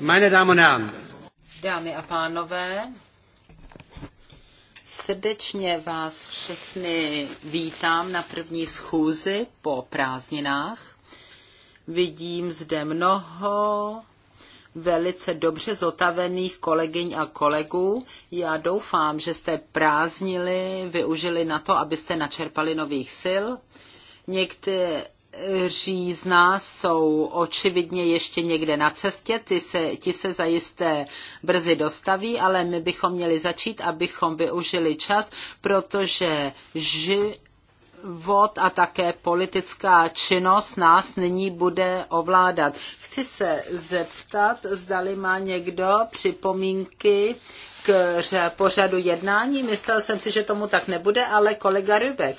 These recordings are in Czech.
Meine Damen und Herren. Dámy a pánové, srdečně vás všechny vítám na první schůzi po prázdninách. Vidím zde mnoho velice dobře zotavených kolegyň a kolegů. Já doufám, že jste prázdnili, využili na to, abyste načerpali nových sil. Někteří nás jsou očividně ještě někde na cestě, ty se, ti se zajisté brzy dostaví, ale my bychom měli začít, abychom využili čas, protože ži, život a také politická činnost nás nyní bude ovládat. Chci se zeptat, zdali má někdo připomínky k pořadu jednání. Myslel jsem si, že tomu tak nebude, ale kolega Rybek.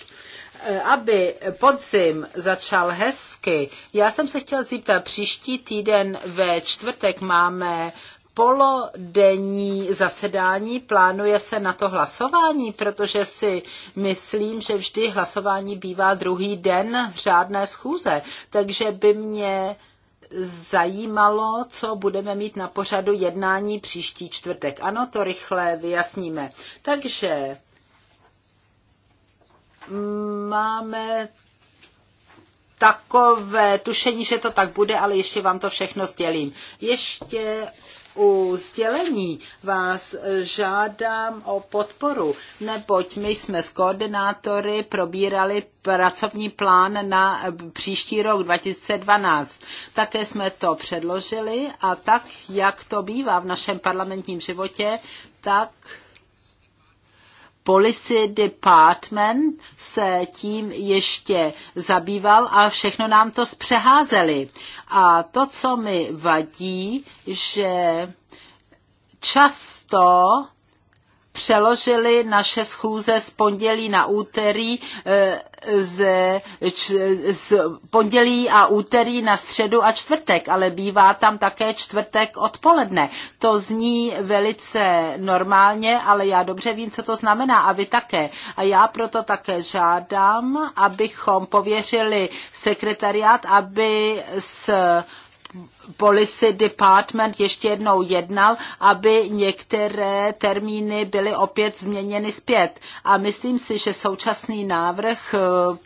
Eh, aby podzim začal hezky, já jsem se chtěla zeptat, příští týden ve čtvrtek máme polodenní zasedání, plánuje se na to hlasování, protože si myslím, že vždy hlasování bývá druhý den v řádné schůze, takže by mě zajímalo, co budeme mít na pořadu jednání příští čtvrtek. Ano, to rychle vyjasníme. Takže máme takové tušení, že to tak bude, ale ještě vám to všechno sdělím. Ještě u sdělení vás žádám o podporu, neboť my jsme s koordinátory probírali pracovní plán na příští rok 2012. Také jsme to předložili a tak, jak to bývá v našem parlamentním životě, tak Policy Department se tím ještě zabýval a všechno nám to zpřeházeli. A to, co mi vadí, že často přeložili naše schůze z pondělí na úterý, eh, z, z pondělí a úterý na středu a čtvrtek, ale bývá tam také čtvrtek odpoledne. To zní velice normálně, ale já dobře vím, co to znamená a vy také. A já proto také žádám, abychom pověřili sekretariát, aby s Policy Department ještě jednou jednal, aby některé termíny byly opět změněny zpět. A myslím si, že současný návrh eh,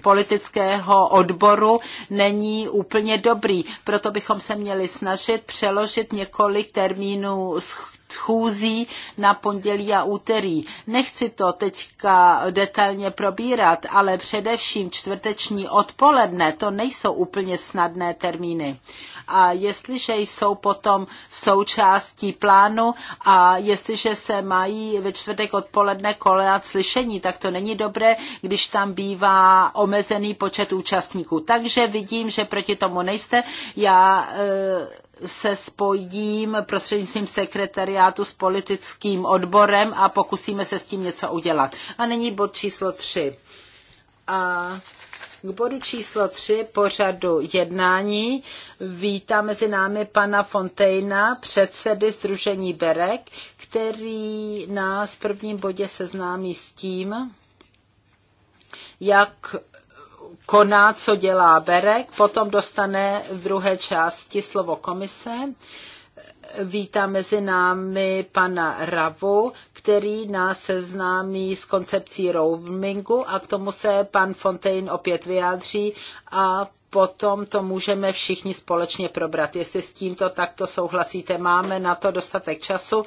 politického odboru není úplně dobrý. Proto bychom se měli snažit přeložit několik termínů schůzí schůzí na pondělí a úterý. Nechci to teďka detailně probírat, ale především čtvrteční odpoledne, to nejsou úplně snadné termíny. A jestliže jsou potom součástí plánu a jestliže se mají ve čtvrtek odpoledne konat slyšení, tak to není dobré, když tam bývá omezený počet účastníků. Takže vidím, že proti tomu nejste. Já e, se spojím prostřednictvím sekretariátu s politickým odborem a pokusíme se s tím něco udělat. A nyní bod číslo 3. A k bodu číslo 3 pořadu jednání vítá mezi námi pana Fontejna, předsedy Združení Berek, který nás v prvním bodě seznámí s tím, jak koná, co dělá Berek, potom dostane v druhé části slovo komise. Vítá mezi námi pana Ravu, který nás seznámí s koncepcí roamingu a k tomu se pan Fontaine opět vyjádří a potom to můžeme všichni společně probrat. Jestli s tímto takto souhlasíte, máme na to dostatek času,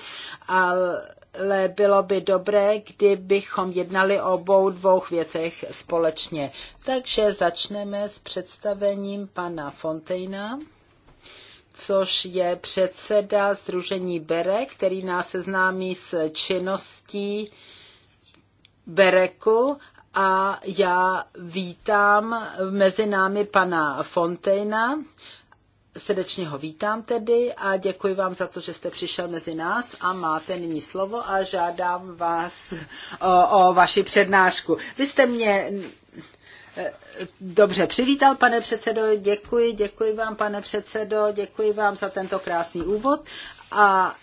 ale ale bylo by dobré, kdybychom jednali o obou dvou věcech společně. Takže začneme s představením pana Fontejna, což je předseda Združení Bere, který nás seznámí s činností Bereku a já vítám mezi námi pana Fontejna, Srdečně ho vítám tedy a děkuji vám za to, že jste přišel mezi nás a máte nyní slovo a žádám vás o, o vaši přednášku. Vy jste mě eh, dobře přivítal, pane předsedo, děkuji, děkuji vám, pane předsedo, děkuji vám za tento krásný úvod a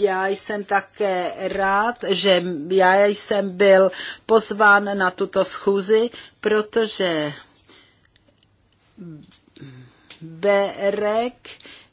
já jsem také rád, že já jsem byl pozván na tuto schůzi, protože Berek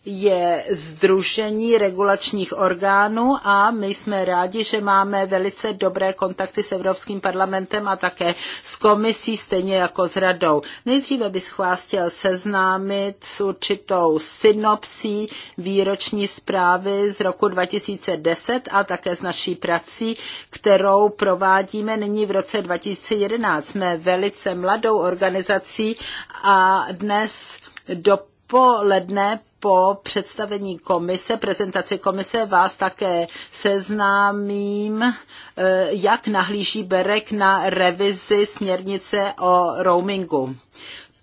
je Združení regulačních orgánů a my jsme rádi, že máme velice dobré kontakty s Evropským parlamentem a také s komisí, stejně jako s radou. Nejdříve bych vás chtěl seznámit s určitou synopsí výroční zprávy z roku 2010 a také s naší prací, kterou provádíme nyní v roce 2011. Jsme velice mladou organizací a dnes dopoledne po představení komise, prezentaci komise vás také seznámím, eh, jak nahlíží Berek na revizi směrnice o roamingu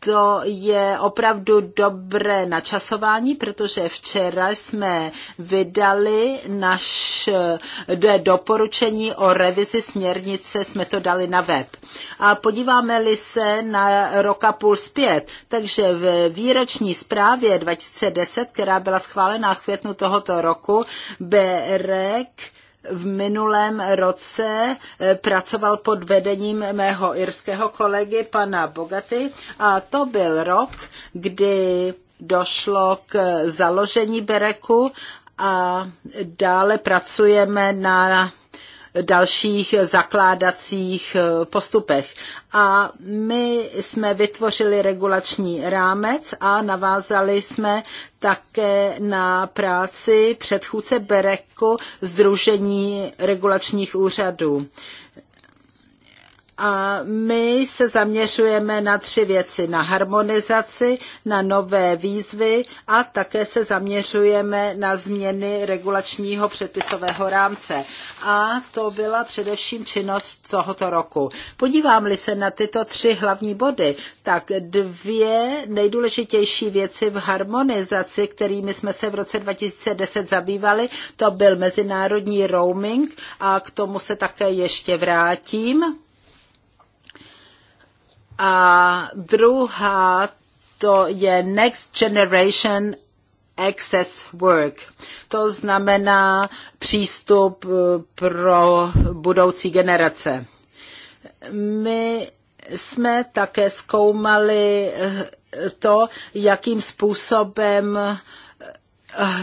to je opravdu dobré načasování, protože včera jsme vydali naše eh, doporučení o revizi směrnice, jsme to dali na web. A podíváme-li se na roka půl zpět, takže v výroční zprávě 2010, která byla schválena v květnu tohoto roku, BEREK v minulém roce eh, pracoval pod vedením mého irského kolegy pana Bogaty a to byl rok, kdy došlo k založení Bereku a dále pracujeme na dalších zakládacích eh, postupech. A my jsme vytvořili regulační rámec a navázali jsme také na práci předchůdce Bereku Združení regulačních úřadů. A my se zaměřujeme na tři věci. Na harmonizaci, na nové výzvy a také se zaměřujeme na změny regulačního předpisového rámce. A to byla především činnost tohoto roku. Podívám-li se na tyto tři hlavní body, tak dvě nejdůležitější věci v harmonizaci, kterými jsme se v roce 2010 zabývali, to byl mezinárodní roaming a k tomu se také ještě vrátím a druhá to je Next Generation Access Work. To znamená přístup eh, pro budoucí generace. My jsme také zkoumali eh, to, jakým způsobem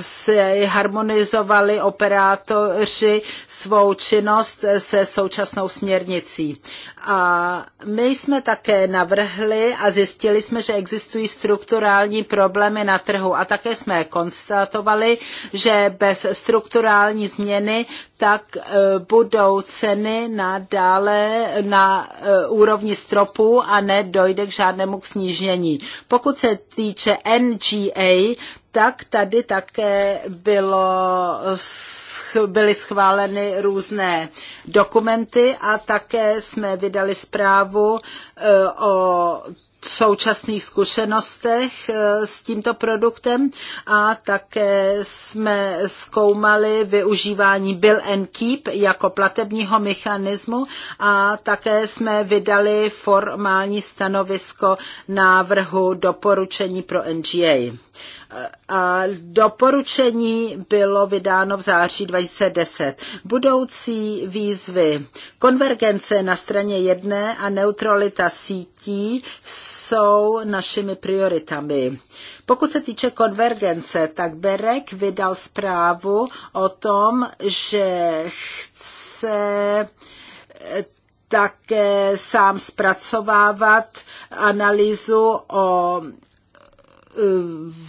se harmonizovali operátoři svou činnost se současnou směrnicí. A my jsme také navrhli a zjistili jsme, že existují strukturální problémy na trhu a také jsme konstatovali, že bez strukturální změny tak eh, budou ceny nadále na eh, úrovni stropu a nedojde k žádnému k snížení. Pokud se týče NGA, tak tady také bylo, byly schváleny různé dokumenty a také jsme vydali zprávu eh, o současných zkušenostech eh, s tímto produktem a také jsme zkoumali využívání Bill and Keep jako platebního mechanismu a také jsme vydali formální stanovisko návrhu doporučení pro NGA a doporučení bylo vydáno v září 2010. Budoucí výzvy. Konvergence na straně jedné a neutralita sítí jsou našimi prioritami. Pokud se týče konvergence, tak Berek vydal zprávu o tom, že chce eh, také sám zpracovávat analýzu o Eh,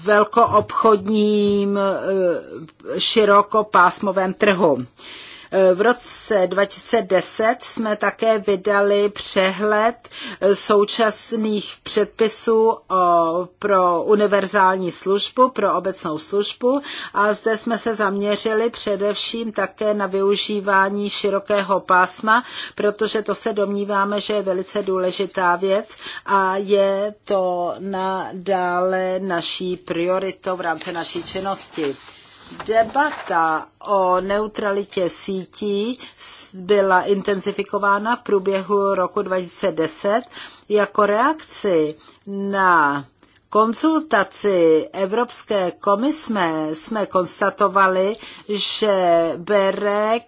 velkoobchodním eh, širokopásmovém trhu. Eh, v roce 2010 jsme také vydali přehled eh, současných předpisů pro univerzální službu, pro obecnou službu a zde jsme se zaměřili především také na využívání širokého pásma, protože to se domníváme, že je velice důležitá věc a je to nadále naší prioritou v rámci naší činnosti. Debata o neutralitě sítí byla intenzifikována v průběhu roku 2010 jako reakci na konzultaci Evropské komise jsme konstatovali, že Berek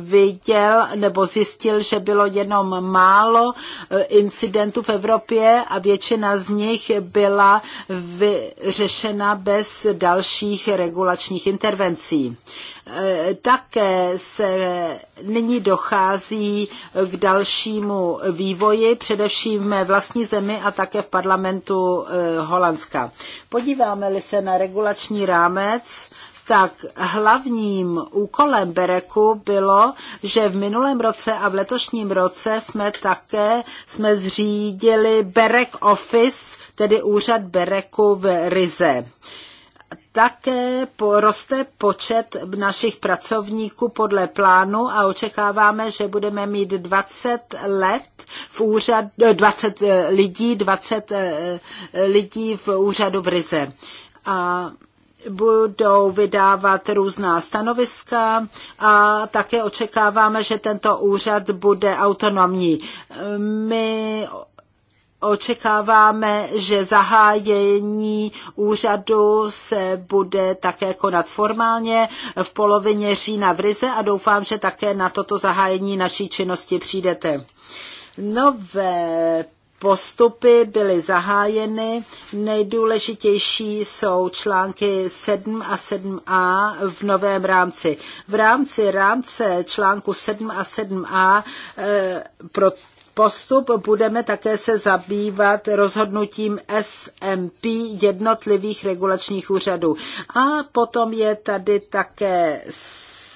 viděl nebo zjistil, že bylo jenom málo eh, incidentů v Evropě a většina z nich byla vyřešena bez dalších regulačních intervencí. Eh, také se nyní dochází k dalšímu vývoji, především v mé vlastní zemi a také v parlamentu eh, Holandska. Podíváme-li se na regulační rámec, tak hlavním úkolem Bereku bylo, že v minulém roce a v letošním roce jsme také jsme zřídili Berek Office, tedy úřad Bereku v Rize. Také poroste počet našich pracovníků podle plánu a očekáváme, že budeme mít 20 let v úřad, 20 eh, eh, lidí, 20 eh, lidí v úřadu v Rize. A budou vydávat různá stanoviska a také očekáváme, že tento úřad bude autonomní. My očekáváme, že zahájení úřadu se bude také konat formálně v polovině října v Rize a doufám, že také na toto zahájení naší činnosti přijdete. Nové postupy byly zahájeny. Nejdůležitější jsou články 7 a 7a v novém rámci. V rámci rámce článku 7 a 7a e, eh, pro postup budeme také se zabývat rozhodnutím SMP jednotlivých regulačních úřadů. A potom je tady také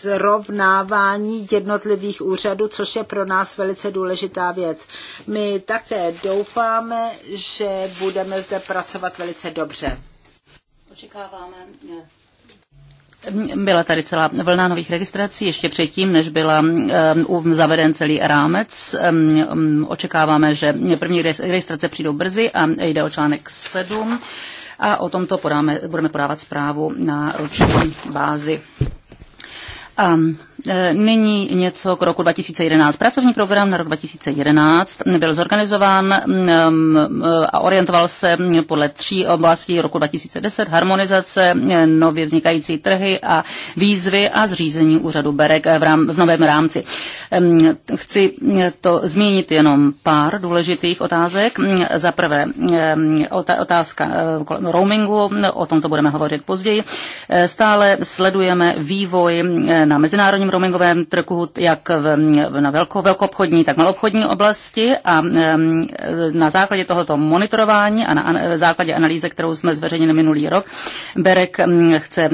zrovnávání jednotlivých úřadů, což je pro nás velice důležitá věc. My také doufáme, že budeme zde pracovat velice dobře. Očekáváme eh, byla tady celá vlna nových registrací ještě předtím, než byla um, zaveden celý rámec. Um, um, očekáváme, že první registrace přijdou brzy a jde o článek 7 a o tomto podáme, budeme podávat zprávu na roční bázi. Um, E, nyní něco k roku 2011. Pracovní program na rok 2011 byl zorganizován mm, e, a orientoval se podle tří oblastí roku 2010. Harmonizace, e, nově vznikající trhy a výzvy a zřízení úřadu BEREK v, rám, v novém rámci. Chci to zmínit jenom pár důležitých otázek. Mm, za prvé otázka roamingu, o tom to budeme hovořit později. Stále sledujeme vývoj na mezinárodním roamingovém trhu jak v, na velkou, velkoobchodní, tak malobchodní oblasti a na základě tohoto monitorování a na základě analýze, kterou jsme zveřejnili minulý rok, Berek chce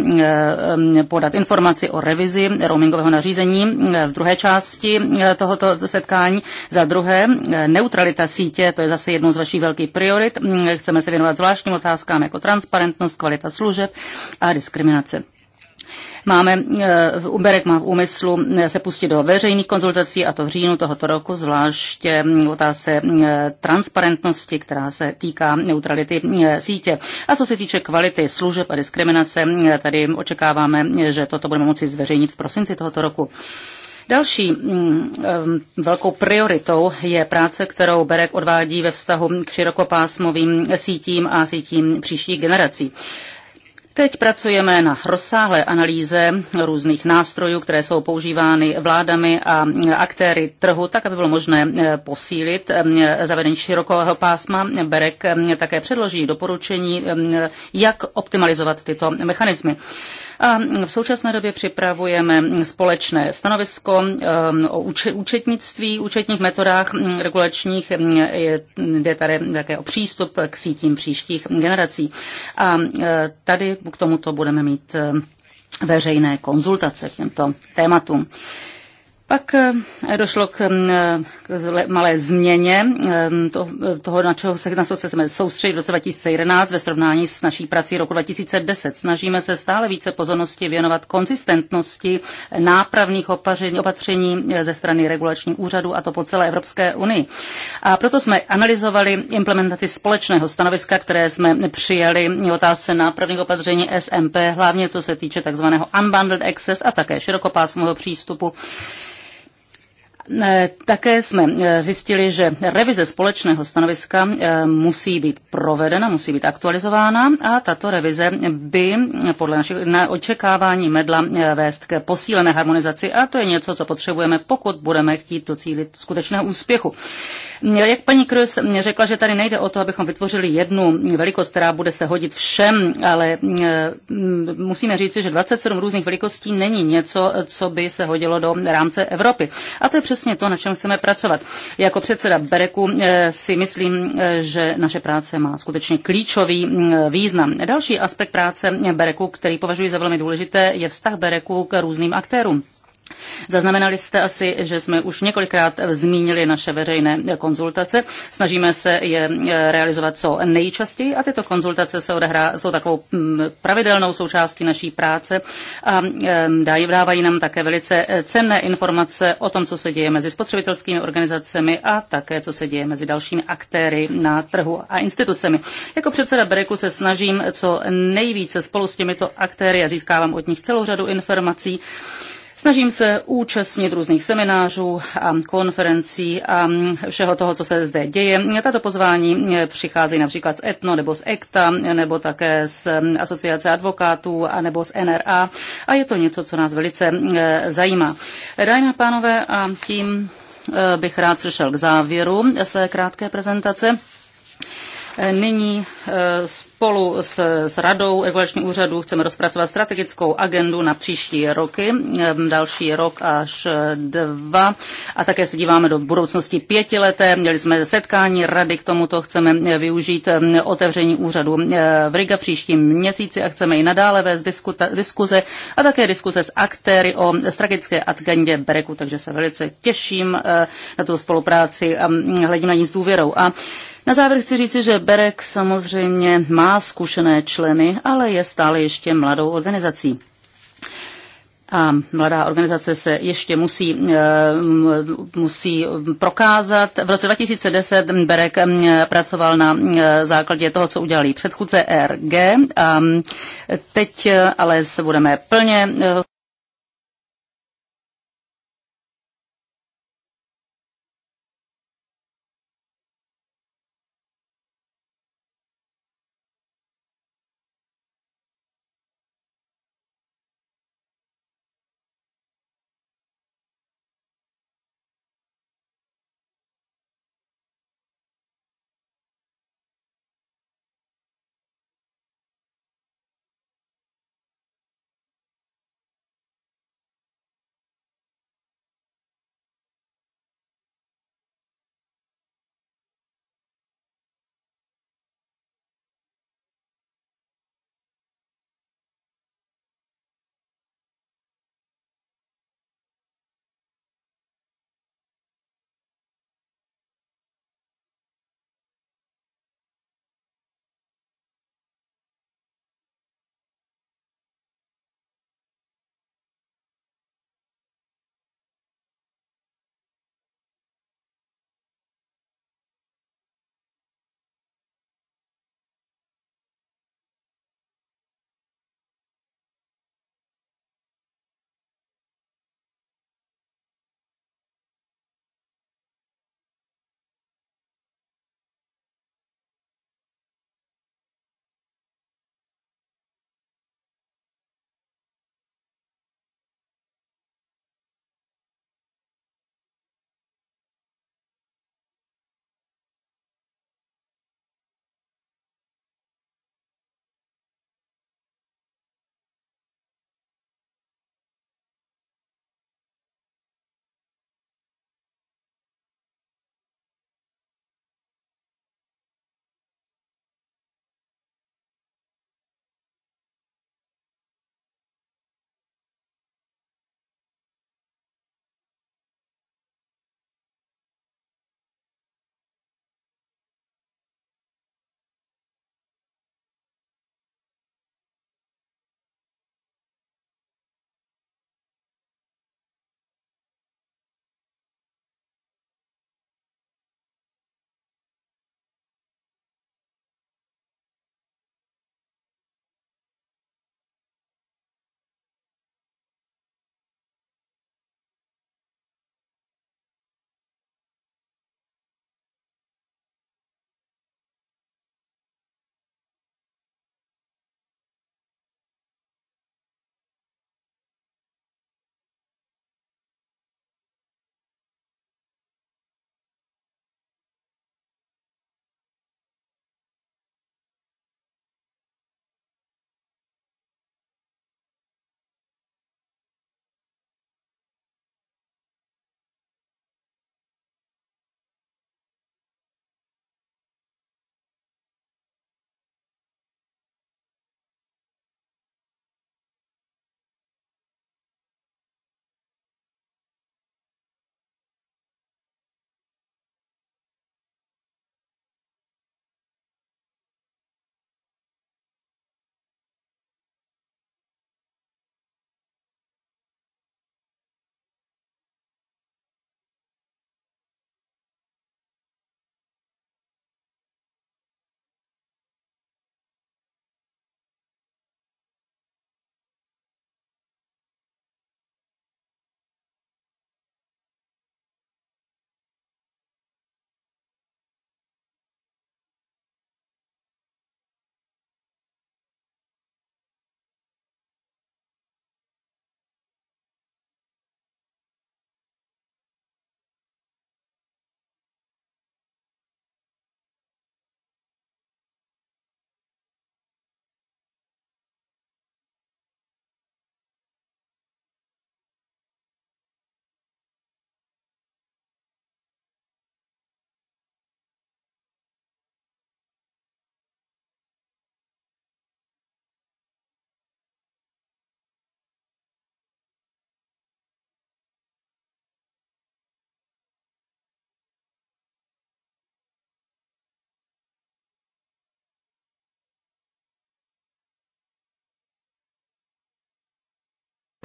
podat informaci o revizi roamingového nařízení v druhé části tohoto setkání. Za druhé, neutralita sítě, to je zase jednou z vašich velkých priorit. Chceme se věnovat zvláštním otázkám jako transparentnost, kvalita služeb a diskriminace. Máme, eh, Uberek má v úmyslu eh, se pustit do veřejných konzultací a to v říjnu tohoto roku, zvláště hm, otázce hm, transparentnosti, která se týká neutrality hm, sítě. A co se týče kvality služeb a diskriminace, tady očekáváme, že toto budeme moci zveřejnit v prosinci tohoto roku. Další velkou prioritou je práce, kterou Berek odvádí ve vztahu k širokopásmovým sítím a sítím příštích generací. Teď pracujeme na rozsáhlé analýze různých nástrojů, které jsou používány vládami a aktéry trhu, tak aby bylo možné eh, posílit eh, zavedení širokého pásma. Berek eh, také předloží doporučení, jak optimalizovat tyto mechanismy. A v současné době připravujeme společné stanovisko um, o účetnictví, účetních metodách mm, regulačních, mm, jde tady také o přístup k sítím příštích generací. A uh, tady k tomuto budeme mít um, veřejné konzultace k těmto tématům. Pak eh, došlo k, mm, eh, malé změně eh, toho, na, čeho se, na co se chceme soustředit v roce 2011 ve srovnání s naší prací roku 2010. Snažíme se stále více pozornosti věnovat konzistentnosti nápravných opatření, opatření ze strany regulačních úřadů, a to po celé Evropské unii. A proto jsme analyzovali implementaci společného stanoviska, které jsme přijali otázce nápravných opatření SMP, hlavně co se týče tzv. unbundled access a také širokopásmového přístupu Eh, také jsme eh, zjistili, že revize společného stanoviska eh, musí být provedena, musí být aktualizována a tato revize by podle našich očekávání medla vést k posílené harmonizaci a to je něco, co potřebujeme, pokud budeme chtít docílit skutečného úspěchu. Jak paní Krys řekla, že tady nejde o to, abychom vytvořili jednu velikost, která bude se hodit všem, ale mm, musíme říci, že 27 různých velikostí není něco, co by se hodilo do rámce Evropy. A to je přes přesně to, na čem chceme pracovat. Jako předseda Bereku eh, si myslím, eh, že naše práce má skutečně klíčový mm, význam. Další aspekt práce Bereku, který považuji za velmi důležité, je vztah Bereku k různým aktérům. Zaznamenali jste asi, že jsme už několikrát zmínili naše veřejné konzultace. Snažíme se je eh, realizovat co nejčastěji a tyto konzultace se odehrá, jsou takovou mm, pravidelnou součástí naší práce a dávají nám také velice eh, cenné informace o tom, co se děje mezi spotřebitelskými organizacemi a také, co se děje mezi dalšími aktéry na trhu a institucemi. Jako předseda Bereku se snažím co nejvíce spolu s těmito aktéry a získávám od nich celou řadu informací Snažím se účastnit různých seminářů a konferencí a všeho toho, co se zde děje. Tato pozvání přichází například z ETNO nebo z ECTA nebo také z Asociace advokátů a nebo z NRA a je to něco, co nás velice eh, zajímá. Dámy a pánové, a tím eh, bych rád přišel k závěru své krátké prezentace. Nyní eh, Spolu s, s Radou regulačního úřadu chceme rozpracovat strategickou agendu na příští roky, další rok až dva. A také se díváme do budoucnosti pětileté. Měli jsme setkání Rady k tomuto. Chceme využít otevření úřadu v Riga příštím měsíci a chceme i nadále vést diskuta, diskuze a také diskuze s aktéry o strategické agendě Bereku. Takže se velice těším na tu spolupráci a hledím na ní s důvěrou. A na závěr chci říci, že Berek samozřejmě má zkušené členy, ale je stále ještě mladou organizací a mladá organizace se ještě musí, eh, musí prokázat. V roce 2010 Berek eh, pracoval na eh, základě toho, co udělali předchůdce e RG. A teď ale se budeme plně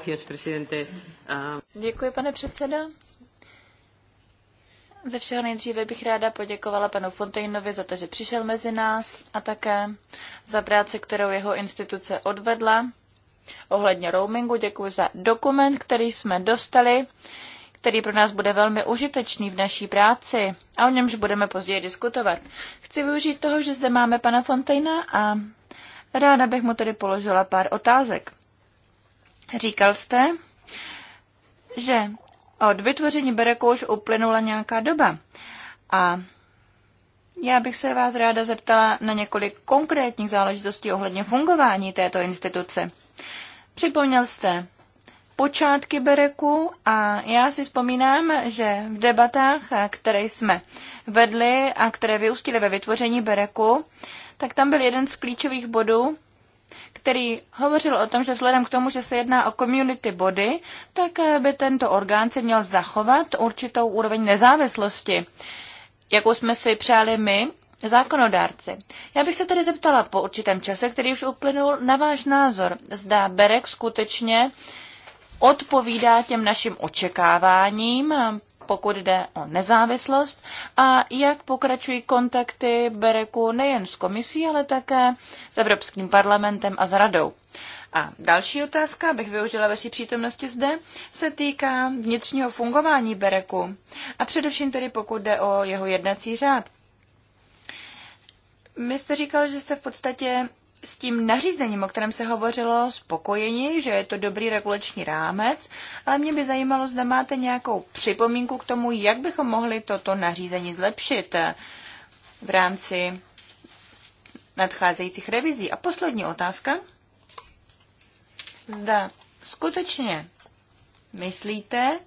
Gracias, presidente. Ah, děkuji, pane předseda. Ze všeho nejdříve bych ráda poděkovala panu Fontainovi za to, že přišel mezi nás a také za práci, kterou jeho instituce odvedla. Ohledně roamingu děkuji za dokument, který jsme dostali, který pro nás bude velmi užitečný v naší práci a o němž budeme později diskutovat. Chci využít toho, že zde máme pana Fontaina a ráda bych mu tedy položila pár otázek. Říkal jste, že od vytvoření Bereku už uplynula nějaká doba. A já bych se vás ráda zeptala na několik konkrétních záležitostí ohledně fungování této instituce. Připomněl jste počátky Bereku a já si vzpomínám, že v debatách, které jsme vedli a které vyústily ve vytvoření Bereku, tak tam byl jeden z klíčových bodů který hovořil o tom, že vzhledem k tomu, že se jedná o community body, tak eh, by tento orgán si měl zachovat určitou úroveň nezávislosti, jakou jsme si přáli my, zákonodárci. Já bych se tedy zeptala po určitém čase, který už uplynul, na váš názor. Zdá Berek skutečně odpovídá těm našim očekáváním, pokud jde o nezávislost a jak pokračují kontakty Bereku nejen s komisí, ale také s Evropským parlamentem a s radou. A další otázka, bych využila vaší přítomnosti zde, se týká vnitřního fungování Bereku a především tedy pokud jde o jeho jednací řád. My jste říkal, že jste v podstatě s tím nařízením, o kterém se hovořilo, spokojeni, že je to dobrý regulační rámec, ale mě by zajímalo, zda máte nějakou připomínku k tomu, jak bychom mohli toto nařízení zlepšit v rámci nadcházejících revizí. A poslední otázka. Zda skutečně myslíte,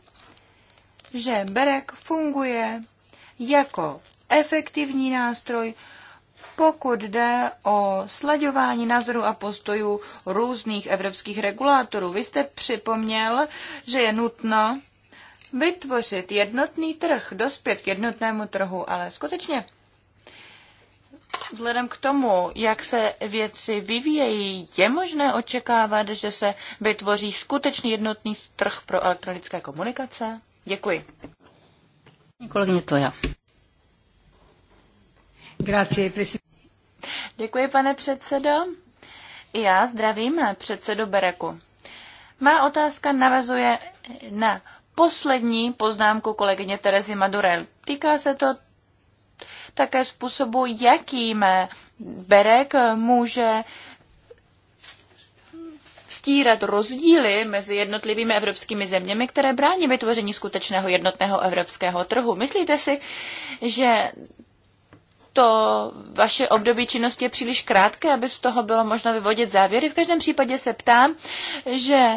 že Berek funguje jako efektivní nástroj, pokud jde o sledování názoru a postojů různých evropských regulátorů. Vy jste připomněl, že je nutno vytvořit jednotný trh, dospět k jednotnému trhu, ale skutečně vzhledem k tomu, jak se věci vyvíjejí, je možné očekávat, že se vytvoří skutečný jednotný trh pro elektronické komunikace? Děkuji. Kolegyně já. Grazie, Děkuji, pane předsedo. I já zdravím předsedu Bereku. Má otázka navazuje na poslední poznámku kolegyně Terezy Madurel. Týká se to také způsobu, jakým Berek může stírat rozdíly mezi jednotlivými evropskými zeměmi, které brání vytvoření skutečného jednotného evropského trhu. Myslíte si, že to vaše období činnosti je příliš krátké, aby z toho bylo možno vyvodit závěry. V každém případě se ptám, že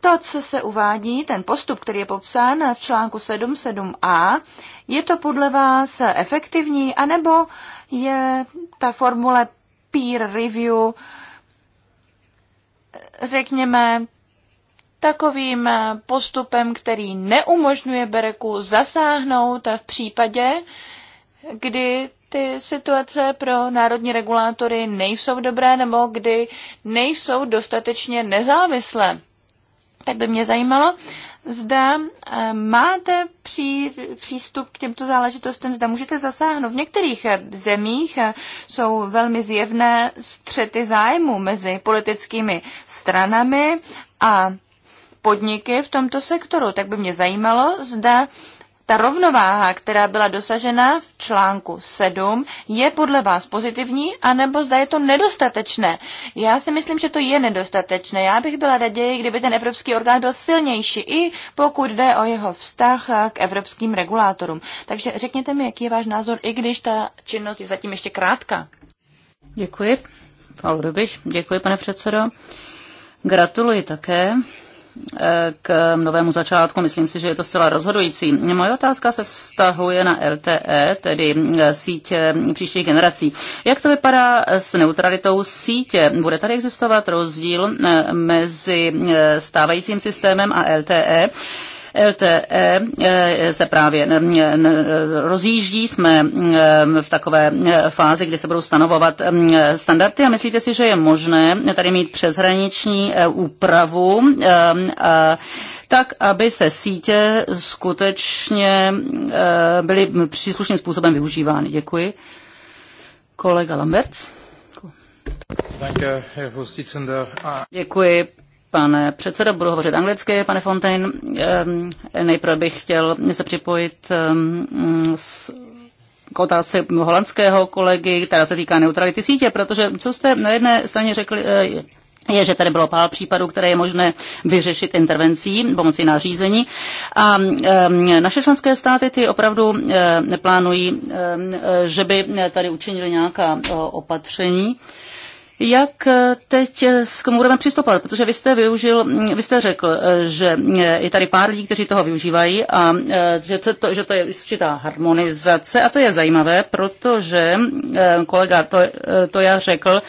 to, co se uvádí, ten postup, který je popsán v článku 7.7a, je to podle vás efektivní, anebo je ta formule peer review, řekněme, takovým postupem, který neumožňuje Bereku zasáhnout v případě, kdy ty situace pro národní regulátory nejsou dobré nebo kdy nejsou dostatečně nezávislé. Tak by mě zajímalo, zda eh, máte pří, přístup k těmto záležitostem, zda můžete zasáhnout. V některých eh, zemích eh, jsou velmi zjevné střety zájmu mezi politickými stranami a podniky v tomto sektoru. Tak by mě zajímalo, zda ta rovnováha, která byla dosažena v článku 7, je podle vás pozitivní, anebo zda je to nedostatečné? Já si myslím, že to je nedostatečné. Já bych byla raději, kdyby ten evropský orgán byl silnější, i pokud jde o jeho vztah eh, k evropským regulátorům. Takže řekněte mi, jaký je váš názor, i když ta činnost je zatím ještě krátká. Děkuji. Paul Rubiš, děkuji, pane předsedo. Gratuluji také k novému začátku. Myslím si, že je to zcela rozhodující. Moje otázka se vztahuje na LTE, tedy síť příštích generací. Jak to vypadá s neutralitou sítě? Bude tady existovat rozdíl eh, mezi eh, stávajícím systémem a LTE? LTE eh, se právě eh, rozjíždí, jsme eh, v takové fázi, kdy se budou stanovovat standardy a myslíte si, že je možné tady mít přeshraniční úpravu tak, aby se sítě skutečně byly příslušným způsobem využívány. Děkuji. Kolega Lambert. Ah. Děkuji, Pane předseda, budu hovořit anglicky. Pane Fontaine, ehm, nejprve bych chtěl se připojit ehm, s k otázce holandského kolegy, která se týká neutrality sítě, protože co jste na jedné straně řekli, eh, je, že tady bylo pár případů, které je možné vyřešit intervencí pomocí nařízení. A ehm, naše členské státy ty opravdu eh, neplánují, eh, že by tady učinili nějaká opatření. Jak eh, teď eh, s tomu budeme přistupovat? Protože vy jste využil, mm, vy jste řekl, eh, že je tady pár lidí, kteří toho využívají a že to, že to je určitá harmonizace a to je zajímavé, protože kolega to, to já řekl,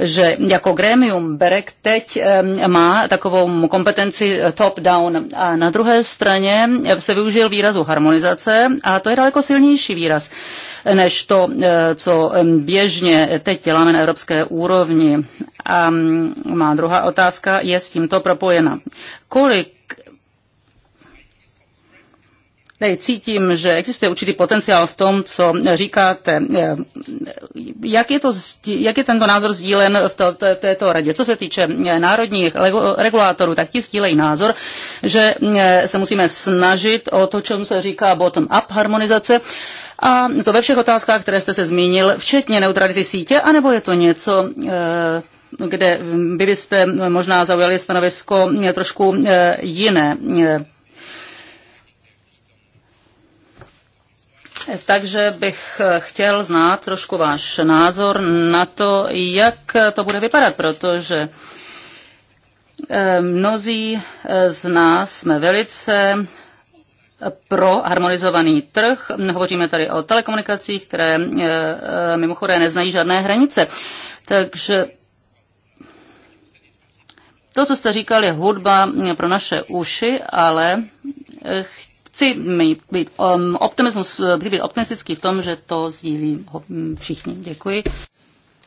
že jako gremium BEREK teď má takovou kompetenci top-down. A na druhé straně se využil výrazu harmonizace a to je daleko silnější výraz než to, co běžně teď děláme na evropské úrovni. A má druhá otázka je s tímto propojena. Kolik Tady cítím, že existuje určitý potenciál v tom, co říkáte. Jak je, to, jak je tento názor sdílen v, to, v této radě? Co se týče národních regulátorů, tak ti sdílejí názor, že eh, se musíme snažit o to, čemu se říká bottom-up harmonizace. A to ve všech otázkách, které jste se zmínil, včetně neutrality sítě, anebo je to něco, eh, kde byste možná zaujali stanovisko eh, trošku jiné. Takže bych eh, chtěl znát trošku váš názor na to, jak eh, to bude vypadat, protože eh, mnozí z nás jsme velice pro harmonizovaný trh. Hovoříme tady o telekomunikacích, které mimochodem neznají žádné hranice. Takže to, co jste říkal, je hudba pro naše uši, ale Chci být, um, optimismus, chci být optimistický v tom, že to sdílí mm, všichni. Děkuji.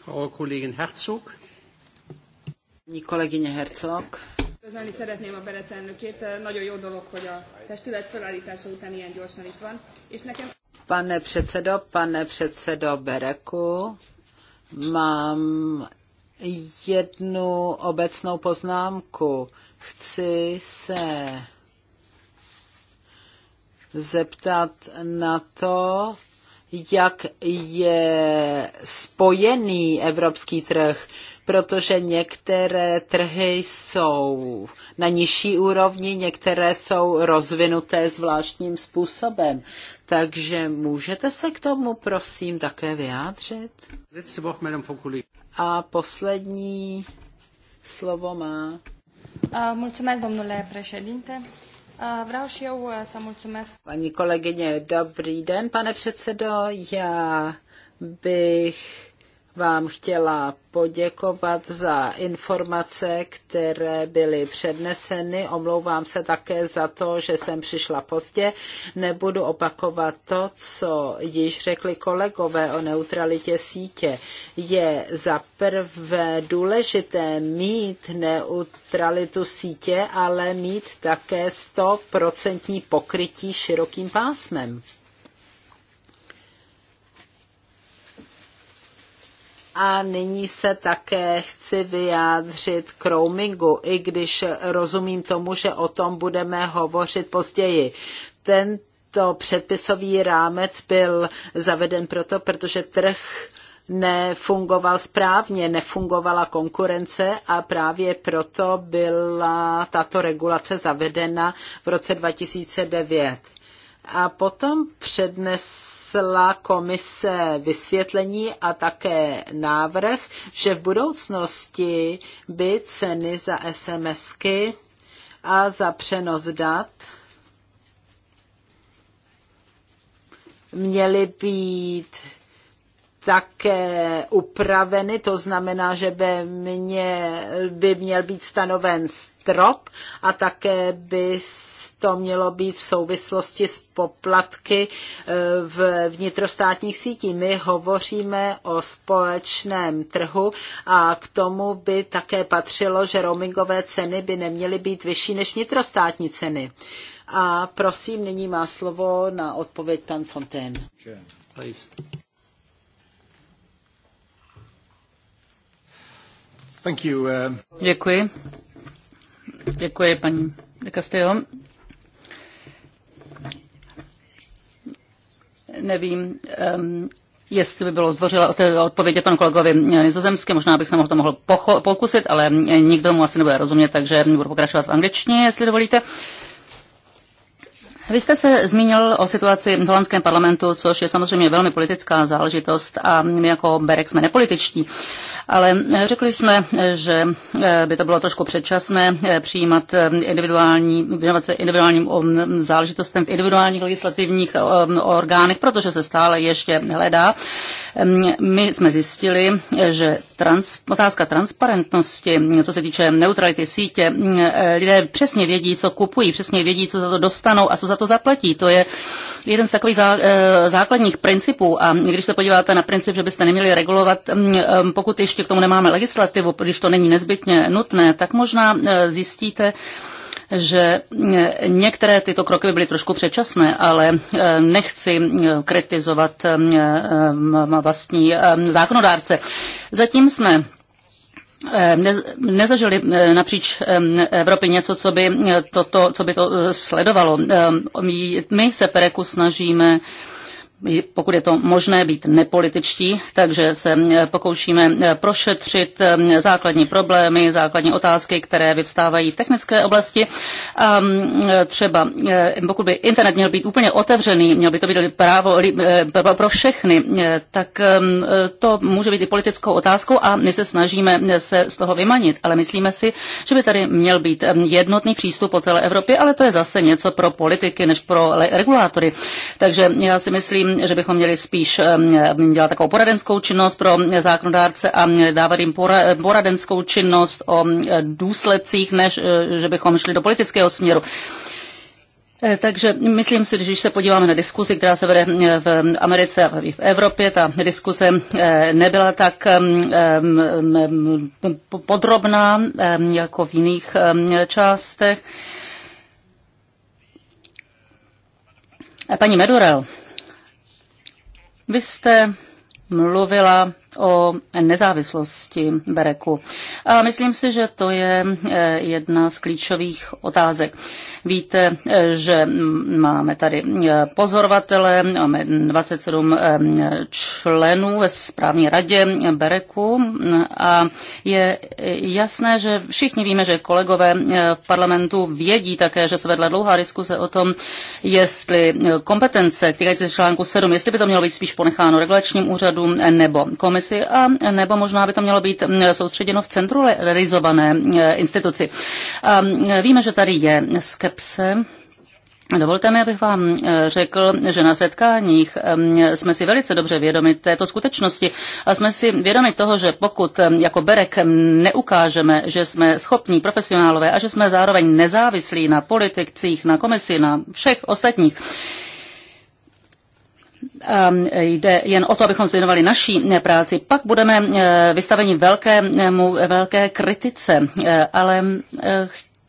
Frau Kollegin Herzog. Kolegyně Herzog. Közölni szeretném a Berec elnökét. Nagyon jó dolog, hogy a testület felállítása után ilyen gyorsan itt van. És nekem... Pane předsedo, pane předsedo Bereku, mám jednu obecnou poznámku. Chci se zeptat na to, jak je spojený evropský trh, protože některé trhy jsou na nižší úrovni, některé jsou rozvinuté zvláštním způsobem. Takže můžete se k tomu, prosím, také vyjádřit? A poslední slovo má. Mulțumesc, domnule președinte. Vreau și eu să mulțumesc. Paní kolegyně, dobrý den, pane předsedo. Já bych vám chtěla poděkovat za informace, které byly předneseny. Omlouvám se také za to, že jsem přišla pozdě. Nebudu opakovat to, co již řekli kolegové o neutralitě sítě. Je za prvé důležité mít neutralitu sítě, ale mít také 100% pokrytí širokým pásmem. A nyní se také chci vyjádřit k roamingu, i když rozumím tomu, že o tom budeme hovořit později. Tento předpisový rámec byl zaveden proto, protože trh nefungoval správně, nefungovala konkurence a právě proto byla tato regulace zavedena v roce 2009. A potom přednes přinesla komise vysvětlení a také návrh, že v budoucnosti by ceny za SMSky a za přenos dat měly být také upraveny, to znamená, že by, mě, by měl být stanoven strop a také by to mělo být v souvislosti s poplatky eh, v vnitrostátních sítí. My hovoříme o společném trhu a k tomu by také patřilo, že roamingové ceny by neměly být vyšší než vnitrostátní ceny. A prosím, nyní má slovo na odpověď pan Fontaine. Sure. Uh, Děkuji. Děkuji, paní de Castillo. Nevím, um, jestli by bylo zdvořila odpovědět panu kolegovi nizozemsky, možná bych se mohl to mohl pokusit, ale nikdo mu asi nebude rozumět, takže budu pokračovat v angličtině, jestli dovolíte. Uh, vy jste se zmínil o situaci v holandském parlamentu, což je samozřejmě velmi politická záležitost a my jako Berek jsme nepolitičtí, ale řekli jsme, že eh, by to bylo trošku předčasné eh, přijímat eh, individuální, věnovat se individuálním um, záležitostem v individuálních legislativních um, orgánech, protože se stále ještě hledá. My jsme zjistili, že trans, otázka transparentnosti, co se týče neutrality sítě, mm, lidé přesně vědí, co kupují, přesně vědí, co za to dostanou a co za to zaplatí. To je jeden z takových zá, eh, základních principů. A když se podíváte na princip, že byste neměli regulovat, mm, eh, pokud ještě k tomu nemáme legislativu, když to není nezbytně nutné, tak možná eh, zjistíte, že některé tyto kroky by byly trošku předčasné, ale nechci kritizovat vlastní zákonodárce. Zatím jsme Ehm, nezažili ehm, napříč ehm, Evropy něco, co by, eh, toto, co by to eh, sledovalo. My se Pereku snažíme pokud je to možné, být nepolitičtí, takže se eh, pokoušíme eh, prošetřit eh, základní problémy, základní otázky, které vyvstávají v technické oblasti. A ehm, třeba pokud by internet měl být úplně otevřený, měl by to být právo pro všechny, tak ehm, to může být i politickou otázkou a my se snažíme se z toho vymanit, ale myslíme si, že by tady měl být ehm, jednotný přístup po celé Evropě, ale to je zase něco pro politiky než pro regulátory. Takže já si myslím, že bychom měli spíš dělat takovou poradenskou činnost pro zákonodárce a dávat jim poradenskou činnost o důsledcích, než e, že bychom šli do politického směru. E, takže myslím si, když se podíváme na diskusi, která se vede e, v Americe a v Evropě, ta diskuse nebyla tak podrobná jako v jiných částech. Paní Medurel vy jste mluvila o nezávislosti Bereku. A myslím si, že to je e, jedna z klíčových otázek. Víte, e, že máme tady e, pozorovatele, máme 27 členů ve správní radě Bereku a je jasné, že všichni víme, že kolegové v parlamentu vědí také, že se vedla dlouhá diskuse o tom, jestli kompetence týkající se článku 7, jestli by to mělo být spíš ponecháno regulačním úřadům nebo komisi komisi a nebo možná by to mělo být soustředěno v centralizované e, instituci. víme, že tady je skepse Dovolte mi, abych vám e, řekl, že na setkáních e, jsme si velice dobře vědomi této skutečnosti a jsme si vědomi toho, že pokud jako Berek neukážeme, že jsme schopní profesionálové a že jsme zároveň nezávislí na politikcích, na komisi, na všech ostatních, Ehm, jde jen o to, abychom věnovali naší eh, práci, pak budeme eh, vystaveni velkému, velké kritice, eh, ale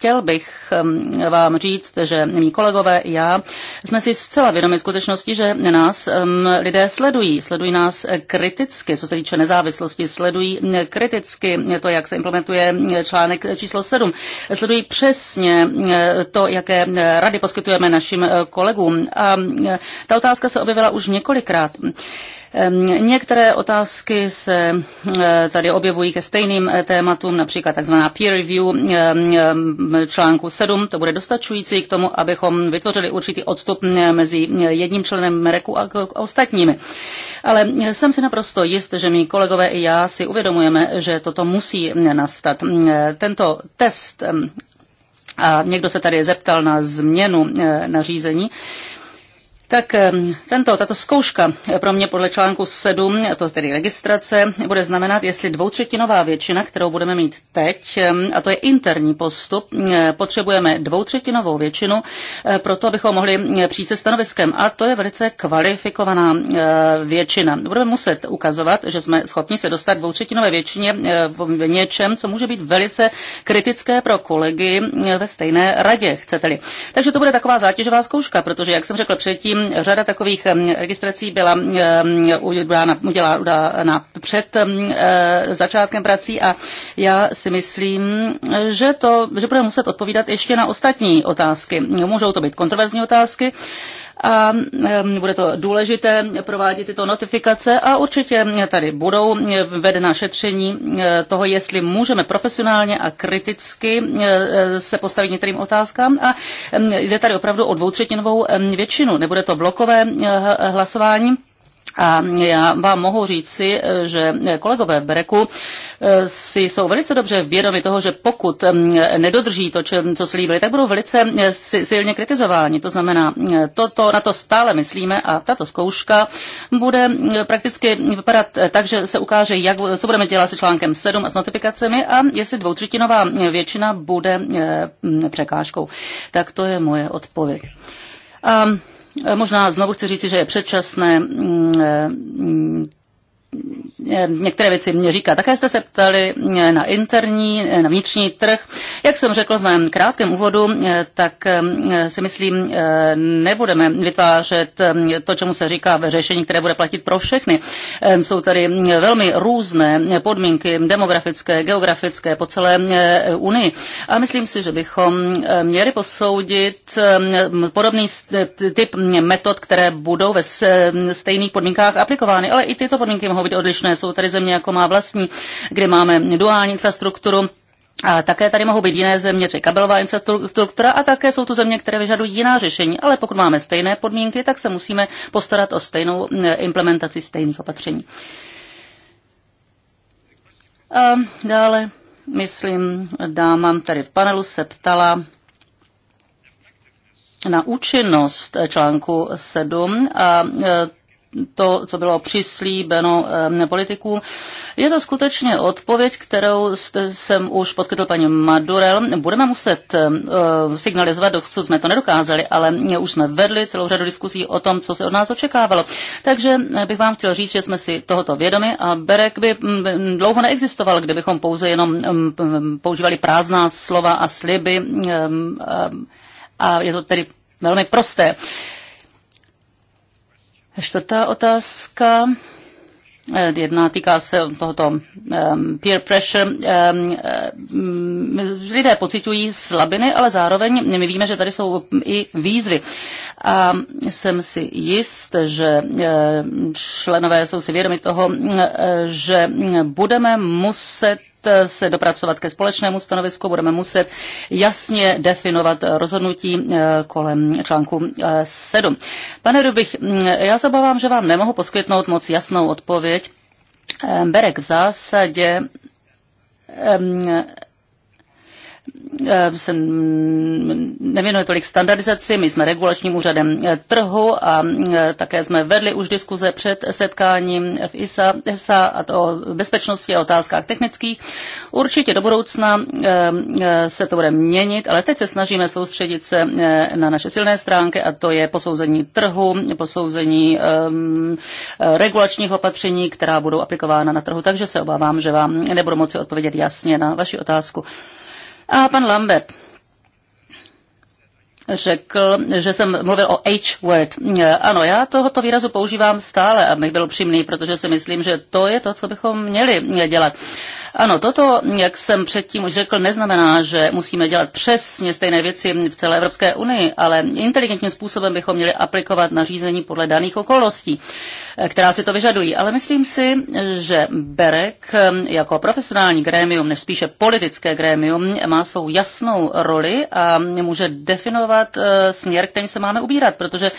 chtěl bych um, vám říct, že mý kolegové i já jsme si zcela vědomi skutečnosti, že nás um, lidé sledují. Sledují nás kriticky, co se týče nezávislosti. Sledují kriticky to, jak se implementuje článek číslo 7. Sledují přesně uh, to, jaké uh, rady poskytujeme našim uh, kolegům. A ta otázka se objevila už několikrát. Některé otázky se eh, tady objevují ke stejným eh, tématům, například takzvaná peer review článku 7. To bude dostačující k tomu, abychom vytvořili určitý odstup eh, mezi jedním členem Mereku a ostatními. Ale jsem si naprosto jist, že mi kolegové i já si uvědomujeme, že toto musí nastat. Tento test a někdo se tady zeptal na změnu nařízení tak tento, tato zkouška eh, pro mě podle článku 7, to tedy registrace, bude znamenat, jestli dvoutřetinová většina, kterou budeme mít teď, a to je interní postup, eh, potřebujeme dvoutřetinovou většinu, eh, Pro to abychom mohli přijít se stanoviskem. A to je velice kvalifikovaná většina. Budeme muset ukazovat, že jsme schopni se dostat dvoutřetinové většině v něčem, co může být velice kritické pro kolegy ve stejné radě, chcete-li. Takže to bude taková zátěžová zkouška, protože, jak jsem řekl předtím, řada takových registrací byla udělána, udělána před eh, začátkem prací a já si myslím, že to, že budeme muset odpovídat ještě na ostatní otázky. Můžou to být kontroverzní otázky, a bude to důležité provádět tyto notifikace a určitě tady budou vedena šetření e, toho, jestli můžeme profesionálně a kriticky e, se postavit některým otázkám a jde tady opravdu o dvoutřetinovou většinu. Nebude to blokové e, hlasování a já vám mohu říci, že kolegové Breku eh, si jsou velice dobře vědomi toho, že pokud mm, nedodrží to, co slíbili, tak budou velice eh, silně kritizováni. To znamená, mm, to, to, na to stále myslíme a tato zkouška bude mm, prakticky vypadat eh, tak, že se ukáže, jak, co budeme dělat se článkem 7 a s notifikacemi a jestli dvoutřetinová většina bude překážkou. Tak to je moje odpověď. Um, Možná znovu chci říci, že je předčasné mm, eh, mm, Eh, některé věci mě říká. Také jste se ptali eh, na interní, eh, na vnitřní trh. Jak jsem řekl v mém krátkém úvodu, tak si myslím, nebudeme vytvářet to, čemu se říká řešení, které bude platit pro všechny. Jsou tady mm, velmi různé podmínky demografické, geografické po celé Unii. A myslím si, že bychom měli posoudit podobný typ metod, které budou ve stejných podmínkách aplikovány, ale i tyto podmínky mohou mohou být odlišné. Jsou tady země, jako má vlastní, kde máme duální infrastrukturu, a také tady mohou být jiné země, třeba kabelová infrastruktura, a také jsou tu země, které vyžadují jiná řešení. Ale pokud máme stejné podmínky, tak se musíme postarat o stejnou eh, implementaci stejných opatření. A dále, myslím, dáma tady v panelu se ptala na účinnost článku 7 a eh, to, co bylo přislíbeno politikům. Je to skutečně odpověď, kterou jsem už poskytl paní Madurel. Budeme muset eh, signalizovat, co jsme to nedokázali, ale už jsme vedli celou řadu diskuzí o tom, co se od nás očekávalo. Takže eh, bych vám chtěl říct, že jsme si tohoto vědomi a Berek by mm, mm, dlouho neexistoval, kdybychom pouze jenom používali prázdná slova a sliby. A je to tedy velmi prosté. Čtvrtá otázka. Eh, jedna týká se tohoto ehm, peer pressure. Ehm, ehm, lidé pocitují slabiny, ale zároveň my víme, že tady jsou i výzvy. A jsem si jist, že členové jsou si vědomi toho, eh, že budeme muset se dopracovat ke společnému stanovisku, budeme muset jasně definovat rozhodnutí eh, kolem článku 7. Eh, Pane Rubich, mm, já se obávám, že vám nemohu poskytnout moc jasnou odpověď. Eh, Berek v zásadě Eh, se mm, nevěnuje tolik standardizaci, my jsme regulačním úřadem eh, trhu a mm, eh, také jsme vedli už diskuze před setkáním v ISA, ISA a to o bezpečnosti a otázkách technických. Určitě do budoucna se to bude měnit, ale teď se snažíme soustředit se na naše silné stránky a to je posouzení trhu, posouzení regulačních opatření, která budou aplikována na trhu. Takže se obávám, že vám nebudu moci odpovědět jasně na vaši otázku. A pan Lambert řekl, že jsem mluvil o H-word. Ano, já tohoto výrazu používám stále, abych byl upřímný, protože si myslím, že to je to, co bychom měli dělat. Ano, toto, jak jsem předtím už řekl, neznamená, že musíme dělat přesně stejné věci v celé Evropské unii, ale inteligentním způsobem bychom měli aplikovat nařízení podle daných okolností, eh, která si to vyžadují. Ale myslím si, že Berek eh, jako profesionální grémium, než spíše politické grémium, má svou jasnou roli a může definovat eh, směr, kterým se máme ubírat, protože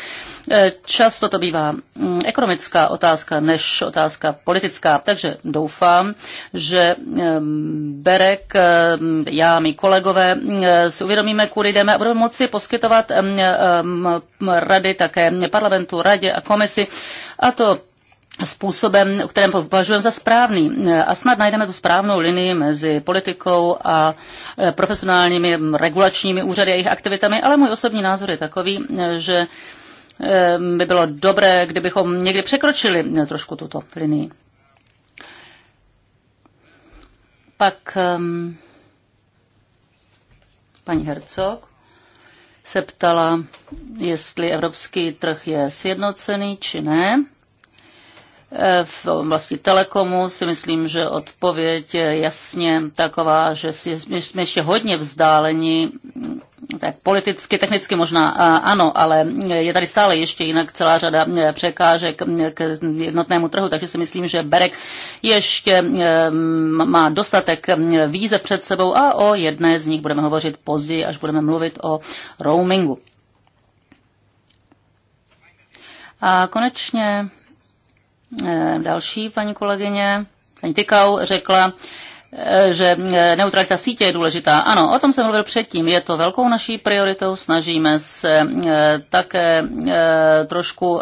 často to bývá mm, ekonomická otázka než otázka politická. Takže doufám, že Berek, já, mý kolegové, si uvědomíme, kudy jdeme a budeme moci poskytovat rady také parlamentu, radě a komisi a to způsobem, kterém považujeme za správný. A snad najdeme tu správnou linii mezi politikou a e, profesionálními regulačními úřady a jejich aktivitami, ale můj osobní názor je takový, e, že e, by bylo dobré, kdybychom někdy překročili trošku tuto linii. Pak um, paní Hercog se ptala, jestli evropský trh je sjednocený či ne. Eh, v oblasti telekomu si myslím, že odpověď je jasně taková, že jsme ještě hodně vzdáleni mm, tak politicky, technicky možná ano, ale je tady stále ještě jinak celá řada mm, překážek mm, k jednotnému trhu, takže si myslím, že Berek ještě má dostatek výzev před sebou a o jedné z nich budeme hovořit později, až budeme mluvit o roamingu. A konečně Eh, další paní kolegyně, paní Tykau, řekla, eh, že eh, neutralita sítě je důležitá. Ano, o tom jsem mluvil předtím. Je to velkou naší prioritou. Snažíme se také trošku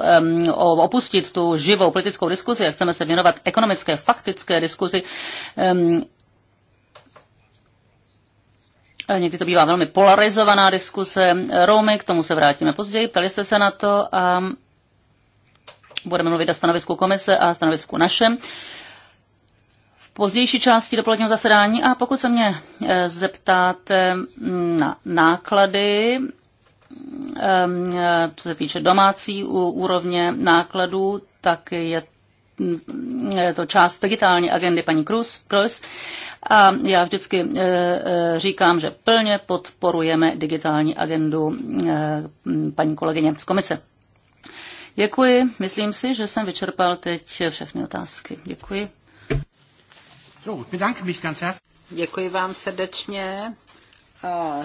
opustit tu živou politickou diskuzi a chceme se věnovat ekonomické, faktické diskuzi. Někdy to bývá velmi polarizovaná diskuse. Romy, k tomu se vrátíme později, ptali jste se na to. A Budeme mluvit o stanovisku komise a stanovisku našem pozdější části dopoledního zasedání. A pokud se mě e, zeptáte mm, na náklady, mm, e, co se týče domácí úrovně nákladů, tak mm, je to část digitální agendy paní Cruz. A já vždycky e, říkám, že plně podporujeme digitální agendu paní kolegyně z komise. Děkuji. Myslím si, že jsem vyčerpal teď všechny otázky. Děkuji. Děkuji vám srdečně. A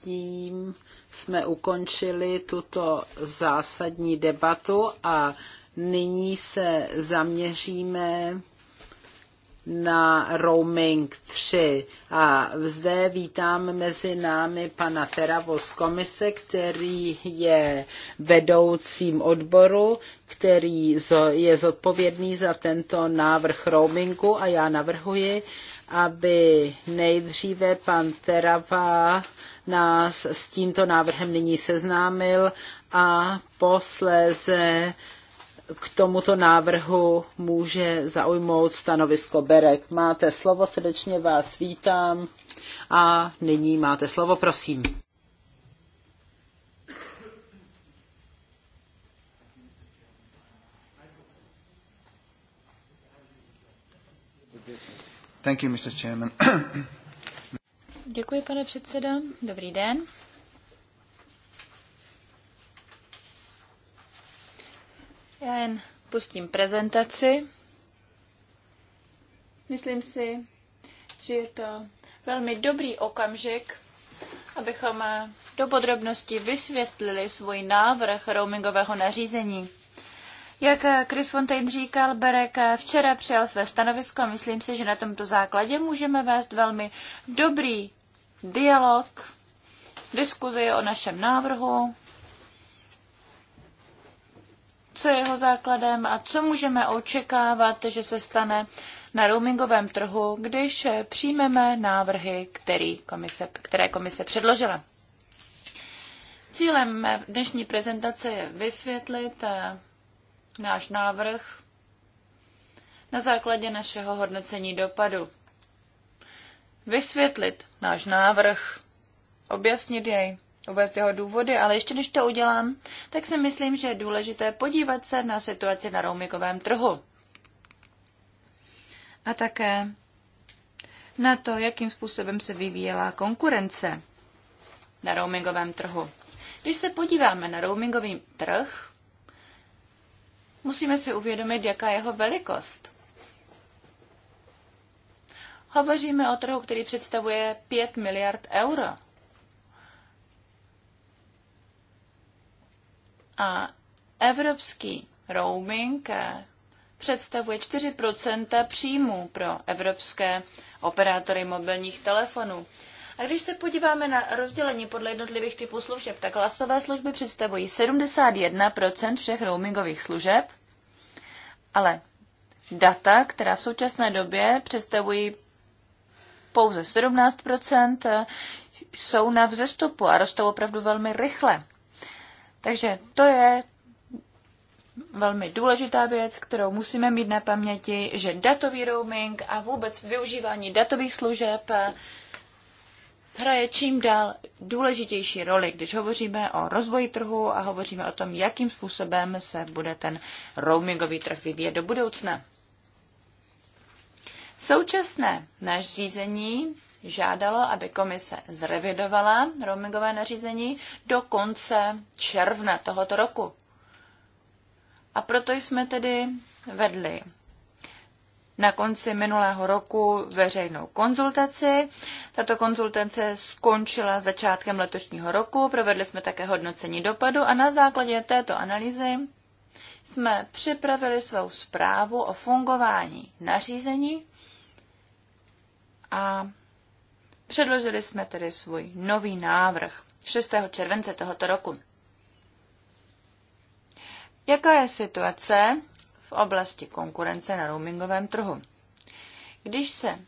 tím jsme ukončili tuto zásadní debatu a nyní se zaměříme na roaming 3. A zde vítám mezi námi pana Teravo z komise, který je vedoucím odboru, který je zodpovědný za tento návrh roamingu a já navrhuji, aby nejdříve pan Terava nás s tímto návrhem nyní seznámil a posléze k tomuto návrhu může zaujmout stanovisko Berek. Máte slovo, srdečně vás vítám a nyní máte slovo, prosím. Thank you, Mr. Chairman. Děkuji, pane předseda. Dobrý den. Já jen pustím prezentaci. Myslím si, že je to velmi dobrý okamžik, abychom do podrobností vysvětlili svůj návrh roamingového nařízení. Jak Chris Fontaine říkal, Berek včera přijal své stanovisko a myslím si, že na tomto základě můžeme vést velmi dobrý dialog, diskuzi o našem návrhu co je jeho základem a co můžeme očekávat, že se stane na roamingovém trhu, když přijmeme návrhy, který komise, které komise předložila. Cílem mé dnešní prezentace je vysvětlit eh, náš návrh na základě našeho hodnocení dopadu. Vysvětlit náš návrh, objasnit jej uvést jeho důvody, ale ještě než to udělám, tak si myslím, že je důležité podívat se na situaci na roamingovém trhu. A také na to, jakým způsobem se vyvíjela konkurence na roamingovém trhu. Když se podíváme na roamingový trh, musíme si uvědomit, jaká je jeho velikost. Hovoříme o trhu, který představuje 5 miliard euro A evropský roaming eh, představuje 4 příjmů pro evropské operátory mobilních telefonů. A když se podíváme na rozdělení podle jednotlivých typů služeb, tak hlasové služby představují 71 všech roamingových služeb, ale data, která v současné době představují pouze 17 eh, jsou na vzestupu a rostou opravdu velmi rychle. Takže to je velmi důležitá věc, kterou musíme mít na paměti, že datový roaming a vůbec využívání datových služeb hraje čím dál důležitější roli, když hovoříme o rozvoji trhu a hovoříme o tom, jakým způsobem se bude ten roamingový trh vyvíjet do budoucna. Současné nařízení žádalo, aby komise zrevidovala roamingové nařízení do konce června tohoto roku. A proto jsme tedy vedli na konci minulého roku veřejnou konzultaci. Tato konzultace skončila začátkem letošního roku, provedli jsme také hodnocení dopadu a na základě této analýzy jsme připravili svou zprávu o fungování nařízení a Předložili jsme tedy svůj nový návrh 6. července tohoto roku. Jaká je situace v oblasti konkurence na roamingovém trhu? Když se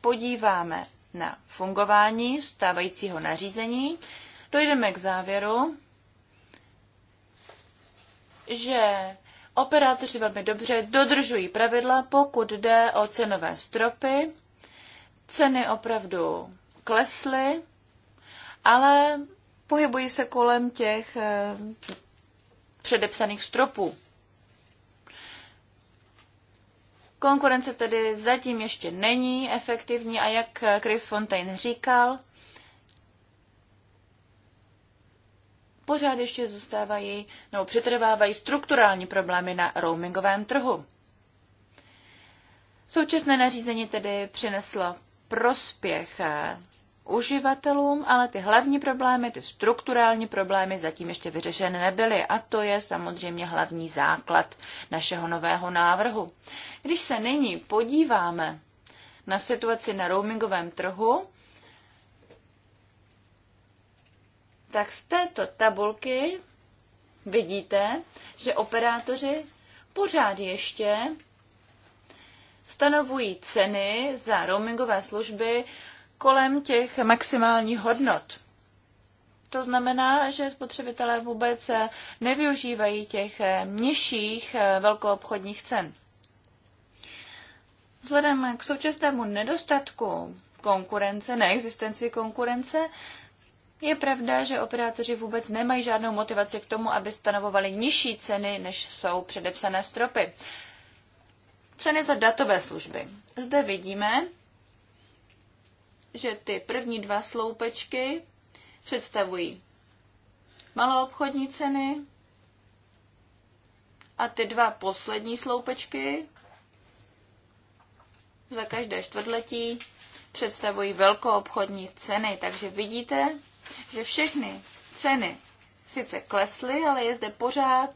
podíváme na fungování stávajícího nařízení, dojdeme k závěru, že operátoři velmi dobře dodržují pravidla, pokud jde o cenové stropy Ceny opravdu klesly, ale pohybují se kolem těch eh, předepsaných stropů. Konkurence tedy zatím ještě není efektivní a jak Chris Fontaine říkal, pořád ještě zůstávají nebo přetrvávají strukturální problémy na roamingovém trhu. Současné nařízení tedy přineslo prospěch eh, uživatelům, ale ty hlavní problémy, ty strukturální problémy zatím ještě vyřešeny nebyly a to je samozřejmě hlavní základ našeho nového návrhu. Když se nyní podíváme na situaci na roamingovém trhu, tak z této tabulky vidíte, že operátoři pořád ještě stanovují ceny za roamingové služby kolem těch maximálních hodnot. To znamená, že spotřebitelé vůbec nevyužívají těch eh, nižších eh, velkoobchodních cen. Vzhledem k současnému nedostatku konkurence, neexistenci konkurence, je pravda, že operátoři vůbec nemají žádnou motivaci k tomu, aby stanovovali nižší ceny, než jsou předepsané stropy. Ceny za datové služby. Zde vidíme, že ty první dva sloupečky představují maloobchodní ceny a ty dva poslední sloupečky za každé čtvrtletí představují velkoobchodní ceny. Takže vidíte, že všechny ceny sice klesly, ale je zde pořád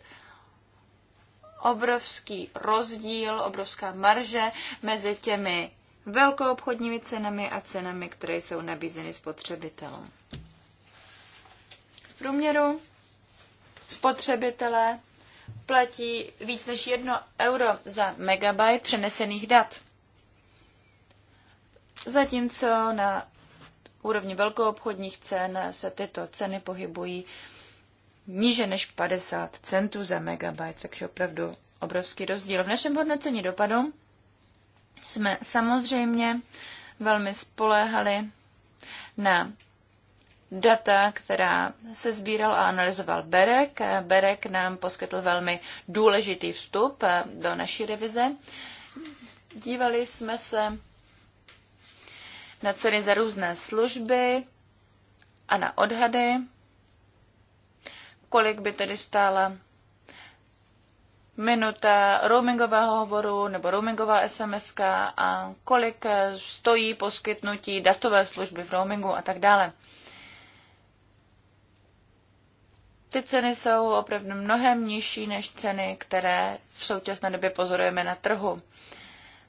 obrovský rozdíl, obrovská marže mezi těmi velkou obchodními cenami a cenami, které jsou nabízeny spotřebitelům. V průměru spotřebitelé platí víc než 1 euro za megabyte přenesených dat. Zatímco na úrovni velkoobchodních cen se tyto ceny pohybují níže než 50 centů za megabyte, takže opravdu obrovský rozdíl. V našem hodnocení dopadu jsme samozřejmě velmi spoléhali na data, která se sbíral a analyzoval Berek. Berek nám poskytl velmi důležitý vstup do naší revize. Dívali jsme se na ceny za různé služby a na odhady kolik by tedy stála minuta roamingového hovoru nebo roamingová SMS a kolik stojí poskytnutí datové služby v roamingu a tak dále. Ty ceny jsou opravdu mnohem nižší než ceny, které v současné době pozorujeme na trhu.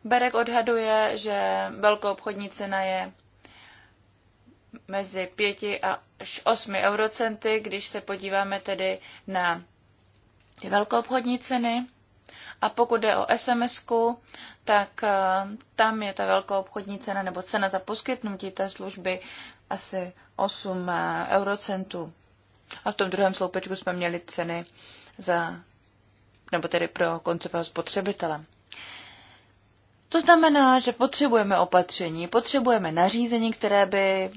Berek odhaduje, že velkou obchodní cena je mezi 5 a až 8 eurocenty, když se podíváme tedy na ty velkoobchodní ceny. A pokud jde o sms tak eh, tam je ta velká obchodní cena nebo cena za poskytnutí té služby asi 8 eh, eurocentů. A v tom druhém sloupečku jsme měli ceny za, nebo tedy pro koncového spotřebitele. To znamená, že potřebujeme opatření, potřebujeme nařízení, které by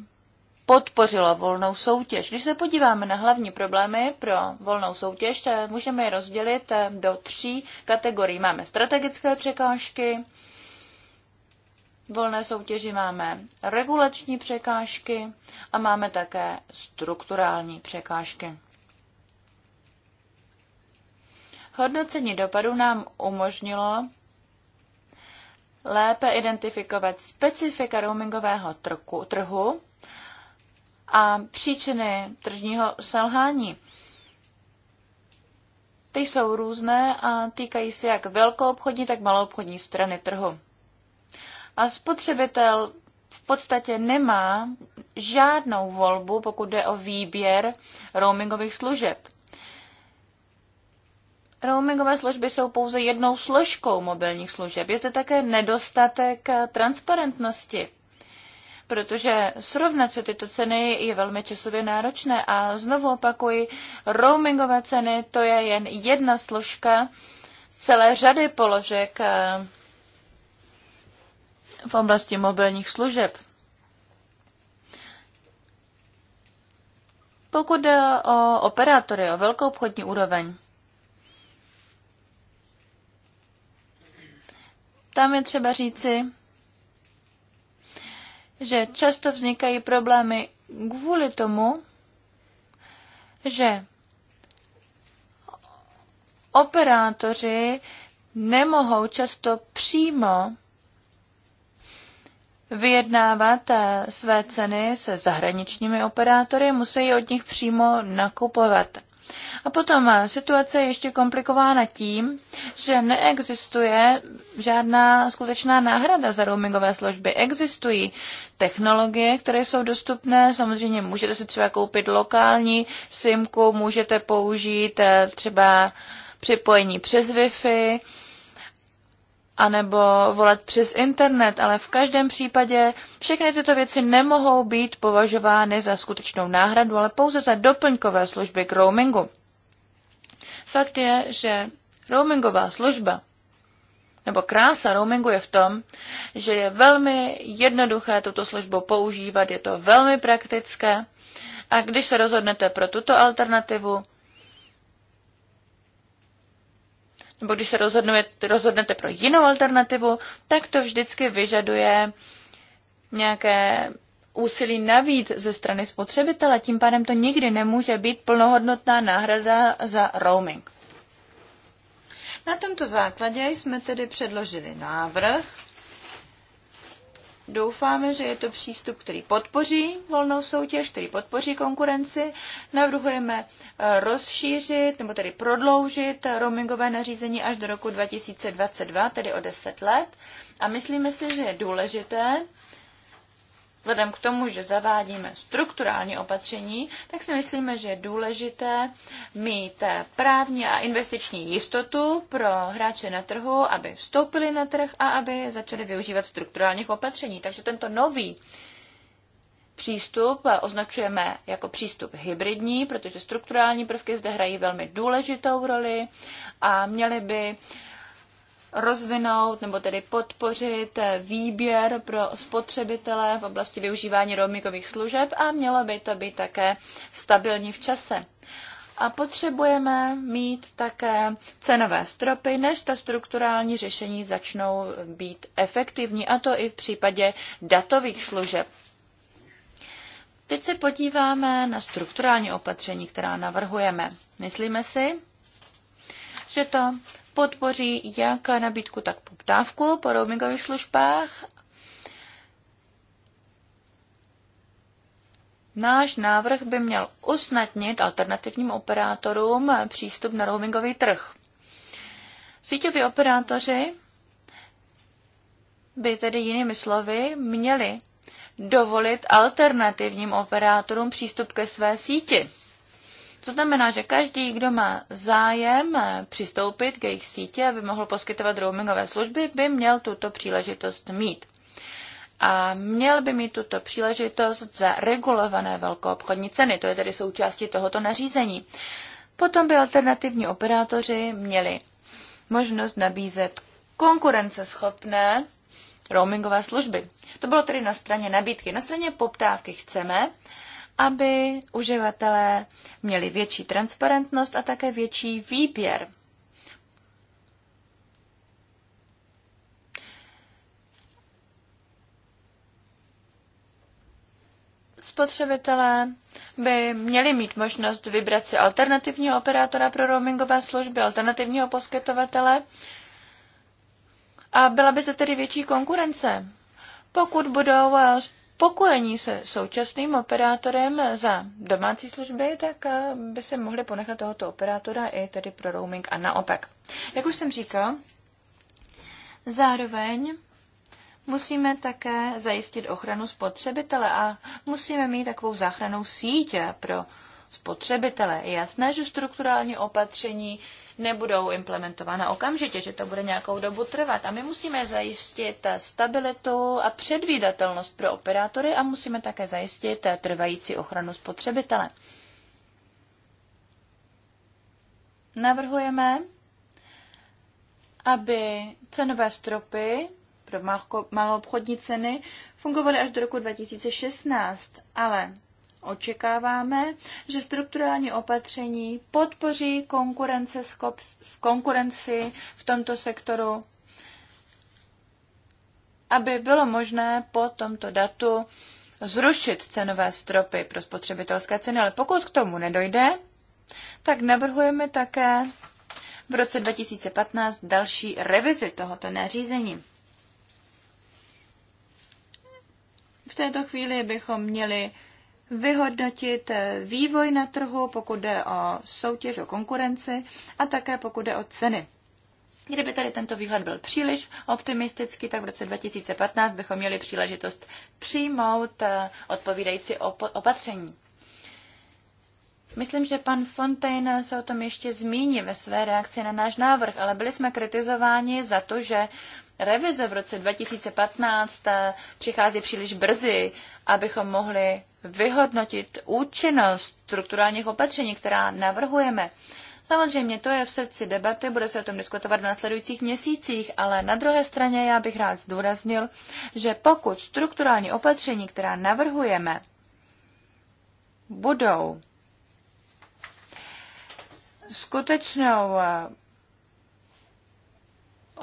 podpořilo volnou soutěž. Když se podíváme na hlavní problémy pro volnou soutěž, eh, můžeme je rozdělit eh, do tří kategorií. Máme strategické překážky, volné soutěži máme regulační překážky a máme také strukturální překážky. Hodnocení dopadu nám umožnilo lépe identifikovat specifika roamingového trhu, a příčiny tržního selhání. Ty jsou různé a týkají se jak velkou obchodní, tak malou obchodní strany trhu. A spotřebitel v podstatě nemá žádnou volbu, pokud jde o výběr roamingových služeb. Roamingové služby jsou pouze jednou složkou mobilních služeb. Je zde také nedostatek transparentnosti protože srovnat se tyto ceny je velmi časově náročné a znovu opakuji, roamingové ceny to je jen jedna složka z celé řady položek eh, v oblasti mobilních služeb. Pokud jde o operátory, o velkou obchodní úroveň, tam je třeba říci, že často vznikají problémy kvůli tomu, že operátoři nemohou často přímo vyjednávat eh, své ceny se zahraničními operátory, musí od nich přímo nakupovat. A potom eh, situace je ještě komplikována tím, že neexistuje žádná skutečná náhrada za roamingové služby. Existují technologie, které jsou dostupné. Samozřejmě můžete si třeba koupit lokální simku, můžete použít eh, třeba připojení přes Wi-Fi, anebo volat přes internet, ale v každém případě všechny tyto věci nemohou být považovány za skutečnou náhradu, ale pouze za doplňkové služby k roamingu. Fakt je, že roamingová služba nebo krása roamingu je v tom, že je velmi jednoduché tuto službu používat, je to velmi praktické a když se rozhodnete pro tuto alternativu, nebo když se rozhodnete pro jinou alternativu, tak to vždycky vyžaduje nějaké úsilí navíc ze strany spotřebitele, tím pádem to nikdy nemůže být plnohodnotná náhrada za roaming. Na tomto základě jsme tedy předložili návrh, doufáme, že je to přístup, který podpoří volnou soutěž, který podpoří konkurenci. Navrhujeme eh, rozšířit nebo tedy prodloužit roamingové nařízení až do roku 2022, tedy o 10 let. A myslíme si, že je důležité, vzhledem k tomu, že zavádíme strukturální opatření, tak si myslíme, že je důležité mít právní a investiční jistotu pro hráče na trhu, aby vstoupili na trh a aby začali využívat strukturálních opatření. Takže tento nový přístup označujeme jako přístup hybridní, protože strukturální prvky zde hrají velmi důležitou roli a měly by uh, rozvinout nebo tedy podpořit výběr pro spotřebitele v oblasti využívání roamingových služeb a mělo by to být také stabilní v čase. A potřebujeme mít také cenové stropy, než ta strukturální řešení začnou být efektivní, a to i v případě datových služeb. Teď se podíváme na strukturální opatření, která navrhujeme. Myslíme si, že to podpoří jak nabídku, tak poptávku po roamingových službách. Náš návrh by měl usnadnit alternativním operátorům přístup na roamingový trh. Síťoví operátoři by tedy jinými slovy měli dovolit alternativním operátorům přístup ke své síti. To znamená, že každý, kdo má zájem eh, přistoupit k jejich sítě, aby mohl poskytovat roamingové služby, by měl tuto příležitost mít. A měl by mít tuto příležitost za regulované velkoobchodní ceny, to je tedy součástí tohoto nařízení. Potom by alternativní operátoři měli možnost nabízet konkurenceschopné roamingové služby. To bylo tedy na straně nabídky. Na straně poptávky chceme, aby uživatelé měli větší transparentnost a také větší výběr. Spotřebitelé by měli mít možnost vybrat si alternativního operátora pro roamingové služby, alternativního poskytovatele a byla by zde tedy větší konkurence. Pokud budou eh, spokojení se současným operátorem za domácí služby, tak eh, by se mohli ponechat tohoto operátora i tedy pro roaming a naopak. Jak už jsem říkal, zároveň musíme také zajistit ochranu spotřebitele a musíme mít takovou záchranou síť eh, pro spotřebitele. Je jasné, že strukturální opatření nebudou implementována okamžitě, že to bude nějakou dobu trvat. A my musíme zajistit stabilitu a předvídatelnost pro operátory a musíme také zajistit trvající ochranu spotřebitele. Navrhujeme, aby cenové stropy pro obchodní ceny fungovaly až do roku 2016, ale očekáváme, že strukturální opatření podpoří konkurence konkurenci v tomto sektoru, aby bylo možné po tomto datu zrušit cenové stropy pro spotřebitelské ceny, ale pokud k tomu nedojde, tak navrhujeme také v roce 2015 další revizi tohoto nařízení. V této chvíli bychom měli vyhodnotit eh, vývoj na trhu, pokud jde o soutěž, o konkurenci a také pokud jde o ceny. Kdyby tady tento výhled byl příliš optimistický, tak v roce 2015 bychom měli příležitost přijmout eh, odpovídající opatření. Myslím, že pan Fontaine se o tom ještě zmíní ve své reakci na náš návrh, ale byli jsme kritizováni za to, že revize v roce 2015 eh, přichází příliš brzy, abychom mohli vyhodnotit účinnost strukturálních opatření, která navrhujeme. Samozřejmě to je v srdci debaty, bude se o tom diskutovat v následujících měsících, ale na druhé straně já bych rád zdůraznil, že pokud strukturální opatření, která navrhujeme, budou skutečnou eh,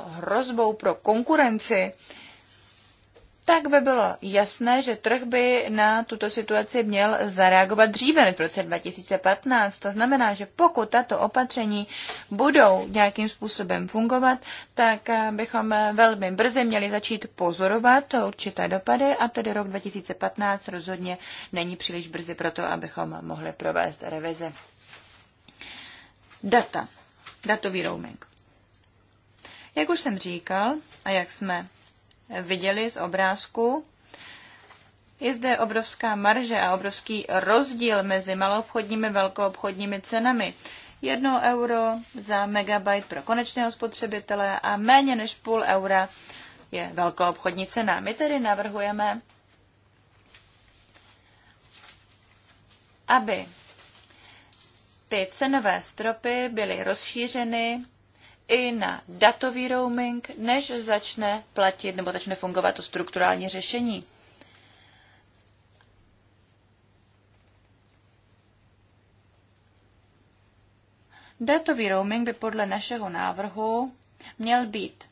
hrozbou pro konkurenci tak by bylo jasné, že trh by na tuto situaci měl zareagovat dříve než v roce 2015. To znamená, že pokud tato opatření budou nějakým způsobem fungovat, tak eh, bychom eh, velmi brzy měli začít pozorovat určité dopady a tedy rok 2015 rozhodně není příliš brzy pro to, abychom mohli provést revize. Data. Datový roaming. Jak už jsem říkal a jak jsme viděli z obrázku, je zde obrovská marže a obrovský rozdíl mezi maloobchodními a velkoobchodními cenami. 1 euro za megabyte pro konečného spotřebitele a méně než půl eura je velkoobchodní cena. My tedy navrhujeme, aby ty cenové stropy byly rozšířeny i na datový roaming, než začne platit nebo začne fungovat to strukturální řešení. Datový roaming by podle našeho návrhu měl být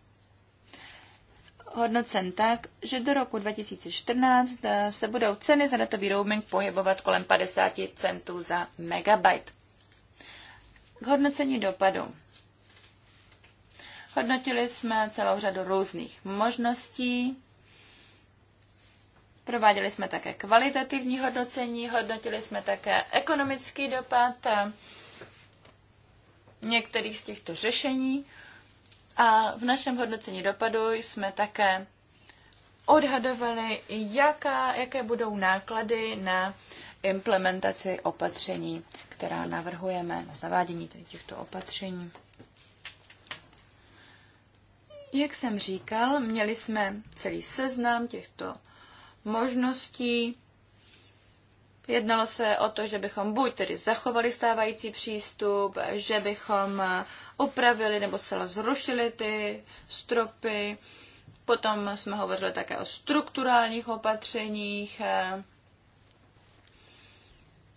hodnocen tak, že do roku 2014 eh, se budou ceny za datový roaming pohybovat kolem 50 centů za megabyte. K hodnocení dopadu. Hodnotili jsme celou řadu různých možností. Prováděli jsme také kvalitativní hodnocení, hodnotili jsme také ekonomický dopad některých z těchto řešení. A v našem hodnocení dopadu jsme také odhadovali, jaká, jaké budou náklady na implementaci opatření, která navrhujeme, na zavádění těchto opatření. Jak jsem říkal, měli jsme celý seznam těchto možností. Jednalo se o to, že bychom buď tedy zachovali stávající přístup, že bychom upravili nebo zcela zrušili ty stropy. Potom jsme hovořili také o strukturálních opatřeních, eh,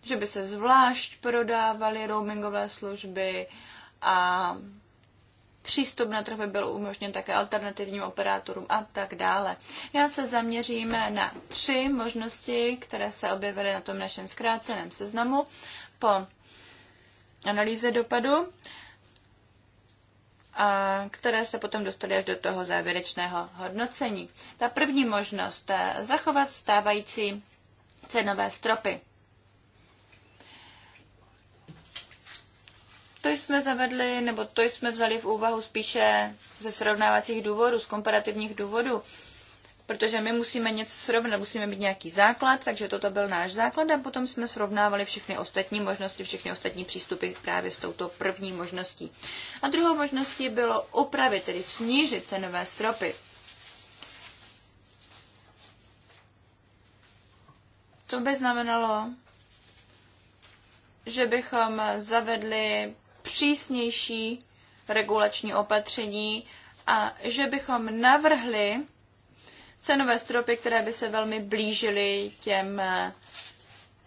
že by se zvlášť prodávaly roamingové služby a přístup na trh by byl umožněn také alternativním operátorům a tak dále. Já se zaměříme na tři možnosti, které se objevily na tom našem zkráceném seznamu po analýze dopadu, a které se potom dostaly až do toho závěrečného hodnocení. Ta první možnost je eh, zachovat stávající cenové stropy. To jsme zavedli, nebo to jsme vzali v úvahu spíše ze srovnávacích důvodů, z komparativních důvodů, protože my musíme něco srovnat, musíme mít nějaký základ, takže toto byl náš základ a potom jsme srovnávali všechny ostatní možnosti, všechny ostatní přístupy právě s touto první možností. A druhou možností bylo upravit, tedy snížit cenové stropy. To by znamenalo, že bychom zavedli přísnější regulační opatření a že bychom navrhli cenové stropy, které by se velmi blížily těm eh,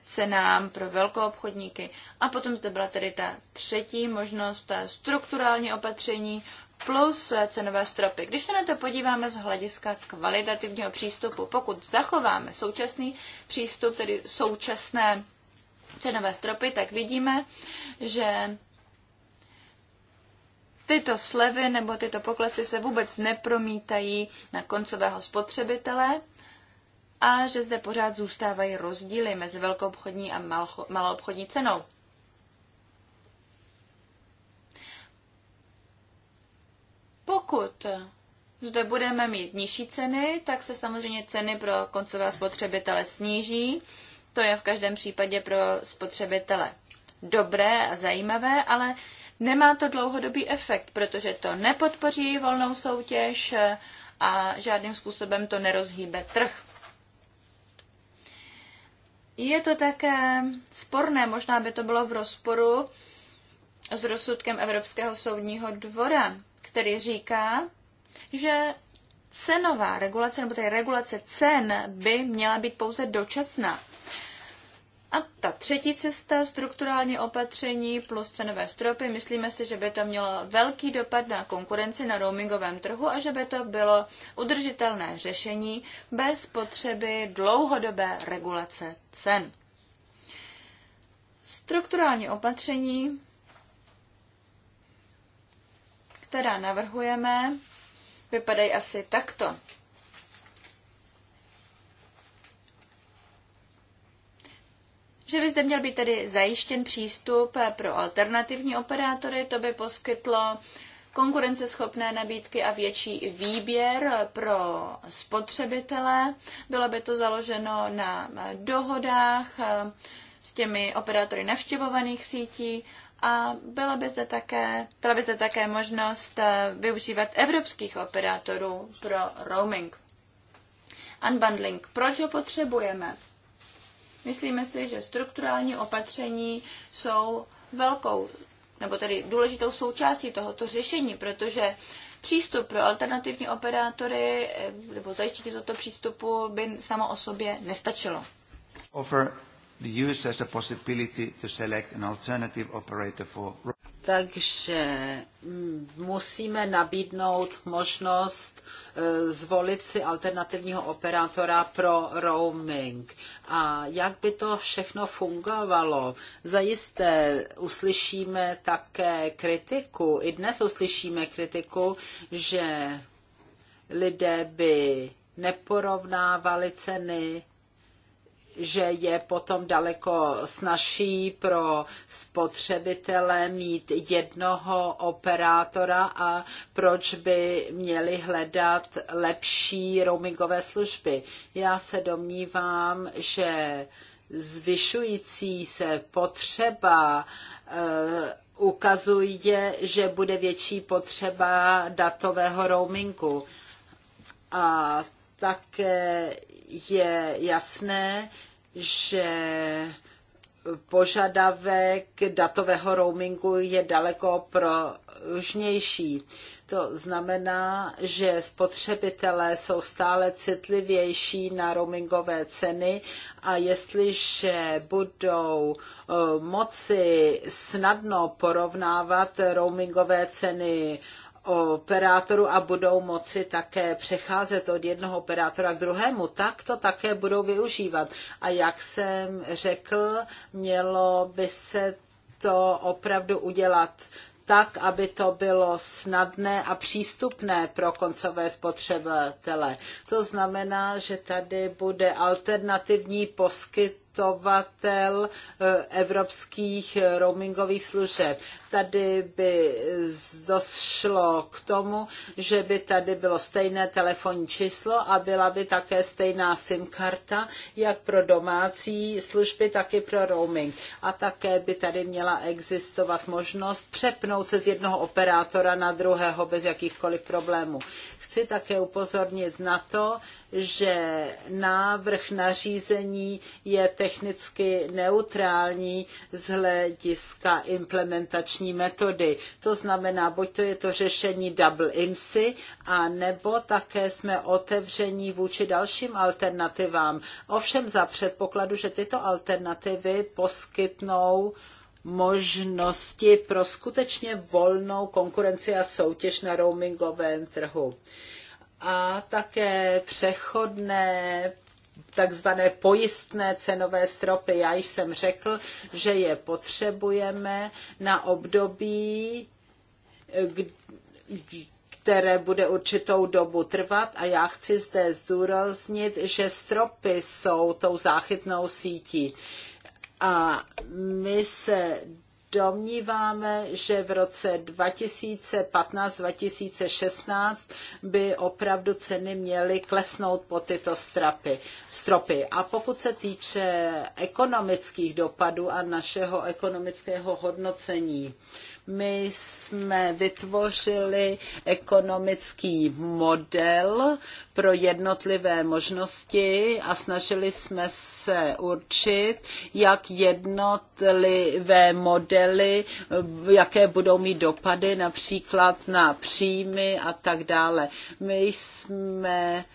cenám pro velkoobchodníky. A potom zde byla tedy ta třetí možnost, ta strukturální opatření plus eh, cenové stropy. Když se na to podíváme z hlediska kvalitativního přístupu, pokud zachováme současný přístup, tedy současné cenové stropy, tak vidíme, že tyto slevy nebo tyto poklesy se vůbec nepromítají na koncového spotřebitele a že zde pořád zůstávají rozdíly mezi velkou obchodní a malou obchodní cenou. Pokud zde budeme mít nižší ceny, tak se samozřejmě ceny pro koncové spotřebitele sníží. To je v každém případě pro spotřebitele dobré a zajímavé, ale Nemá to dlouhodobý efekt, protože to nepodpoří volnou soutěž a žádným způsobem to nerozhýbe trh. Je to také sporné, možná by to bylo v rozporu s rozsudkem Evropského soudního dvora, který říká, že cenová regulace, nebo tedy regulace cen by měla být pouze dočasná. A ta třetí cesta, strukturální opatření plus cenové stropy, myslíme si, že by to mělo velký dopad na konkurenci na roamingovém trhu a že by to bylo udržitelné řešení bez potřeby dlouhodobé regulace cen. Strukturální opatření, která navrhujeme, vypadají asi takto. že by zde měl být tedy zajištěn přístup pro alternativní operátory, to by poskytlo konkurenceschopné nabídky a větší výběr pro spotřebitele. Bylo by to založeno na dohodách s těmi operátory navštěvovaných sítí a byla by zde také, byla by zde také možnost využívat evropských operátorů pro roaming. Unbundling. Proč ho potřebujeme? Myslíme si, že strukturální opatření jsou velkou, nebo tedy důležitou součástí tohoto řešení, protože přístup pro alternativní operátory eh, nebo zajištění tohoto přístupu by samo o sobě nestačilo. Offer the users a possibility to select an alternative operator for takže mm, musíme nabídnout možnost e, zvolit si alternativního operátora pro roaming. A jak by to všechno fungovalo? Zajisté uslyšíme také kritiku, i dnes uslyšíme kritiku, že lidé by neporovnávali ceny že je potom daleko snažší pro spotřebitele mít jednoho operátora a proč by měli hledat lepší roamingové služby. Já se domnívám, že zvyšující se potřeba eh, ukazuje, že bude větší potřeba datového roamingu. A také je jasné, že požadavek datového roamingu je daleko pružnější. To znamená, že spotřebitelé jsou stále citlivější na roamingové ceny a jestliže budou eh, moci snadno porovnávat roamingové ceny operátoru a budou moci také přecházet od jednoho operátora k druhému, tak to také budou využívat. A jak jsem řekl, mělo by se to opravdu udělat tak, aby to bylo snadné a přístupné pro koncové spotřebitele. To znamená, že tady bude alternativní poskyt poskytovatel eh, evropských eh, roamingových služeb. Tady by došlo k tomu, že by tady bylo stejné telefonní číslo a byla by také stejná SIM karta, jak pro domácí služby, tak i pro roaming. A také by tady měla existovat možnost přepnout se z jednoho operátora na druhého bez jakýchkoliv problémů. Chci také upozornit na to, že návrh nařízení je technicky neutrální z hlediska implementační metody. To znamená, buď to je to řešení double IMSI, a nebo také jsme otevření vůči dalším alternativám. Ovšem za předpokladu, že tyto alternativy poskytnou možnosti pro skutečně volnou konkurenci a soutěž na roamingovém trhu a také přechodné takzvané pojistné cenové stropy. Já již jsem řekl, že je potřebujeme na období, které bude určitou dobu trvat a já chci zde zdůraznit, že stropy jsou tou záchytnou sítí. A my se domníváme, že v roce 2015-2016 by opravdu ceny měly klesnout po tyto strapy, stropy. A pokud se týče ekonomických dopadů a našeho ekonomického hodnocení, my jsme vytvořili ekonomický model pro jednotlivé možnosti a snažili jsme se určit, jak jednotlivé modely, jaké budou mít dopady například na příjmy a tak dále. My jsme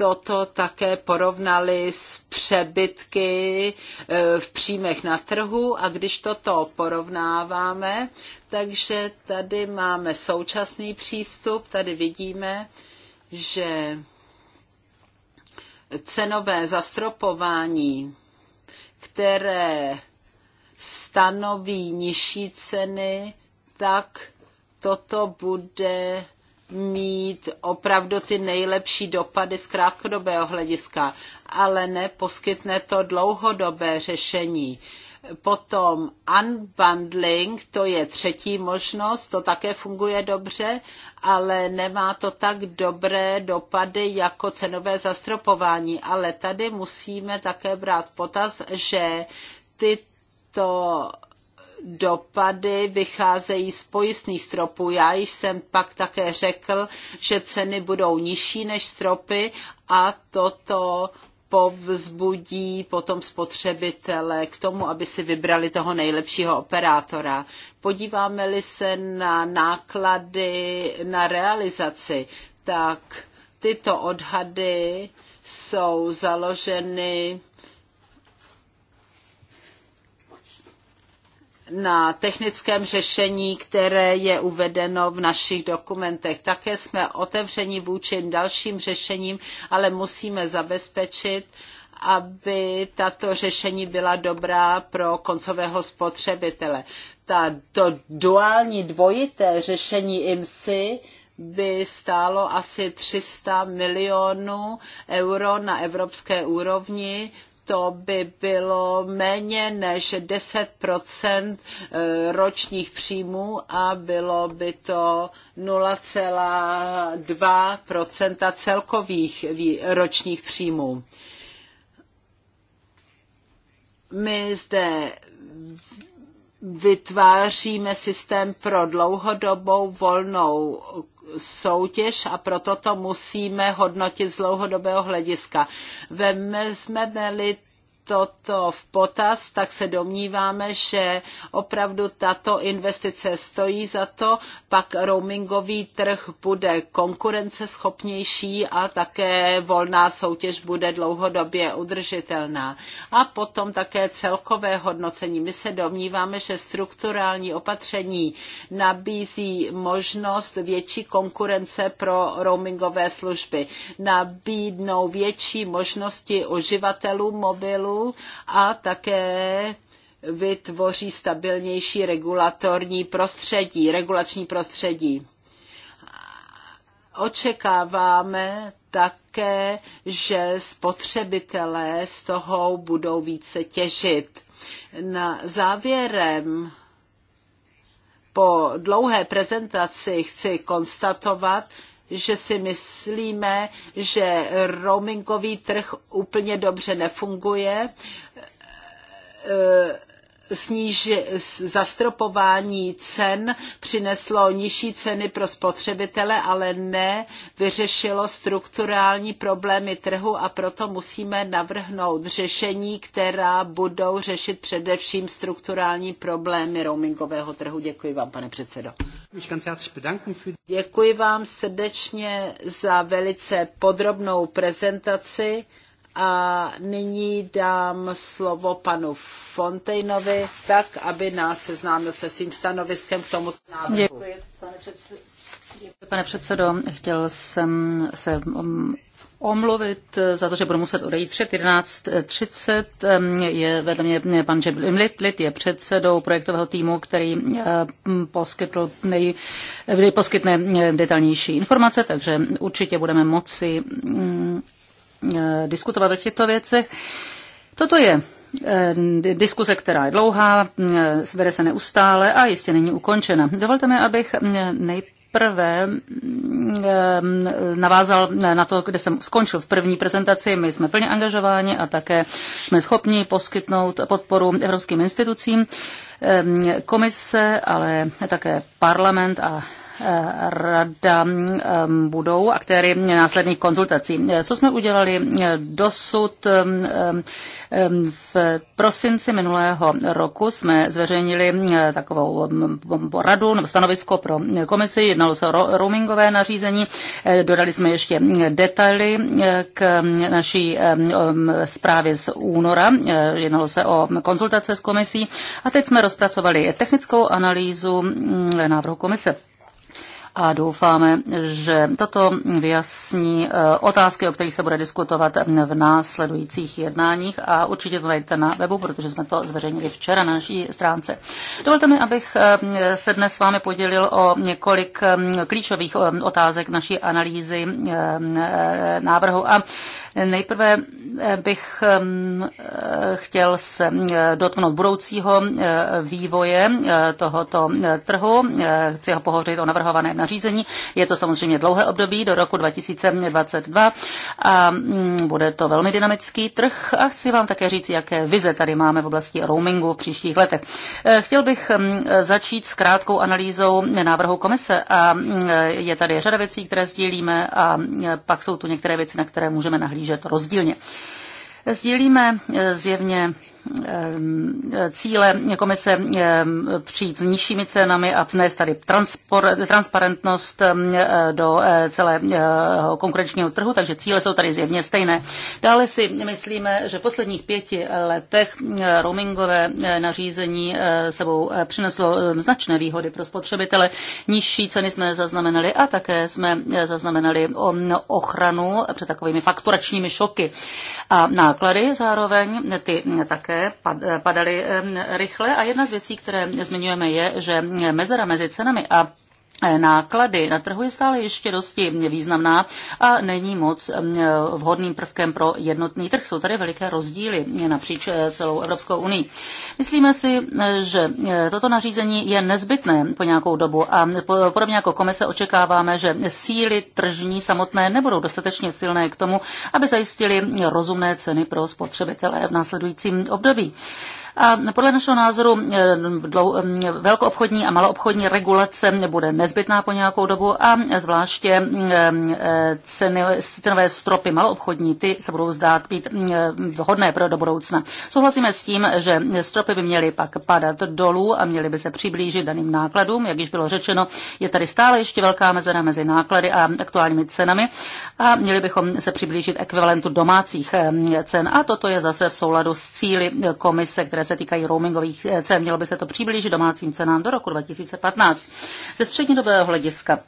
toto také porovnali s přebytky e, v příjmech na trhu a když toto porovnáváme, takže tady máme současný přístup, tady vidíme, že cenové zastropování, které stanoví nižší ceny, tak toto bude mít opravdu ty nejlepší dopady z krátkodobého hlediska, ale neposkytne to dlouhodobé řešení. Potom unbundling, to je třetí možnost, to také funguje dobře, ale nemá to tak dobré dopady jako cenové zastropování. Ale tady musíme také brát potaz, že tyto dopady vycházejí z pojistných stropů. Já již jsem pak také řekl, že ceny budou nižší než stropy a toto povzbudí potom spotřebitele k tomu, aby si vybrali toho nejlepšího operátora. Podíváme-li se na náklady na realizaci, tak tyto odhady jsou založeny na technickém řešení, které je uvedeno v našich dokumentech. Také jsme otevřeni vůči dalším řešením, ale musíme zabezpečit, aby tato řešení byla dobrá pro koncového spotřebitele. Ta, to duální dvojité řešení IMSI by stálo asi 300 milionů euro na evropské úrovni to by bylo méně než 10 eh, ročních příjmů a bylo by to 0,2 celkových ročních příjmů. My zde vytváříme systém pro dlouhodobou volnou soutěž a proto to musíme hodnotit z dlouhodobého hlediska. Vezmeme-li toto v potaz, tak se domníváme, že opravdu tato investice stojí za to, pak roamingový trh bude konkurenceschopnější a také volná soutěž bude dlouhodobě udržitelná. A potom také celkové hodnocení. My se domníváme, že strukturální opatření nabízí možnost větší konkurence pro roamingové služby. Nabídnou větší možnosti uživatelům mobilu a také vytvoří stabilnější regulatorní prostředí, regulační prostředí. Očekáváme také, že spotřebitelé z toho budou více těžit. Na závěrem po dlouhé prezentaci chci konstatovat, že si myslíme, že roamingový trh úplně dobře nefunguje eh, sníži, zastropování cen přineslo nižší ceny pro spotřebitele, ale ne vyřešilo strukturální problémy trhu a proto musíme navrhnout řešení, která budou řešit především strukturální problémy roamingového trhu. Děkuji vám, pane předsedo. Děkuji vám srdečně za velice podrobnou prezentaci. A nyní dám slovo panu Fontejnovi, tak aby nás seznámil se svým stanoviskem k tomu. návrhu. Děkuji, pane předsedo. pane předsedo. Chtěl jsem se um, omluvit za to, že budu muset odejít před 11.30. Um, je vedle mě pan Jeb Litlit, je předsedou projektového týmu, který uh, poskytl nej, poskytne uh, detailnější informace, takže určitě budeme moci um, Eh, diskutovat o těchto věcech. Toto je eh, diskuse, která je dlouhá, eh, vede se neustále a jistě není ukončena. Dovolte mi, abych mm, nejprve mm, navázal na to, kde jsem skončil v první prezentaci. My jsme plně angažováni a také jsme schopni poskytnout podporu evropským institucím, komise, ale také parlament a rada budou aktéry následných konzultací. Co jsme udělali dosud? V prosinci minulého roku jsme zveřejnili takovou radu nebo stanovisko pro komisi, jednalo se o roamingové nařízení, eh, dodali jsme ještě detaily eh, k naší zprávě z února, eh, jednalo se o konzultace s komisí a teď jsme rozpracovali technickou analýzu návrhu komise a doufáme, že toto vyjasní eh, otázky, o kterých se bude diskutovat v následujících jednáních a určitě to najdete na webu, protože jsme to zveřejnili včera na naší stránce. Dovolte mi, abych eh, se dnes s vámi podělil o několik eh, klíčových otázek naší analýzy návrhu a nejprve bych chtěl se dotknout budoucího vývoje tohoto trhu. Chci ho pohořit o navrhovaném nařízení. Je to samozřejmě dlouhé období do roku 2022 a mm, bude to velmi dynamický trh a chci vám také říct, jaké vize tady máme v oblasti roamingu v příštích letech. Eh, chtěl bych mm, začít s krátkou analýzou návrhu komise a mm, je tady řada věcí, které sdílíme a pak jsou tu některé věci, na které můžeme nahlížet rozdílně. Sdílíme eh, zjevně Eh, cíle komise eh, přijít s nižšími cenami a vnést tady transparentnost eh, do celého konkurenčního trhu, takže cíle jsou tady zjevně stejné. Dále si myslíme, že v posledních pěti letech roamingové nařízení sebou přineslo značné výhody pro spotřebitele. Nižší ceny jsme zaznamenali a také jsme zaznamenali ochranu před takovými fakturačními šoky. A náklady zároveň ty také také padaly rychle a jedna z věcí, které zmiňujeme, je, že mezera mezi cenami a Eh, náklady na trhu je stále ještě dosti významná a není moc eh, vhodným prvkem pro jednotný trh. Jsou tady veliké rozdíly napříč eh, celou Evropskou unii. Myslíme si, že toto nařízení je nezbytné po nějakou dobu a podobně jako komise očekáváme, že síly tržní samotné nebudou dostatečně silné k tomu, aby zajistili rozumné ceny pro spotřebitele v následujícím období. A podle našeho názoru eh, eh, velkoobchodní a maloobchodní regulace bude nezbytná po nějakou dobu a zvláště eh, ceny, cenové stropy maloobchodní, ty se budou zdát být vhodné pro do budoucna. Souhlasíme s tím, že stropy by měly pak padat dolů a měly by se přiblížit daným nákladům. Jak již bylo řečeno, je tady stále ještě velká mezera mezi náklady a aktuálními cenami a měli bychom se přiblížit ekvivalentu domácích cen. A toto je zase v souladu s cíly komise, které které se týkají roamingových cen. Mělo by se to přiblížit domácím cenám do roku 2015. Ze střednědobého hlediska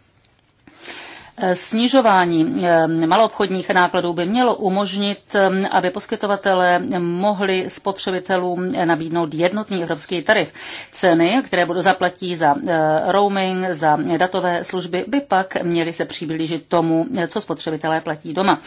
Eh, snižování eh, maloobchodních nákladů by mělo umožnit, eh, aby poskytovatele mohli spotřebitelům nabídnout jednotný evropský tarif. Ceny, které budou zaplatí za roaming, za datové služby, by pak měly se přiblížit tomu, co spotřebitelé platí doma.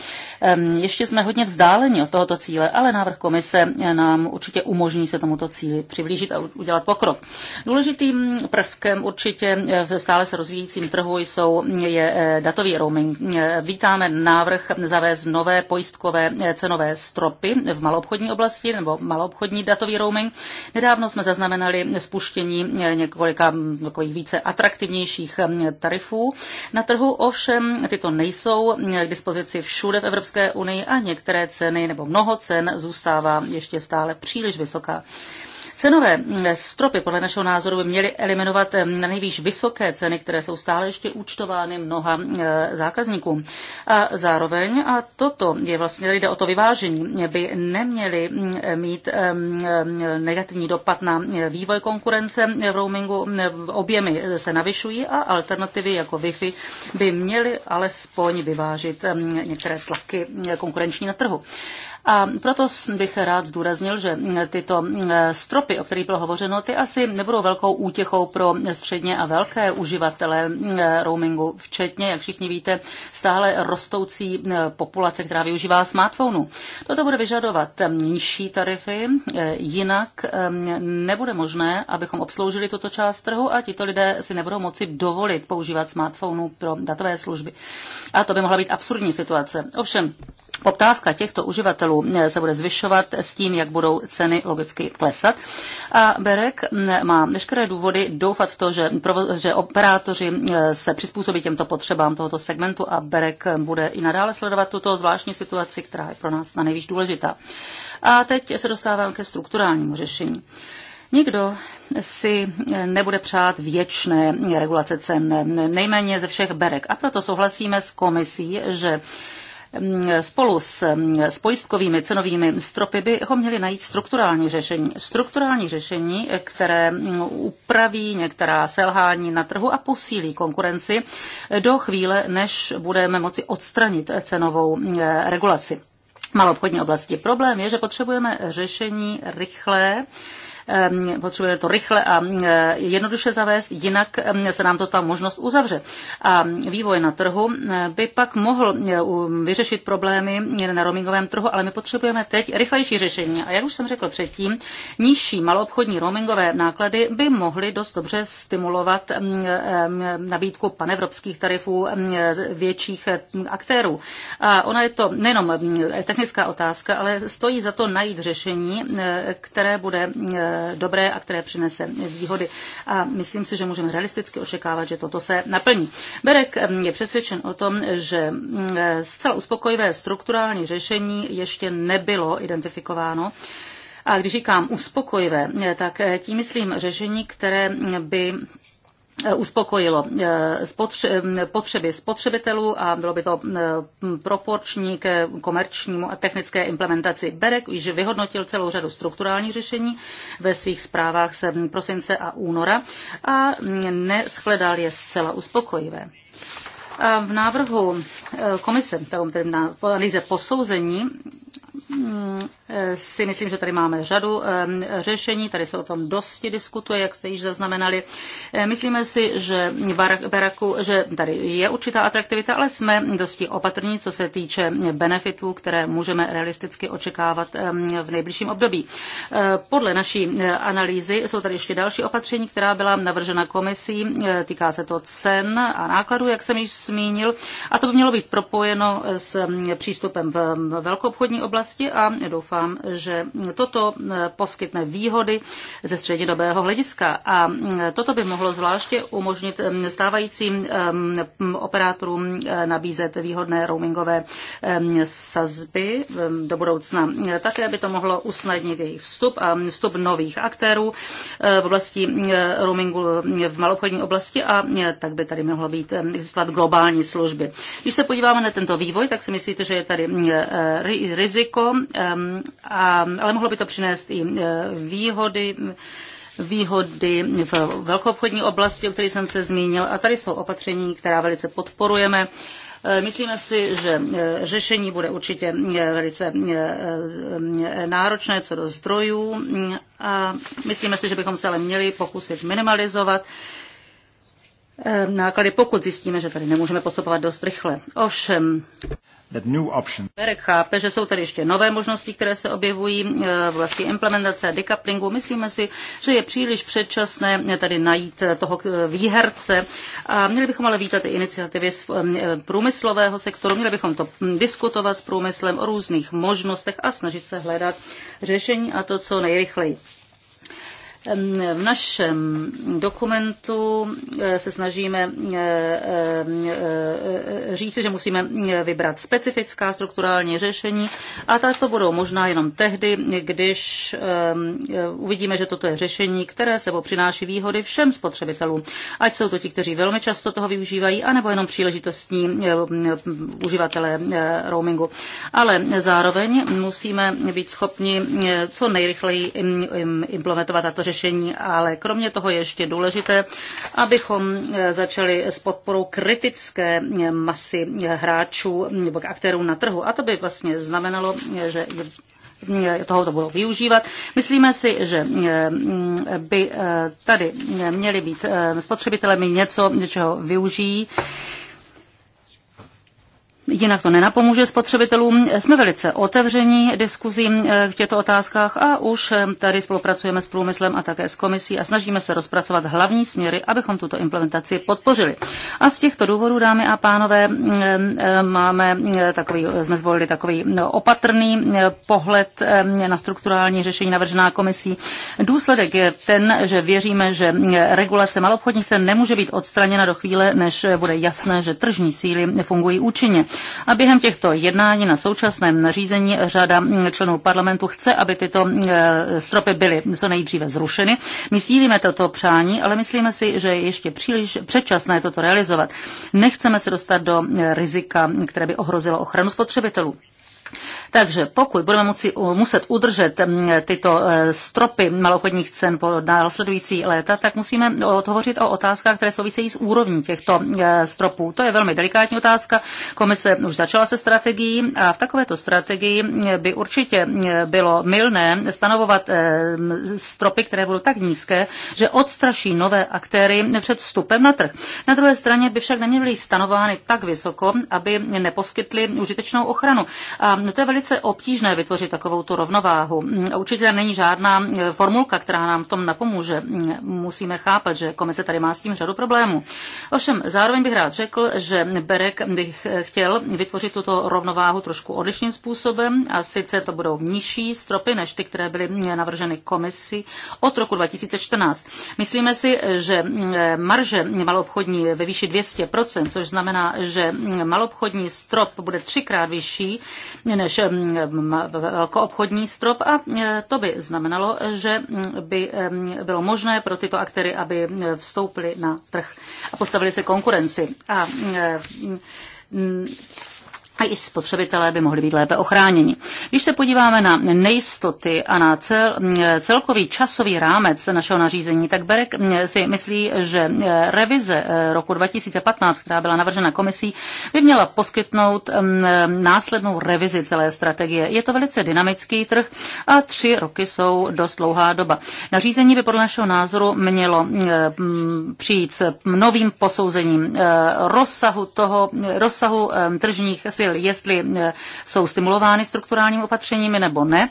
Ehm, ještě jsme hodně vzdáleni od tohoto cíle, ale návrh komise nám určitě umožní se tomuto cíli přiblížit a udělat pokrok. Důležitým prvkem určitě v stále se rozvíjícím trhu jsou je datové Daňový roaming. Vítáme návrh zavést nové pojistkové cenové stropy v maloobchodní oblasti nebo maloobchodní datový roaming. Nedávno jsme zaznamenali spuštění několika takových více atraktivnějších tarifů. Na trhu ovšem tyto nejsou k dispozici všude v Evropské unii a některé ceny nebo mnoho cen zůstává ještě stále příliš vysoká. Cenové mm, stropy podle našeho názoru by měly eliminovat mm, na nejvýš vysoké ceny, které jsou stále ještě účtovány mnoha mm, zákazníkům. A zároveň, a toto je vlastně, jde o to vyvážení, by neměly mít negativní dopad na vývoj konkurence v roamingu. Objemy se navyšují a alternativy jako Wi-Fi by měly alespoň vyvážit některé tlaky konkurenční na trhu. A proto bych rád zdůraznil, že tyto mm, stropy, o kterých bylo hovořeno, ty asi nebudou velkou útěchou pro středně a velké uživatele mm, roamingu, včetně, jak všichni víte, stále rostoucí mm, populace, která využívá smartphonu. Toto bude vyžadovat nižší tarify, jinak nebude možné, abychom obsloužili tuto část trhu a tito lidé si nebudou moci dovolit používat smartphonu pro datové služby. A to by mohla být absurdní situace. Ovšem, poptávka těchto uživatelů dolarů eh, se bude zvyšovat s tím, jak budou ceny logicky klesat. A Berek mm, má veškeré důvody doufat v to, že, že operátoři eh, se přizpůsobí těmto potřebám tohoto segmentu a Berek bude i nadále sledovat tuto zvláštní situaci, která je pro nás na nejvíc důležitá. A teď se dostávám ke strukturálnímu řešení. Nikdo si eh, nebude přát věčné regulace cen, nejméně ze všech berek. A proto souhlasíme s komisí, že Mm, spolu s, mm, s pojistkovými cenovými stropy bychom měli najít strukturální řešení. Strukturální řešení, které mm, upraví některá selhání na trhu a posílí konkurenci do chvíle, než budeme moci odstranit cenovou regulaci maloobchodní oblasti. Problém je, že potřebujeme řešení rychlé, Ehm, potřebujeme to rychle a ehm, jednoduše zavést, jinak ehm, se nám to ta možnost uzavře. A vývoj na trhu by pak mohl vyřešit problémy na roamingovém trhu, ale my potřebujeme teď rychlejší řešení. A jak už jsem řekl předtím, nižší maloobchodní roamingové náklady by mohly dost dobře stimulovat nabídku panevropských tarifů větších aktérů. A ona je to nejenom technická otázka, ale stojí za to najít řešení, které bude Eh, dobré a které přinese výhody. A myslím si, že můžeme realisticky očekávat, že toto se naplní. Berek eh, je přesvědčen o tom, že mm, eh, zcela uspokojivé strukturální řešení ještě nebylo identifikováno. A když říkám uspokojivé, tak tím myslím řešení, které mm, by Eh, uspokojilo eh, eh, potřeby spotřebitelů a bylo by to proporční k komerčnímu a technické implementaci. Berek již vyhodnotil celou řadu strukturálních řešení ve svých zprávách se prosince a února a neschledal je zcela uspokojivé. A v návrhu komise, tedy na analýze posouzení, mm, si myslím, že tady máme řadu řešení, tady se o tom dosti diskutuje, jak jste již zaznamenali. Eh, myslíme si, že, baraku, že tady je určitá atraktivita, ale jsme dosti opatrní, co se týče benefitů, které můžeme realisticky očekávat v nejbližším období. Eh, podle naší eh, analýzy jsou tady ještě další opatření, která byla navržena komisí. Týká se to cen a nákladů, jak jsem již zmínil, a to by mělo být propojeno s přístupem v velkoobchodní oblasti a doufám, doufám, že toto eh, poskytne výhody ze střednědobého hlediska a eh, toto by mohlo zvláště umožnit eh, stávajícím ehm, operátorům nabízet výhodné roamingové ehm, sazby ehm, do budoucna. Také by to mohlo usnadnit jejich vstup a vstup nových aktérů v oblasti roamingu v malobchodní oblasti a tak by tady mohlo být existovat globální služby. Když se podíváme na tento vývoj, tak si myslíte, že je tady riziko a, ale mohlo by to přinést i e, výhody výhody v velkoobchodní oblasti, o které jsem se zmínil. A tady jsou opatření, která velice podporujeme. E, myslíme si, že e, řešení bude určitě velice náročné co do zdrojů a myslíme si, že bychom se ale měli pokusit minimalizovat Eh, náklady, pokud zjistíme, že tady nemůžeme postupovat dost rychle. Ovšem, Berek chápe, že jsou tady ještě nové možnosti, které se objevují vlastně implementace decouplingu. Myslíme si, že je příliš předčasné tady najít eh, toho výherce. A měli bychom ale vítat i iniciativy z průmyslového sektoru. Měli bychom to hm, diskutovat s průmyslem o různých možnostech a snažit se hledat řešení a to co nejrychleji. V našem dokumentu eh, se snažíme eh, eh, říci, že musíme vybrat specifická strukturální řešení a tato budou možná jenom tehdy, když uvidíme, že toto je řešení, které sebou přináší výhody všem spotřebitelům, ať jsou to ti, kteří velmi často toho využívají, anebo jenom příležitostní uživatelé roamingu. Ale zároveň musíme být schopni co nejrychleji implementovat tato řešení řešení, ale kromě toho je ještě důležité, abychom eh, začali s podporou kritické eh, masy eh, hráčů hm, nebo aktérů na trhu. A to by vlastně znamenalo, že toho to budou využívat. Myslíme si, že hm, by tady měli být spotřebitelé něco, něčeho využijí Jinak to nenapomůže spotřebitelům. Jsme velice otevření diskuzím eh, v těchto otázkách a už eh, tady spolupracujeme s průmyslem a také s komisí a snažíme se rozpracovat hlavní směry, abychom tuto implementaci podpořili. A z těchto důvodů, dámy a pánové, eh, máme takový, jsme zvolili takový no, opatrný pohled na strukturální řešení navržená komisí. Důsledek je ten, že věříme, že regulace malobchodních cen nemůže být odstraněna do chvíle, než bude jasné, že tržní síly fungují účinně. A během těchto jednání na současném nařízení řada členů parlamentu chce, aby tyto eh, stropy byly co nejdříve zrušeny. My sílíme toto přání, ale myslíme si, že je ještě příliš předčasné toto realizovat. Nechceme se dostat do eh, rizika, které by ohrozilo ochranu spotřebitelů. Takže pokud budeme moci, muset udržet mm, tyto e, stropy malochodních cen po následující léta, tak musíme hovořit o otázkách, které souvisejí s úrovní těchto e, stropů. To je velmi delikátní otázka. Komise už začala se strategií a v takovéto strategii e, by určitě bylo milné stanovovat stropy, které budou tak nízké, že odstraší nové aktéry před vstupem na trh. Na druhé straně by však neměly stanovány tak vysoko, aby neposkytly užitečnou ochranu. A to je velice velice obtížné vytvořit takovou tu rovnováhu. A určitě není žádná eh, formulka, která nám v tom napomůže. Musíme chápat, že komise tady má s tím řadu problémů. Ovšem, zároveň bych rád řekl, že Berek bych eh, chtěl vytvořit tuto rovnováhu trošku odlišným způsobem a sice to budou nižší stropy než ty, které byly eh, navrženy komisí od roku 2014. Myslíme si, že marže malobchodní ve výši 200%, což znamená, že mm, malobchodní strop bude třikrát vyšší než Um, velkoobchodní strop a eh, to by znamenalo, že mm, by bylo možné pro tyto aktéry, aby eh, vstoupili na trh a postavili se konkurenci. A eh, mm, a i spotřebitelé by mohli být lépe ochráněni. Když se podíváme na nejistoty a na cel, celkový časový rámec našeho nařízení, tak Berek mm, si myslí, že mm, revize eh, roku 2015, která byla navržena komisí, by měla poskytnout mm, následnou revizi celé strategie. Je to velice dynamický trh a tři roky jsou dost dlouhá doba. Nařízení by podle našeho názoru mělo přijít s novým posouzením eh, rozsahu toho, rozsahu eh, tržních určil, jestli e, jsou stimulovány strukturálními opatřeními nebo ne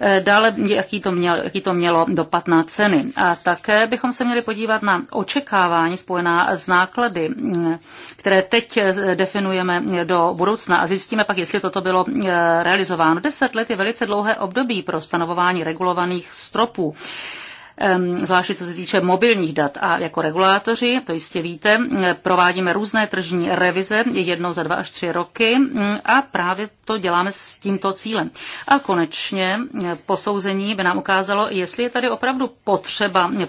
e, dále jaký to, měl, jaký to mělo dopad na ceny. A také bychom se měli podívat na očekávání spojená s náklady, e, které teď definujeme do budoucna a zjistíme pak, jestli toto bylo realizováno. Deset let je velice dlouhé období pro stanovování regulovaných stropů Ehm, zvláště co se týče mobilních dat. A jako regulátoři, to jistě víte, eh, provádíme různé tržní revize jednou za dva až tři roky mm, a právě to děláme s tímto cílem. A konečně eh, posouzení by nám ukázalo, jestli je tady opravdu potřeba eh,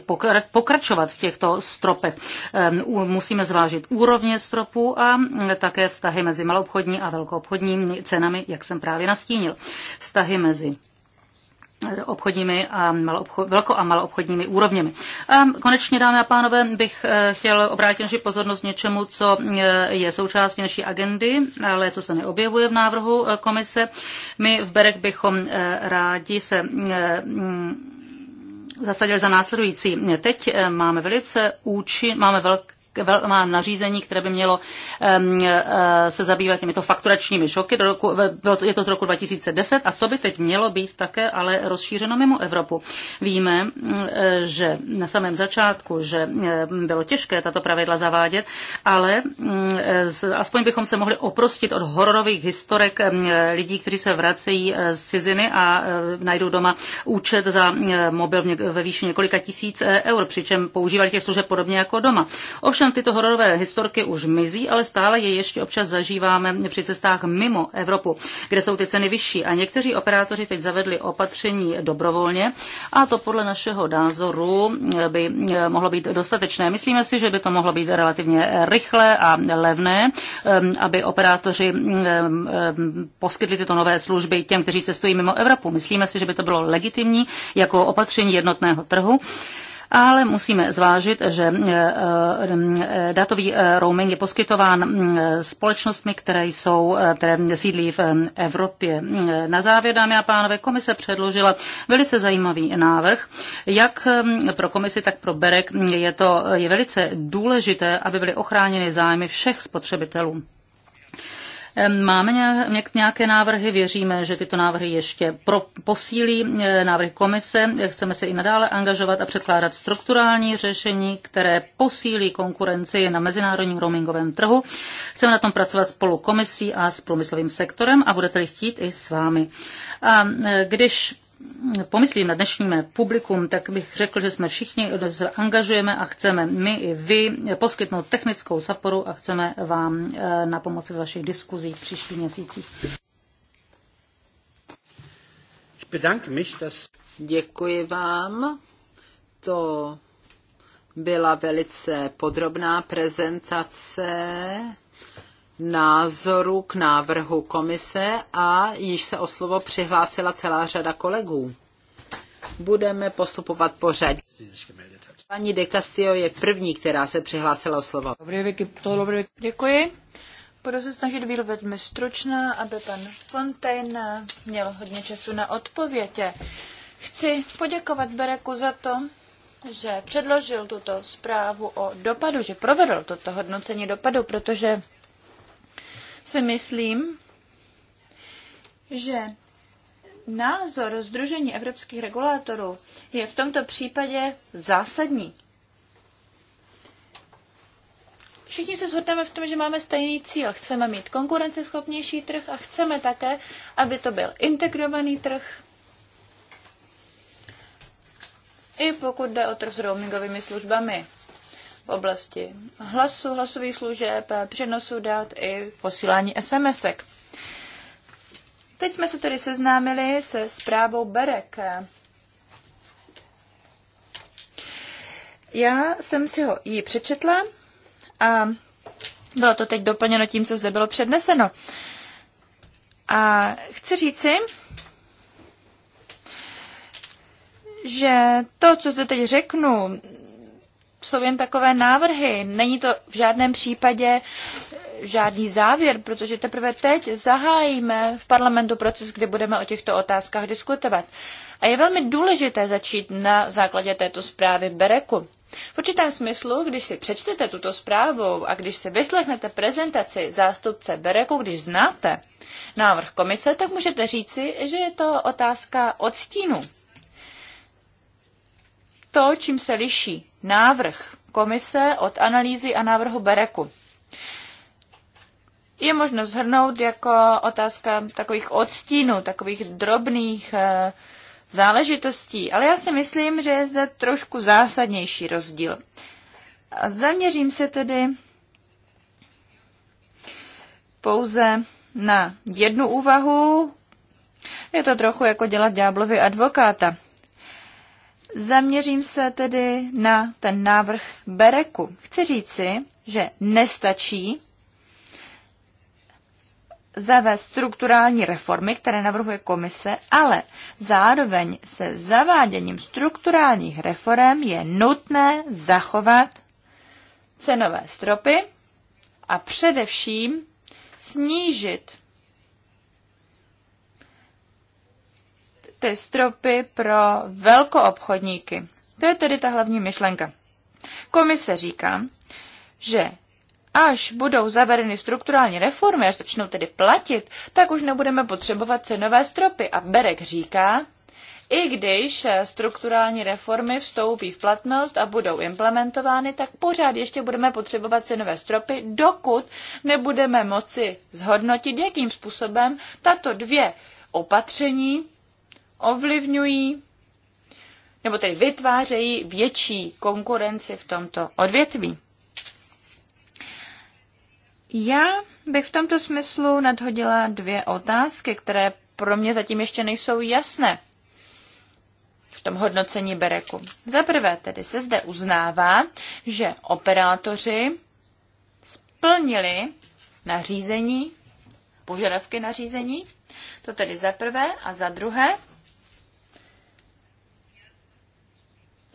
pokračovat v těchto stropech. Ehm, musíme zvážit úrovně stropu a také vztahy mezi maloobchodní a velkoobchodní cenami, jak jsem právě nastínil. Vztahy mezi obchodními a maloobchod, velko- a maloobchodními úrovněmi. A konečně, dámy a pánové, bych eh, chtěl obrátit naši pozornost něčemu, co eh, je součástí naší agendy, ale co se neobjevuje v návrhu eh, komise. My v Berek bychom rádi se mm, zasadili za následující. Teď máme velice účin, máme velk, má nařízení, které by mělo e, se zabývat těmito fakturačními šoky. Do roku, je to z roku 2010 a to by teď mělo být také ale rozšířeno mimo Evropu. Víme, e, že na samém začátku, že e, bylo těžké tato pravidla zavádět, ale aspoň bychom se mohli oprostit od hororových historek lidí, kteří se vracejí z ciziny a najdou doma účet za mobil ve výši několika tisíc eur, přičem používali těch služeb podobně jako doma. Ovšem Ovšem tyto hororové historky už mizí, ale stále je ještě občas zažíváme při cestách mimo Evropu, kde jsou ty ceny vyšší. A někteří operátoři teď zavedli opatření dobrovolně a to podle našeho názoru eh, by eh, mohlo být dostatečné. Myslíme si, že by to mohlo být relativně rychlé a levné, eh, aby operátoři poskytli tyto nové služby těm, kteří cestují mimo Evropu. Myslíme si, že by to bylo legitimní jako opatření jednotného trhu ale musíme zvážit, že eh, eh, datový eh, roaming je poskytován mm, společnostmi, které jsou, které sídlí v Evropě. Na závěr, dámy a pánové, komise předložila velice zajímavý návrh. Jak mm, pro komisi, tak pro Berek je to je velice důležité, aby byly ochráněny zájmy všech spotřebitelů. Máme nějaké návrhy, věříme, že tyto návrhy ještě pro, posílí e, návrhy komise. Chceme se i nadále angažovat a předkládat strukturální řešení, které posílí konkurenci na mezinárodním roamingovém trhu. Chceme na tom pracovat spolu komisí a s průmyslovým sektorem a budete-li chtít i s vámi. A e, když pomyslím na dnešním publikum, tak bych řekl, že jsme všichni se angažujeme a chceme my i vy poskytnout technickou saporu a chceme vám eh, na pomoci v vašich diskuzích v příštích měsících. Děkuji vám. To byla velice podrobná prezentace názoru k návrhu komise a již se o slovo přihlásila celá řada kolegů. Budeme postupovat pořadí. Paní De Castillo je první, která se přihlásila o slovo. Děkuji. Budu se snažit být velmi stručná, aby pan Fontaine měl hodně času na odpovědě. Chci poděkovat Bereku za to, že předložil tuto zprávu o dopadu, že provedl toto hodnocení dopadu, protože si myslím, že názor Združení evropských regulátorů je v tomto případě zásadní. Všichni se shodneme v tom, že máme stejný cíl. Chceme mít konkurenceschopnější trh a chceme také, aby to byl integrovaný trh. I pokud jde o trh s roamingovými službami v oblasti hlasu, hlasových služeb, přenosu dat i posílání SMSek. Teď jsme se tedy seznámili se zprávou Berek. Já jsem si ho ji přečetla a bylo to teď doplněno tím, co zde bylo předneseno. A chci říci, že to, co zde teď řeknu, jsou jen takové návrhy. Není to v žádném případě žádný závěr, protože teprve teď zahájíme v parlamentu proces, kdy budeme o těchto otázkách diskutovat. A je velmi důležité začít na základě této zprávy Bereku. V určitém smyslu, když si přečtete tuto zprávu a když si vyslechnete prezentaci zástupce Bereku, když znáte návrh komise, tak můžete říci, že je to otázka odstínů to, čím se liší návrh komise od analýzy a návrhu Bereku. Je možno zhrnout jako otázka takových odstínů, takových drobných eh, záležitostí, ale já si myslím, že je zde trošku zásadnější rozdíl. A zaměřím se tedy pouze na jednu úvahu. Je to trochu jako dělat ďáblovi advokáta. Zaměřím se tedy na ten návrh Bereku. Chci říci, že nestačí zavést strukturální reformy, které navrhuje komise, ale zároveň se zaváděním strukturálních reform je nutné zachovat cenové stropy a především snížit ty stropy pro velkoobchodníky. To je tedy ta hlavní myšlenka. Komise říká, že až budou zavedeny strukturální reformy, až začnou tedy platit, tak už nebudeme potřebovat cenové stropy. A Berek říká, i když strukturální reformy vstoupí v platnost a budou implementovány, tak pořád ještě budeme potřebovat cenové stropy, dokud nebudeme moci zhodnotit, jakým způsobem tato dvě opatření ovlivňují nebo tedy vytvářejí větší konkurenci v tomto odvětví. Já bych v tomto smyslu nadhodila dvě otázky, které pro mě zatím ještě nejsou jasné v tom hodnocení Bereku. Za prvé tedy se zde uznává, že operátoři splnili nařízení, požadavky nařízení, to tedy za prvé, a za druhé,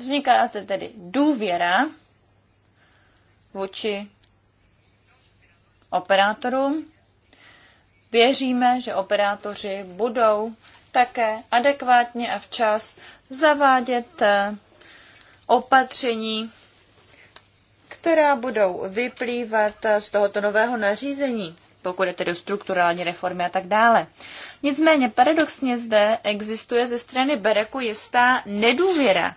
Vzniká zde tedy důvěra vůči operátorům. Věříme, že operátoři budou také adekvátně a včas zavádět eh, opatření, která budou vyplývat eh, z tohoto nového nařízení, pokud je tedy strukturální reformy a tak dále. Nicméně paradoxně zde existuje ze strany Bereku jistá nedůvěra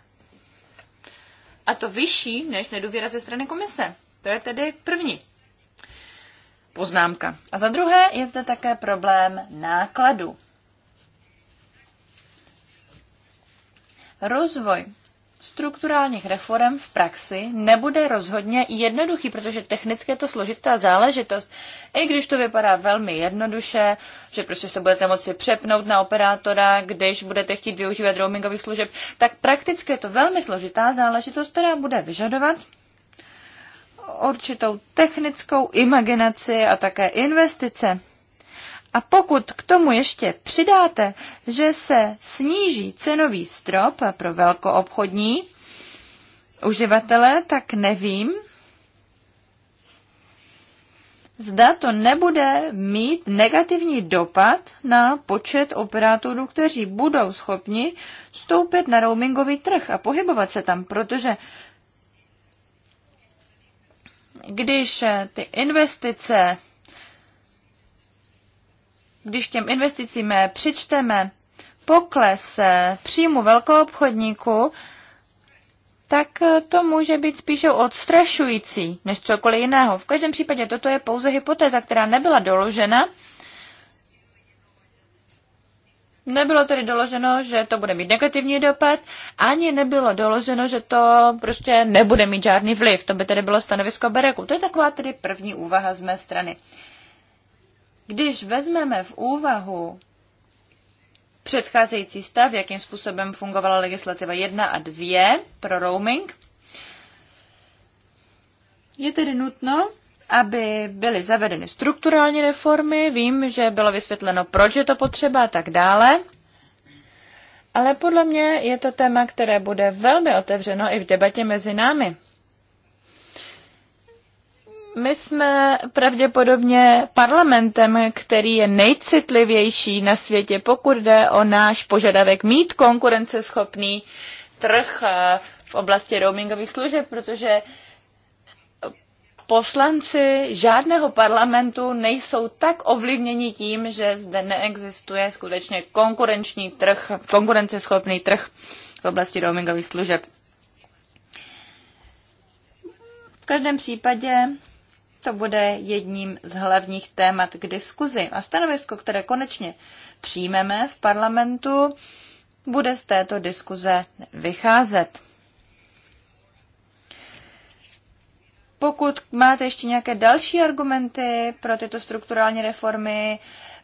a to vyšší než nedůvěra ze strany komise. To je tedy první poznámka. A za druhé je zde také problém nákladu. Rozvoj strukturálních reform v praxi nebude rozhodně jednoduchý, protože technicky je to složitá záležitost. I když to vypadá velmi jednoduše, že prostě se budete moci přepnout na operátora, když budete chtít využívat roamingových služeb, tak prakticky je to velmi složitá záležitost, která bude vyžadovat určitou technickou imaginaci a také investice. A pokud k tomu ještě přidáte, že se sníží cenový strop pro velkoobchodní uživatele, tak nevím, zda to nebude mít negativní dopad na počet operátorů, kteří budou schopni vstoupit na roamingový trh a pohybovat se tam, protože když ty investice když těm investicím přičteme pokles eh, příjmu velkoobchodníku, tak eh, to může být spíše odstrašující než cokoliv jiného. V každém případě toto je pouze hypotéza, která nebyla doložena. Nebylo tedy doloženo, že to bude mít negativní dopad, ani nebylo doloženo, že to prostě nebude mít žádný vliv. To by tedy bylo stanovisko Bereku. To je taková tedy první úvaha z mé strany. Když vezmeme v úvahu předcházející stav, jakým způsobem fungovala legislativa 1 a 2 pro roaming, je tedy nutno, aby byly zavedeny strukturální reformy. Vím, že bylo vysvětleno, proč je to potřeba a tak dále. Ale podle mě je to téma, které bude velmi otevřeno i v debatě mezi námi. My jsme pravděpodobně parlamentem, který je nejcitlivější na světě, pokud jde o náš požadavek mít konkurenceschopný trh eh, v oblasti roamingových služeb, protože poslanci žádného parlamentu nejsou tak ovlivněni tím, že zde neexistuje skutečně konkurenční trh, konkurenceschopný trh v oblasti roamingových služeb. V každém případě to bude jedním z hlavních témat k diskuzi. A stanovisko, které konečně přijmeme v parlamentu, bude z této diskuze vycházet. Pokud máte ještě nějaké další argumenty pro tyto strukturální reformy,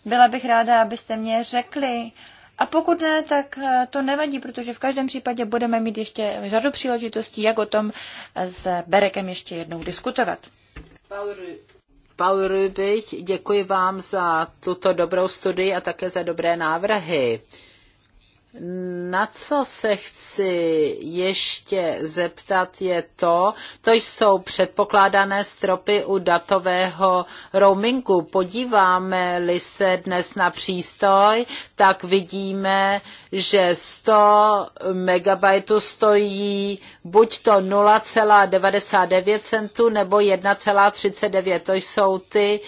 byla bych ráda, abyste mě řekli. A pokud ne, tak eh, to nevadí, protože v každém případě budeme mít ještě řadu příležitostí, jak o tom s Berekem ještě jednou diskutovat. Paul, Rubich, děkuji vám za tuto dobrou studii a také za dobré návrhy. Na co se chci ještě zeptat je to, to jsou předpokládané stropy u datového roamingu. Podíváme-li se dnes na přístoj, tak vidíme, že 100 MB stojí buď to 0,99 centů nebo 1,39. To jsou ty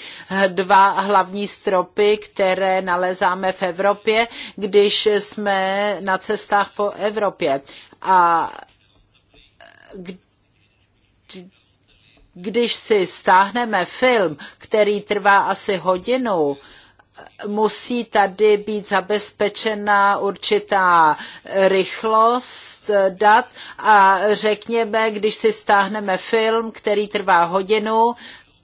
dva hlavní stropy, které nalezáme v Evropě, když jsme na cestách po Evropě. A když si stáhneme film, který trvá asi hodinu, musí tady být zabezpečena určitá rychlost eh, dat a řekněme, když si stáhneme film, který trvá hodinu,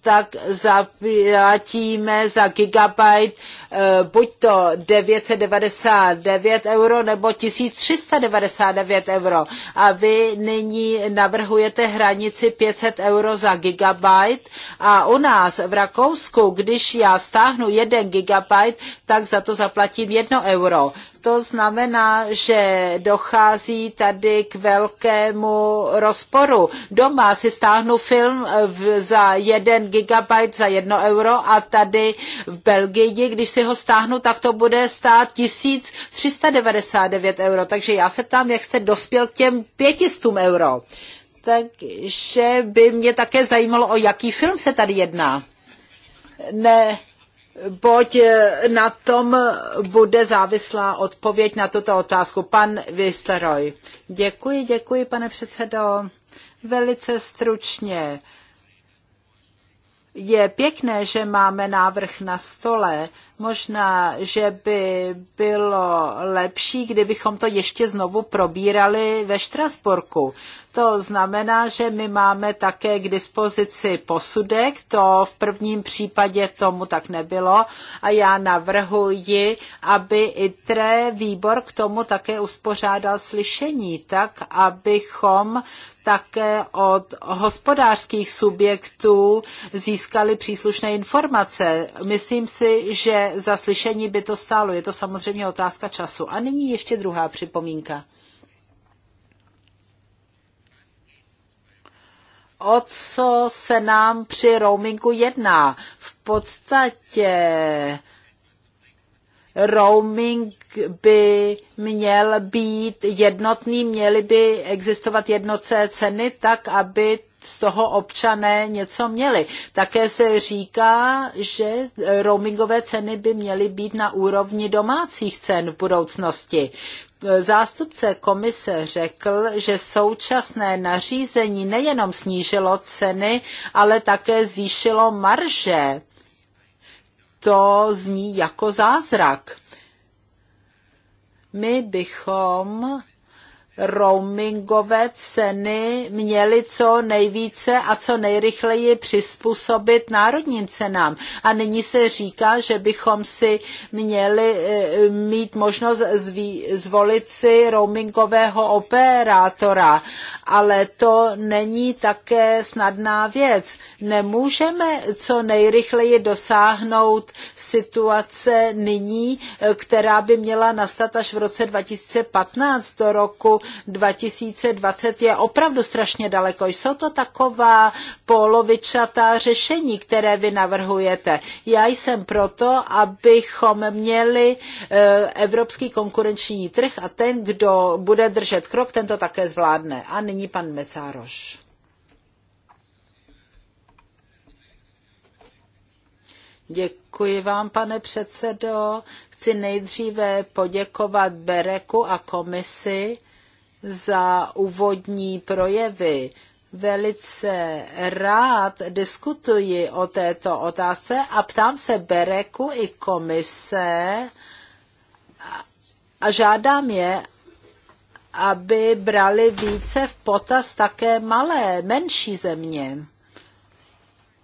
tak zaplatíme za gigabyte eh, buď to 999 euro nebo 1399 euro. A vy nyní navrhujete hranici 500 euro za gigabyte a u nás v Rakousku, když já stáhnu 1 gigabyte, tak za to zaplatím 1 euro. To znamená, že dochází tady k velkému rozporu. Doma si stáhnu film eh, za 1 gigabyte za 1 euro a tady v Belgii, když si ho stáhnu, tak to bude stát 1399 euro. Takže já se ptám, jak jste dospěl k těm 500 euro. Takže by mě také zajímalo, o jaký film se tady jedná. Ne, boť eh, na tom bude závislá odpověď na tuto otázku. Pan Visteroj. Děkuji, děkuji, pane předsedo. Velice stručně. Je pěkné, že máme návrh na stole. Možná, že by bylo lepší, kdybychom to ještě znovu probírali ve Štrasburku. To znamená, že my máme také k dispozici posudek, to v prvním případě tomu tak nebylo a já navrhuji, aby ITRE výbor k tomu také uspořádal slyšení, tak abychom také od hospodářských subjektů získali příslušné informace. Myslím si, že za slyšení by to stálo. Je to samozřejmě otázka času. A nyní ještě druhá připomínka. o co se nám při roamingu jedná. V podstatě roaming by měl být jednotný, měly by existovat jednotné ceny tak, aby z toho občané něco měli. Také se říká, že roamingové ceny by měly být na úrovni domácích cen v budoucnosti zástupce komise řekl, že současné nařízení nejenom snížilo ceny, ale také zvýšilo marže. To zní jako zázrak. My bychom roamingové ceny měly co nejvíce a co nejrychleji přizpůsobit národním cenám. A nyní se říká, že bychom si měli eh, mít možnost zvolit si roamingového operátora, ale to není také snadná věc. Nemůžeme co nejrychleji dosáhnout situace nyní, eh, která by měla nastat až v roce 2015 do roku 2020 je opravdu strašně daleko. Jsou to taková polovičatá řešení, které vy navrhujete. Já jsem proto, abychom měli e, evropský konkurenční trh a ten, kdo bude držet krok, ten to také zvládne. A nyní pan Mecároš. Děkuji vám, pane předsedo. Chci nejdříve poděkovat Bereku a komisi za úvodní projevy. Velice rád diskutuji o této otázce a ptám se Bereku i komise a žádám je, aby brali více v potaz také malé, menší země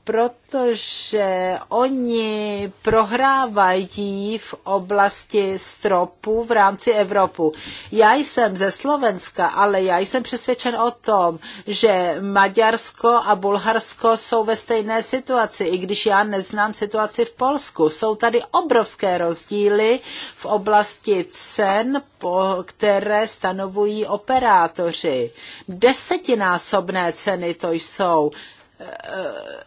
protože oni prohrávají v oblasti stropu v rámci Evropu. Já jsem ze Slovenska, ale já jsem přesvědčen o tom, že Maďarsko a Bulharsko jsou ve stejné situaci, i když já neznám situaci v Polsku. Jsou tady obrovské rozdíly v oblasti cen, které stanovují operátoři. Desetinásobné ceny to jsou eh, eh,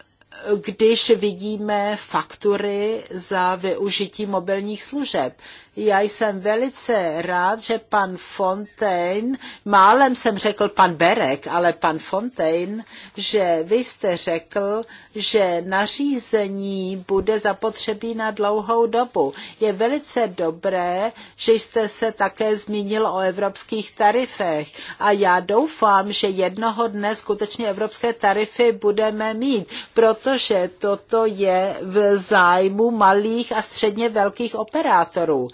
když vidíme faktury za využití mobilních služeb. Já jsem velice rád, že pan Fontaine, málem jsem řekl pan Berek, ale pan Fontaine, že vy jste řekl, že nařízení bude zapotřebí na dlouhou dobu. Je velice dobré, že jste se také zmínil o evropských tarifech a já doufám, že jednoho dne skutečně evropské tarify budeme mít, protože toto je v zájmu malých a středně velkých operátorů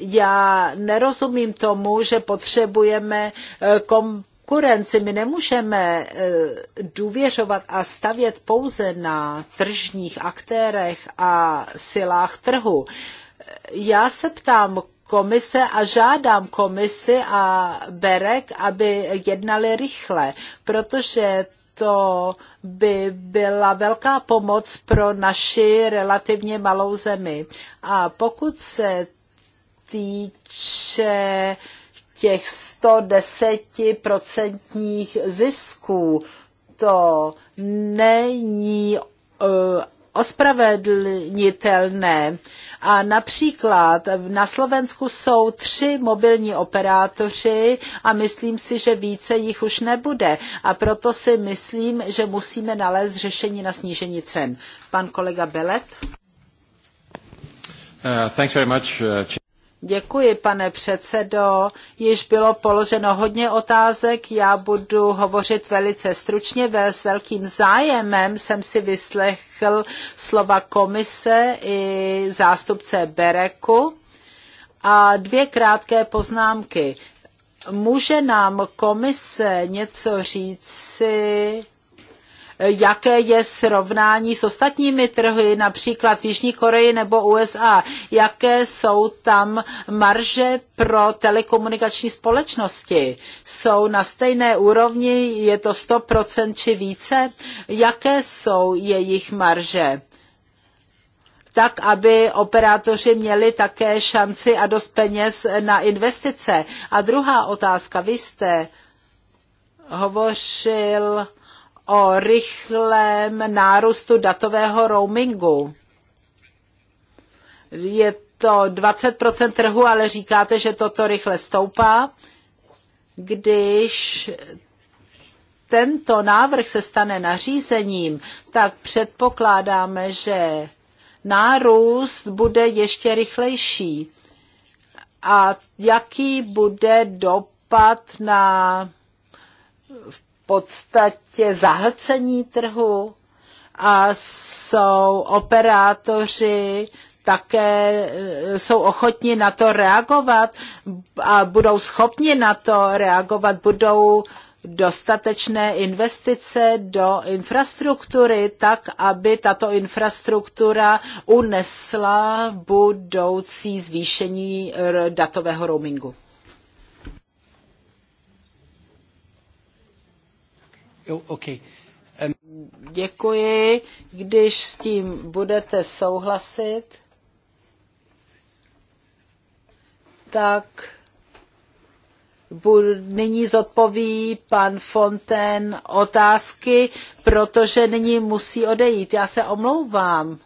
já nerozumím tomu, že potřebujeme eh, konkurenci. My nemůžeme eh, důvěřovat a stavět pouze na tržních aktérech a silách trhu. Já se ptám komise a žádám komisi a Berek, aby jednali rychle, protože to by byla velká pomoc pro naši relativně malou zemi. A pokud se týče těch 110% zisků, to není uh, ospravedlnitelné. A například na Slovensku jsou tři mobilní operátoři a myslím si, že více jich už nebude. A proto si myslím, že musíme nalézt řešení na snížení cen. Pan kolega Belet. Uh, thanks very much, uh, Děkuji, pane předsedo. Již bylo položeno hodně otázek. Já budu hovořit velice stručně. S velkým zájemem jsem si vyslechl slova komise i zástupce Bereku. A dvě krátké poznámky. Může nám komise něco říci jaké je srovnání s ostatními trhy, například v Jižní Koreji nebo USA, jaké jsou tam marže pro telekomunikační společnosti. Jsou na stejné úrovni, je to 100% či více, jaké jsou jejich marže tak, aby operátoři měli také šanci a dost peněz na investice. A druhá otázka, vy jste hovořil o rychlém nárůstu datového roamingu. Je to 20% trhu, ale říkáte, že toto rychle stoupá. Když tento návrh se stane nařízením, tak předpokládáme, že nárůst bude ještě rychlejší. A jaký bude dopad na podstatě zahlcení trhu a jsou operátoři také e, jsou ochotní na to reagovat a budou schopni na to reagovat, budou dostatečné investice do infrastruktury, tak aby tato infrastruktura unesla budoucí zvýšení e, datového roamingu. OK. Um... Děkuji, když s tím budete souhlasit, tak nyní zodpoví pan Fonten otázky, protože nyní musí odejít. Já se omlouvám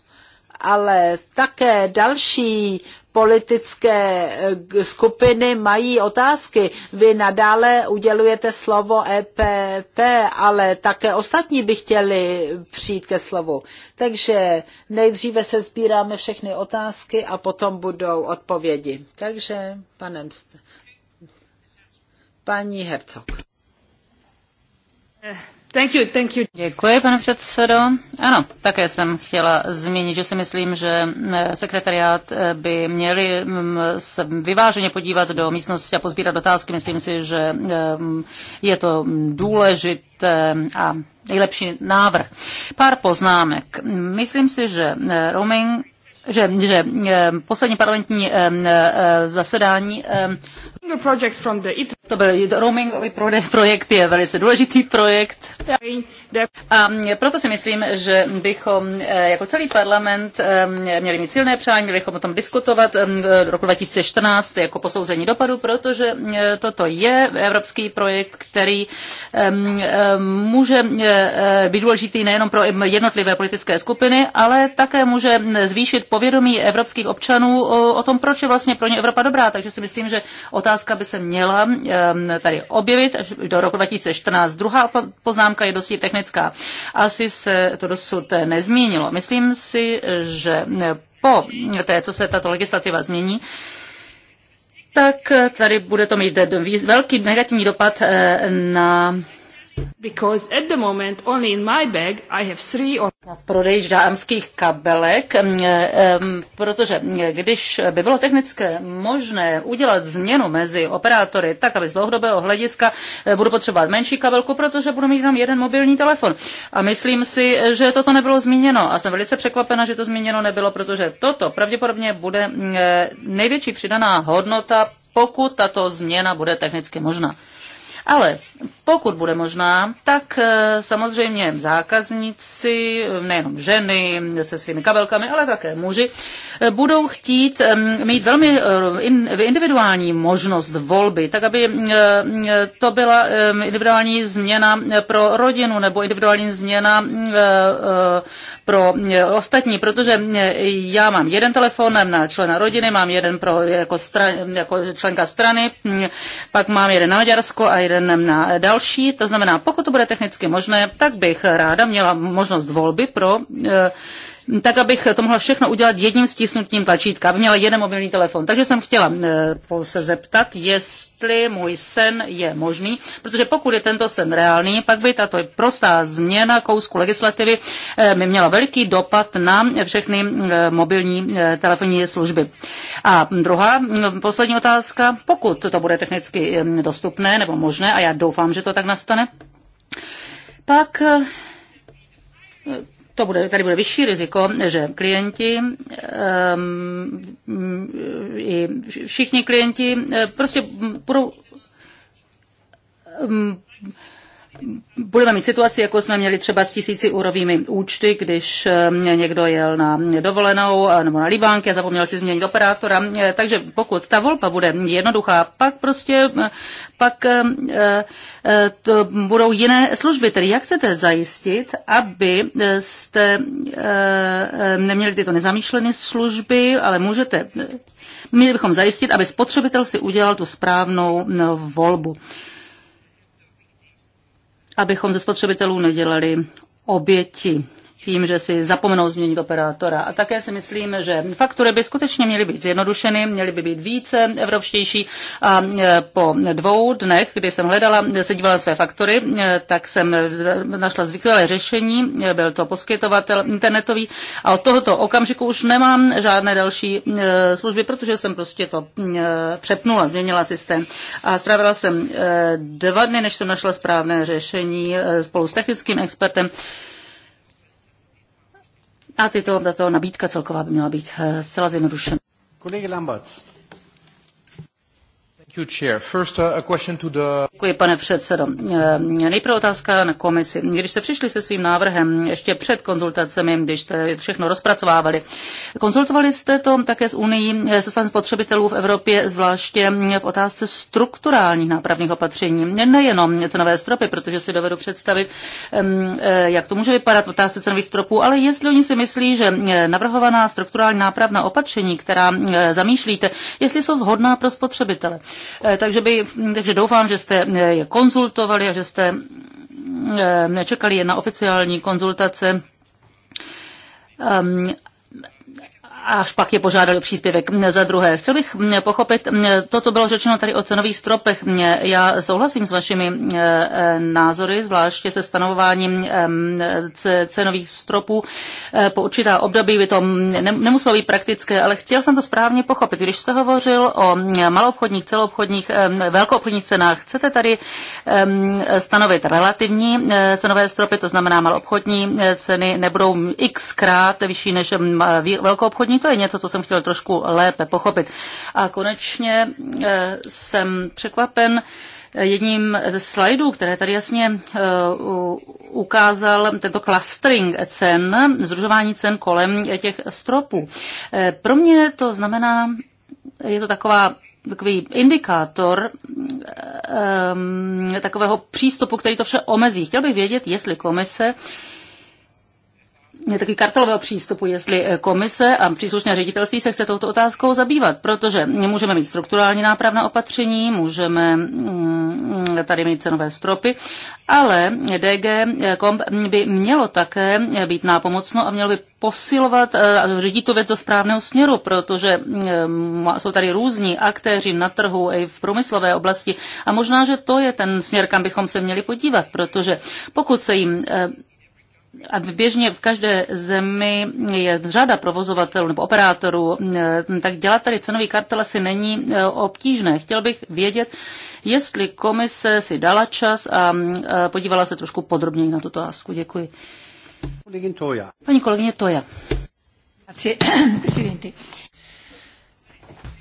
ale také další politické eh, skupiny mají otázky. Vy nadále udělujete slovo EPP, ale také ostatní by chtěli přijít ke slovu. Takže nejdříve se sbíráme všechny otázky a potom budou odpovědi. Takže, panem, paní Hercog. Eh. Thank you, thank you. Děkuji, pane předsedo. Ano, také jsem chtěla zmínit, že si myslím, že eh, sekretariát eh, by měli mm, se vyváženě podívat do místnosti a pozbírat otázky. Myslím si, že eh, je to důležité a nejlepší návrh. Pár poznámek. Myslím si, že roaming že, že poslední parlamentní zasedání to byl roamingový projekt, je velice důležitý projekt. A mm, proto si myslím, že bychom eh, jako celý parlament eh, měli mít silné přání, měli bychom o tom diskutovat do eh, roku 2014 jako posouzení dopadu, protože toto je evropský projekt, který může být důležitý nejenom pro jednotlivé politické skupiny, ale také může zvýšit povědomí evropských občanů o tom, proč je vlastně pro ně Evropa dobrá. Takže si myslím, že otázka by se měla Um, tady objevit až do roku 2014. Druhá poznámka je dosti technická. Asi se to dosud nezměnilo. Myslím si, že po té, co se tato legislativa změní, tak tady bude to mít velký negativní dopad eh, na Because at the moment only in my bag I have three or... Na prodej dámských kabelek, mm, eh, protože mm, když by bylo technické možné udělat změnu mezi operátory tak, aby z dlouhodobého hlediska eh, budu potřebovat menší kabelku, protože budu mít tam jeden mobilní telefon. A myslím si, že toto nebylo zmíněno a jsem velice překvapena, že to zmíněno nebylo, protože toto pravděpodobně bude mm, eh, největší přidaná hodnota, pokud tato změna bude technicky možná. Ale pokud bude možná, tak eh, samozřejmě zákazníci, eh, nejenom ženy se svými kabelkami, ale také muži, eh, budou chtít mít velmi individuální možnost volby, tak aby to byla individuální změna pro rodinu nebo individuální změna pro ostatní, protože já mám jeden telefon na člena rodiny, mám jeden pro, jako, stran, jako členka strany, hm, pak mám jeden na Maďarsko a jeden na další, to znamená, pokud to bude technicky možné, tak bych ráda měla možnost volby pro eh, tak abych to mohla všechno udělat jedním stisnutím tlačítka, aby měla jeden mobilní telefon. Takže jsem chtěla eh, se zeptat, jestli můj sen je možný, protože pokud je tento sen reálný, pak by tato prostá změna kousku legislativy eh, mi měla veliký dopad na všechny eh, mobilní telefonní služby. A druhá, hm, poslední otázka, pokud to bude technicky hm, dostupné nebo možné, a já doufám, že to tak nastane, pak to bude, tady bude vyšší riziko, že klienti, um, i všichni klienti eh, prostě budou um, budeme mít situaci, jako jsme měli třeba s tisíci úrovými účty, když eh, někdo jel na dovolenou eh, nebo na Libánky a zapomněl si změnit operátora. Eh, takže pokud ta volba bude jednoduchá, pak prostě pak to budou jiné služby. Tedy jak chcete zajistit, aby jste neměli tyto nezamýšlené služby, ale můžete, měli bychom zajistit, aby spotřebitel si udělal tu správnou no, volbu abychom ze spotřebitelů nedělali oběti tím, že si zapomenou změnit operátora. A také si myslím, že faktury by skutečně měly být zjednodušeny, měly by být více evropštější. A e, po dvou dnech, kdy jsem hledala, se dívala své faktory, e, tak jsem našla zvyklé řešení, e, byl to poskytovatel internetový a od tohoto okamžiku už nemám žádné další služby, protože jsem prostě to přepnula, změnila systém. A strávila jsem dva dny, než jsem našla správné řešení spolu s technickým expertem. A tyto, tato nabídka celková by měla být eh, zcela zjednodušena. Kolega Lamberts. Uh, Děkuji, pane předsedo. Eh, nejprve otázka na komisi. Když jste přišli se svým návrhem ještě před konzultacemi, když jste všechno rozpracovávali, konzultovali jste to také s Unii, eh, se svým spotřebitelů v Evropě, zvláště v otázce strukturálních nápravných opatření. Nejenom cenové stropy, protože si dovedu představit, eh, jak to může vypadat v otázce cenových stropů, ale jestli oni si myslí, že navrhovaná strukturální nápravná opatření, která zamýšlíte, jestli jsou vhodná pro spotřebitele. Eh, takže, by, takže doufám, že jste eh, je konzultovali a že jste eh, nečekali je na oficiální konzultace. Ehm, až pak je požádali o příspěvek. Za druhé, chtěl bych pochopit to, co bylo řečeno tady o cenových stropech. Já souhlasím s vašimi e, názory, zvláště se stanovováním cenových stropů e, po určitá období. By to nemuselo být praktické, ale chtěl jsem to správně pochopit. Když jste hovořil o maloobchodních, celoobchodních, e, velkoobchodních cenách, chcete tady stanovit relativní cenové stropy, to znamená maloobchodní ceny nebudou xkrát vyšší než velkoobchodní všichni, to je něco, co jsem chtěl trošku lépe pochopit. A konečně eh, jsem překvapen, eh, jedním ze slajdů, které tady jasně eh, ukázal tento clustering cen, zružování cen kolem těch stropů. Pro mě to znamená, je to taková takový indikátor um, takového přístupu, který to vše omezí. Chtěl bych vědět, jestli komise takový kartelového přístupu, jestli eh, komise a příslušné ředitelství se chce touto otázkou zabývat, protože můžeme mít strukturální nápravná opatření, můžeme mm, tady mít cenové stropy, ale DG eh, Komp by mělo také eh, být nápomocno a mělo by posilovat a řídit tu věc do správného směru, protože mm, jsou tady různí aktéři na trhu i v průmyslové oblasti a možná, že to je ten směr, kam bychom se měli podívat, protože pokud se jim a běžně v každé zemi je řada provozovatelů nebo operátorů, eh, tak dělat tady cenový kartel asi není eh, obtížné. Chtěl bych vědět, jestli komise si dala čas a mm, eh, podívala se trošku podrobněji na tuto otázku. Děkuji. Paní kolegyně Toja.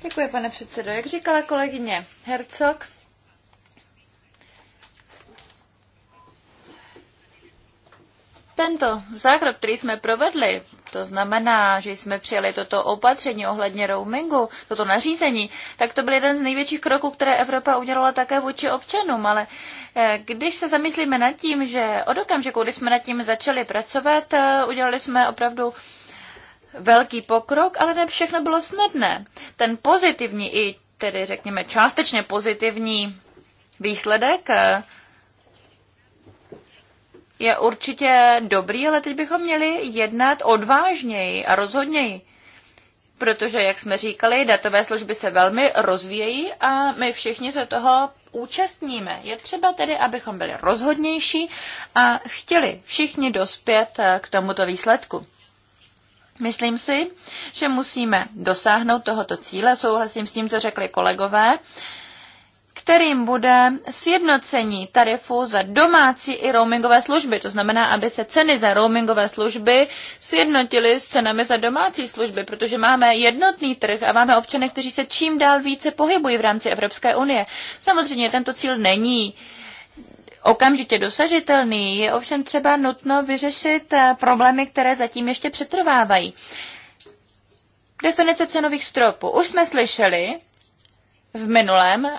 Děkuji, pane předsedo. Jak říkala kolegyně Hercog, Tento zákrok, který jsme provedli, to znamená, že jsme přijali toto opatření ohledně roamingu, toto nařízení, tak to byl jeden z největších kroků, které Evropa udělala také vůči občanům, ale eh, když se zamyslíme nad tím, že od okamžiku, kdy jsme nad tím začali pracovat, eh, udělali jsme opravdu velký pokrok, ale ne všechno bylo snadné. Ten pozitivní i tedy řekněme částečně pozitivní výsledek eh, je určitě dobrý, ale teď bychom měli jednat odvážněji a rozhodněji. Protože, jak jsme říkali, datové služby se velmi rozvíjejí a my všichni se toho účastníme. Je třeba tedy, abychom byli rozhodnější a chtěli všichni dospět eh, k tomuto výsledku. Myslím si, že musíme dosáhnout tohoto cíle, souhlasím s tím, co řekli kolegové, kterým bude sjednocení tarifu za domácí i roamingové služby. To znamená, aby se ceny za roamingové služby sjednotily s cenami za domácí služby, protože máme jednotný trh a máme občany, kteří se čím dál více pohybují v rámci Evropské unie. Samozřejmě tento cíl není okamžitě dosažitelný, je ovšem třeba nutno vyřešit eh, problémy, které zatím ještě přetrvávají. Definice cenových stropů. Už jsme slyšeli v minulém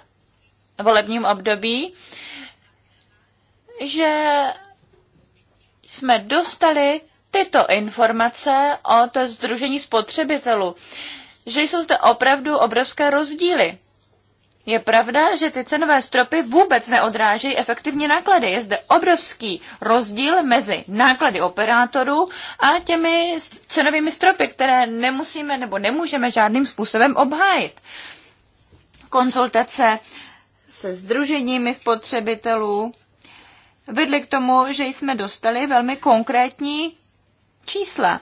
volebním období, že jsme dostali tyto informace od Združení spotřebitelů, že jsou zde opravdu obrovské rozdíly. Je pravda, že ty cenové stropy vůbec neodrážejí efektivně náklady. Je zde obrovský rozdíl mezi náklady operátorů a těmi cenovými stropy, které nemusíme nebo nemůžeme žádným způsobem obhájit. Konzultace se združeními spotřebitelů vedly k tomu, že jsme dostali velmi konkrétní čísla.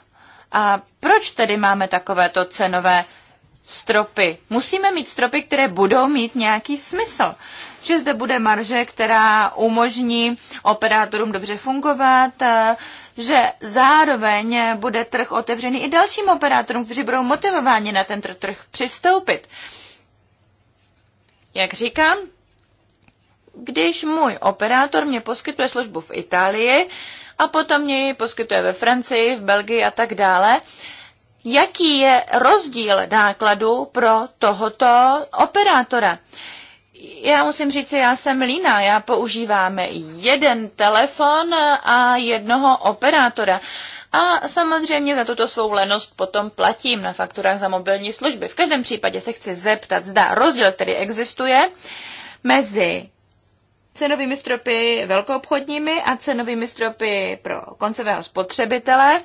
A proč tedy máme takovéto cenové stropy? Musíme mít stropy, které budou mít nějaký smysl. Že zde bude marže, která umožní operátorům dobře fungovat, že zároveň bude trh otevřený i dalším operátorům, kteří budou motivováni na ten trh přistoupit. Jak říkám, když můj operátor mě poskytuje službu v Itálii a potom mě ji poskytuje ve Francii, v Belgii a tak dále, jaký je rozdíl nákladu pro tohoto operátora? já musím říct, já jsem líná, já používám jeden telefon a jednoho operátora. A samozřejmě za tuto svou lenost potom platím na fakturách za mobilní služby. V každém případě se chci zeptat, zda rozdíl, který existuje mezi cenovými stropy velkoobchodními a cenovými stropy pro koncového spotřebitele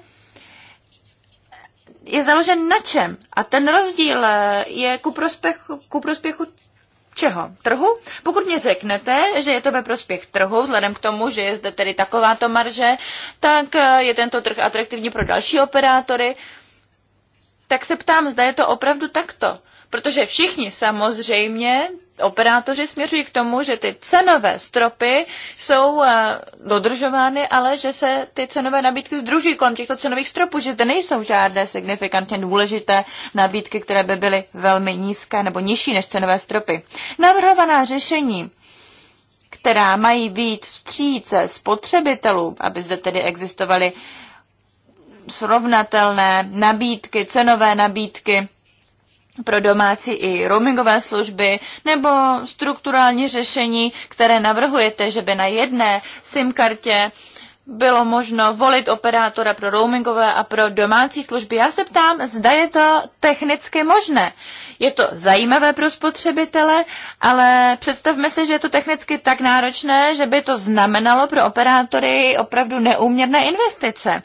je založen na čem? A ten rozdíl eh, je ku prospěchu, ku prospěchu čeho? Trhu? Pokud mě řeknete, že je to ve prospěch trhu, vzhledem k tomu, že je zde tedy takováto marže, tak eh, je tento trh atraktivní pro další operátory, tak se ptám, zda je to opravdu takto. Protože všichni samozřejmě operátoři směřují k tomu, že ty cenové stropy jsou eh, dodržovány, ale že se ty cenové nabídky združují kolem těchto cenových stropů, že to nejsou žádné signifikantně důležité nabídky, které by byly velmi nízké nebo nižší než cenové stropy. Navrhovaná řešení která mají být vstříce spotřebitelů, aby zde tedy existovaly srovnatelné nabídky, cenové nabídky, pro domácí i roamingové služby nebo strukturální řešení, které navrhujete, že by na jedné SIM kartě bylo možno volit operátora pro roamingové a pro domácí služby. Já se ptám, zda je to technicky možné. Je to zajímavé pro spotřebitele, ale představme si, že je to technicky tak náročné, že by to znamenalo pro operátory opravdu neuměrné investice. Uh,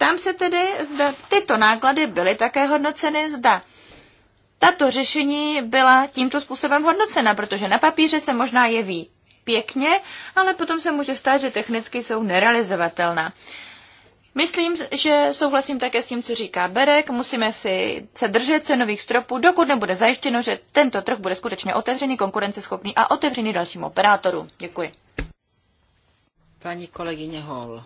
Ptám se tedy, zda tyto náklady byly také hodnoceny, zda tato řešení byla tímto způsobem hodnocena, protože na papíře se možná jeví pěkně, ale potom se může stát, že technicky jsou nerealizovatelná. Myslím, že souhlasím také s tím, co říká Berek. Musíme si se držet cenových stropů, dokud nebude zajištěno, že tento trh bude skutečně otevřený, konkurenceschopný a otevřený dalším operátorům. Děkuji. Paní kolegyně Hall.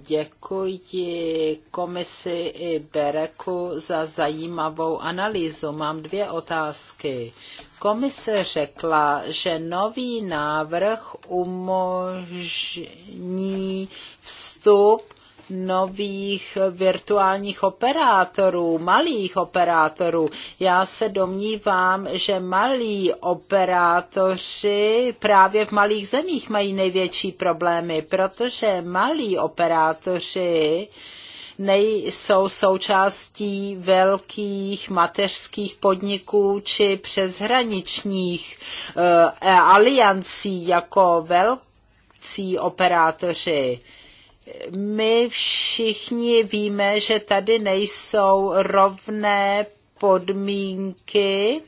Děkuji komisi i Bereku za zajímavou analýzu. Mám dvě otázky. Komise řekla, že nový návrh umožní vstup nových virtuálních operátorů, malých operátorů. Já se domnívám, že malí operátoři právě v malých zemích mají největší problémy, protože malí operátoři nejsou součástí velkých mateřských podniků či přeshraničních uh, aliancí jako velcí operátoři my všichni víme, že tady nejsou rovné podmínky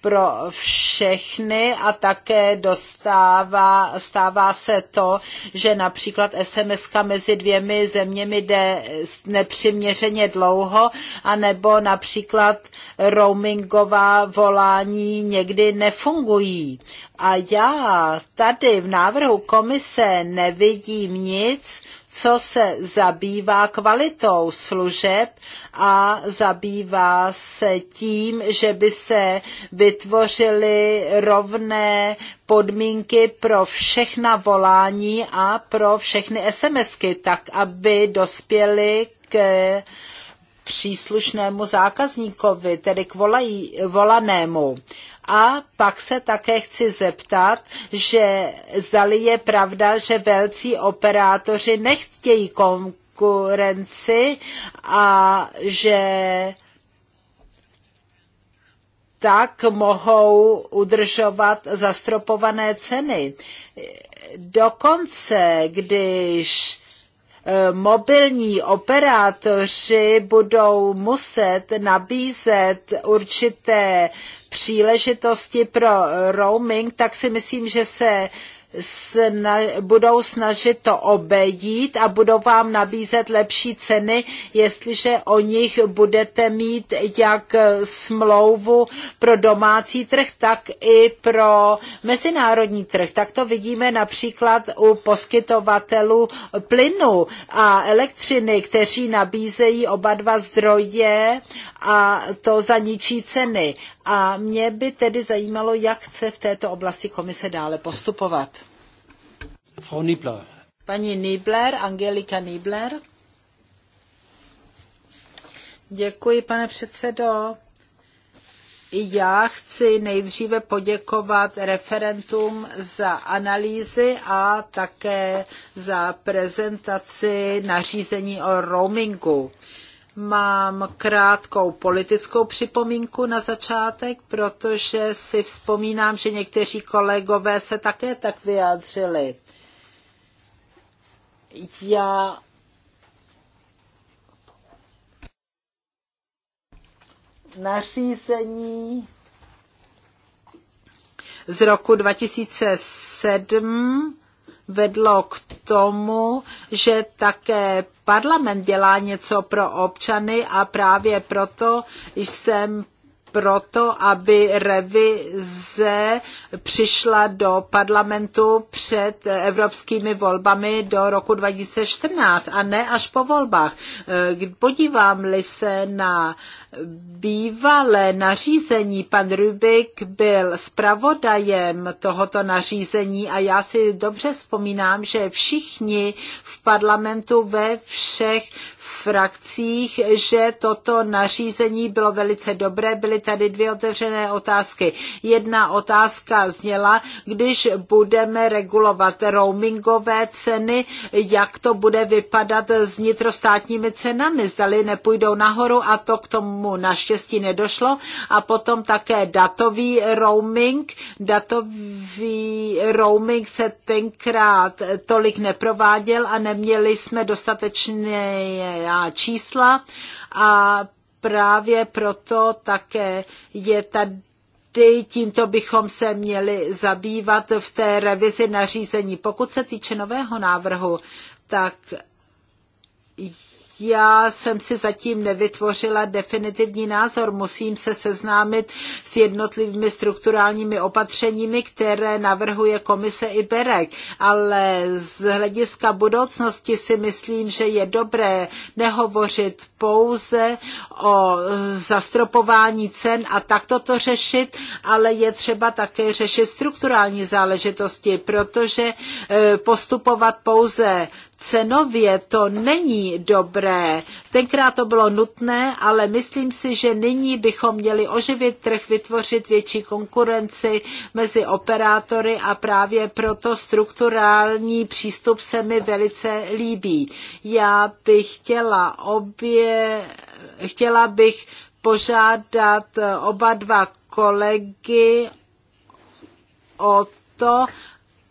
pro všechny a také dostává, stává se to, že například sms mezi dvěmi zeměmi jde nepřiměřeně dlouho, anebo například roamingová volání někdy nefungují. A já tady v návrhu komise nevidím nic, co se zabývá kvalitou služeb a zabývá se tím, že by se vytvořily rovné podmínky pro všechna volání a pro všechny SMSky, tak aby dospěly k příslušnému zákazníkovi, tedy k volají, volanému. A pak se také chci zeptat, že zdali je pravda, že velcí operátoři nechtějí konkurenci a že tak mohou udržovat zastropované ceny. Dokonce, když Eh, mobilní operátoři budou muset nabízet určité příležitosti pro roaming, tak si myslím, že se sna, budou snažit to obejít a budou vám nabízet lepší ceny, jestliže o nich budete mít jak smlouvu pro domácí trh, tak i pro mezinárodní trh. Tak to vidíme například u poskytovatelů plynu a elektřiny, kteří nabízejí oba dva zdroje a to za ničí ceny. A mě by tedy zajímalo, jak chce v této oblasti komise dále postupovat. Frau Niebler. Paní Niebler, Angelika Niebler. Děkuji, pane předsedo. I já chci nejdříve poděkovat referentům za analýzy a také za prezentaci nařízení o roamingu. Mám krátkou politickou připomínku na začátek, protože si vzpomínám, že někteří kolegové se také tak vyjádřili já nařízení z roku 2007 vedlo k tomu, že také parlament dělá něco pro občany a právě proto jsem proto, aby revize přišla do parlamentu před evropskými volbami do roku 2014 a ne až po volbách. Eh, podívám-li se na bývalé nařízení, pan Rubik byl zpravodajem tohoto nařízení a já si dobře vzpomínám, že všichni v parlamentu ve všech frakcích, že toto nařízení bylo velice dobré, byly tady dvě otevřené otázky. Jedna otázka zněla, když budeme regulovat roamingové ceny, jak to bude vypadat s nitrostátními cenami, zdali nepůjdou nahoru a to k tomu naštěstí nedošlo. A potom také datový roaming. Datový roaming se tenkrát tolik neprováděl a neměli jsme dostatečné čísla a právě proto také je tady tímto bychom se měli zabývat v té revizi nařízení. Pokud se týče nového návrhu, tak já jsem si zatím nevytvořila definitivní názor. Musím se seznámit s jednotlivými strukturálními opatřeními, které navrhuje komise i Berek. Ale z hlediska budoucnosti si myslím, že je dobré nehovořit pouze o zastropování cen a takto to řešit, ale je třeba také řešit strukturální záležitosti, protože eh, postupovat pouze cenově to není dobré. Tenkrát to bylo nutné, ale myslím si, že nyní bychom měli oživit trh, vytvořit větší konkurenci mezi operátory a právě proto strukturální přístup se mi velice líbí. Já bych chtěla obě, chtěla bych požádat oba dva kolegy o to,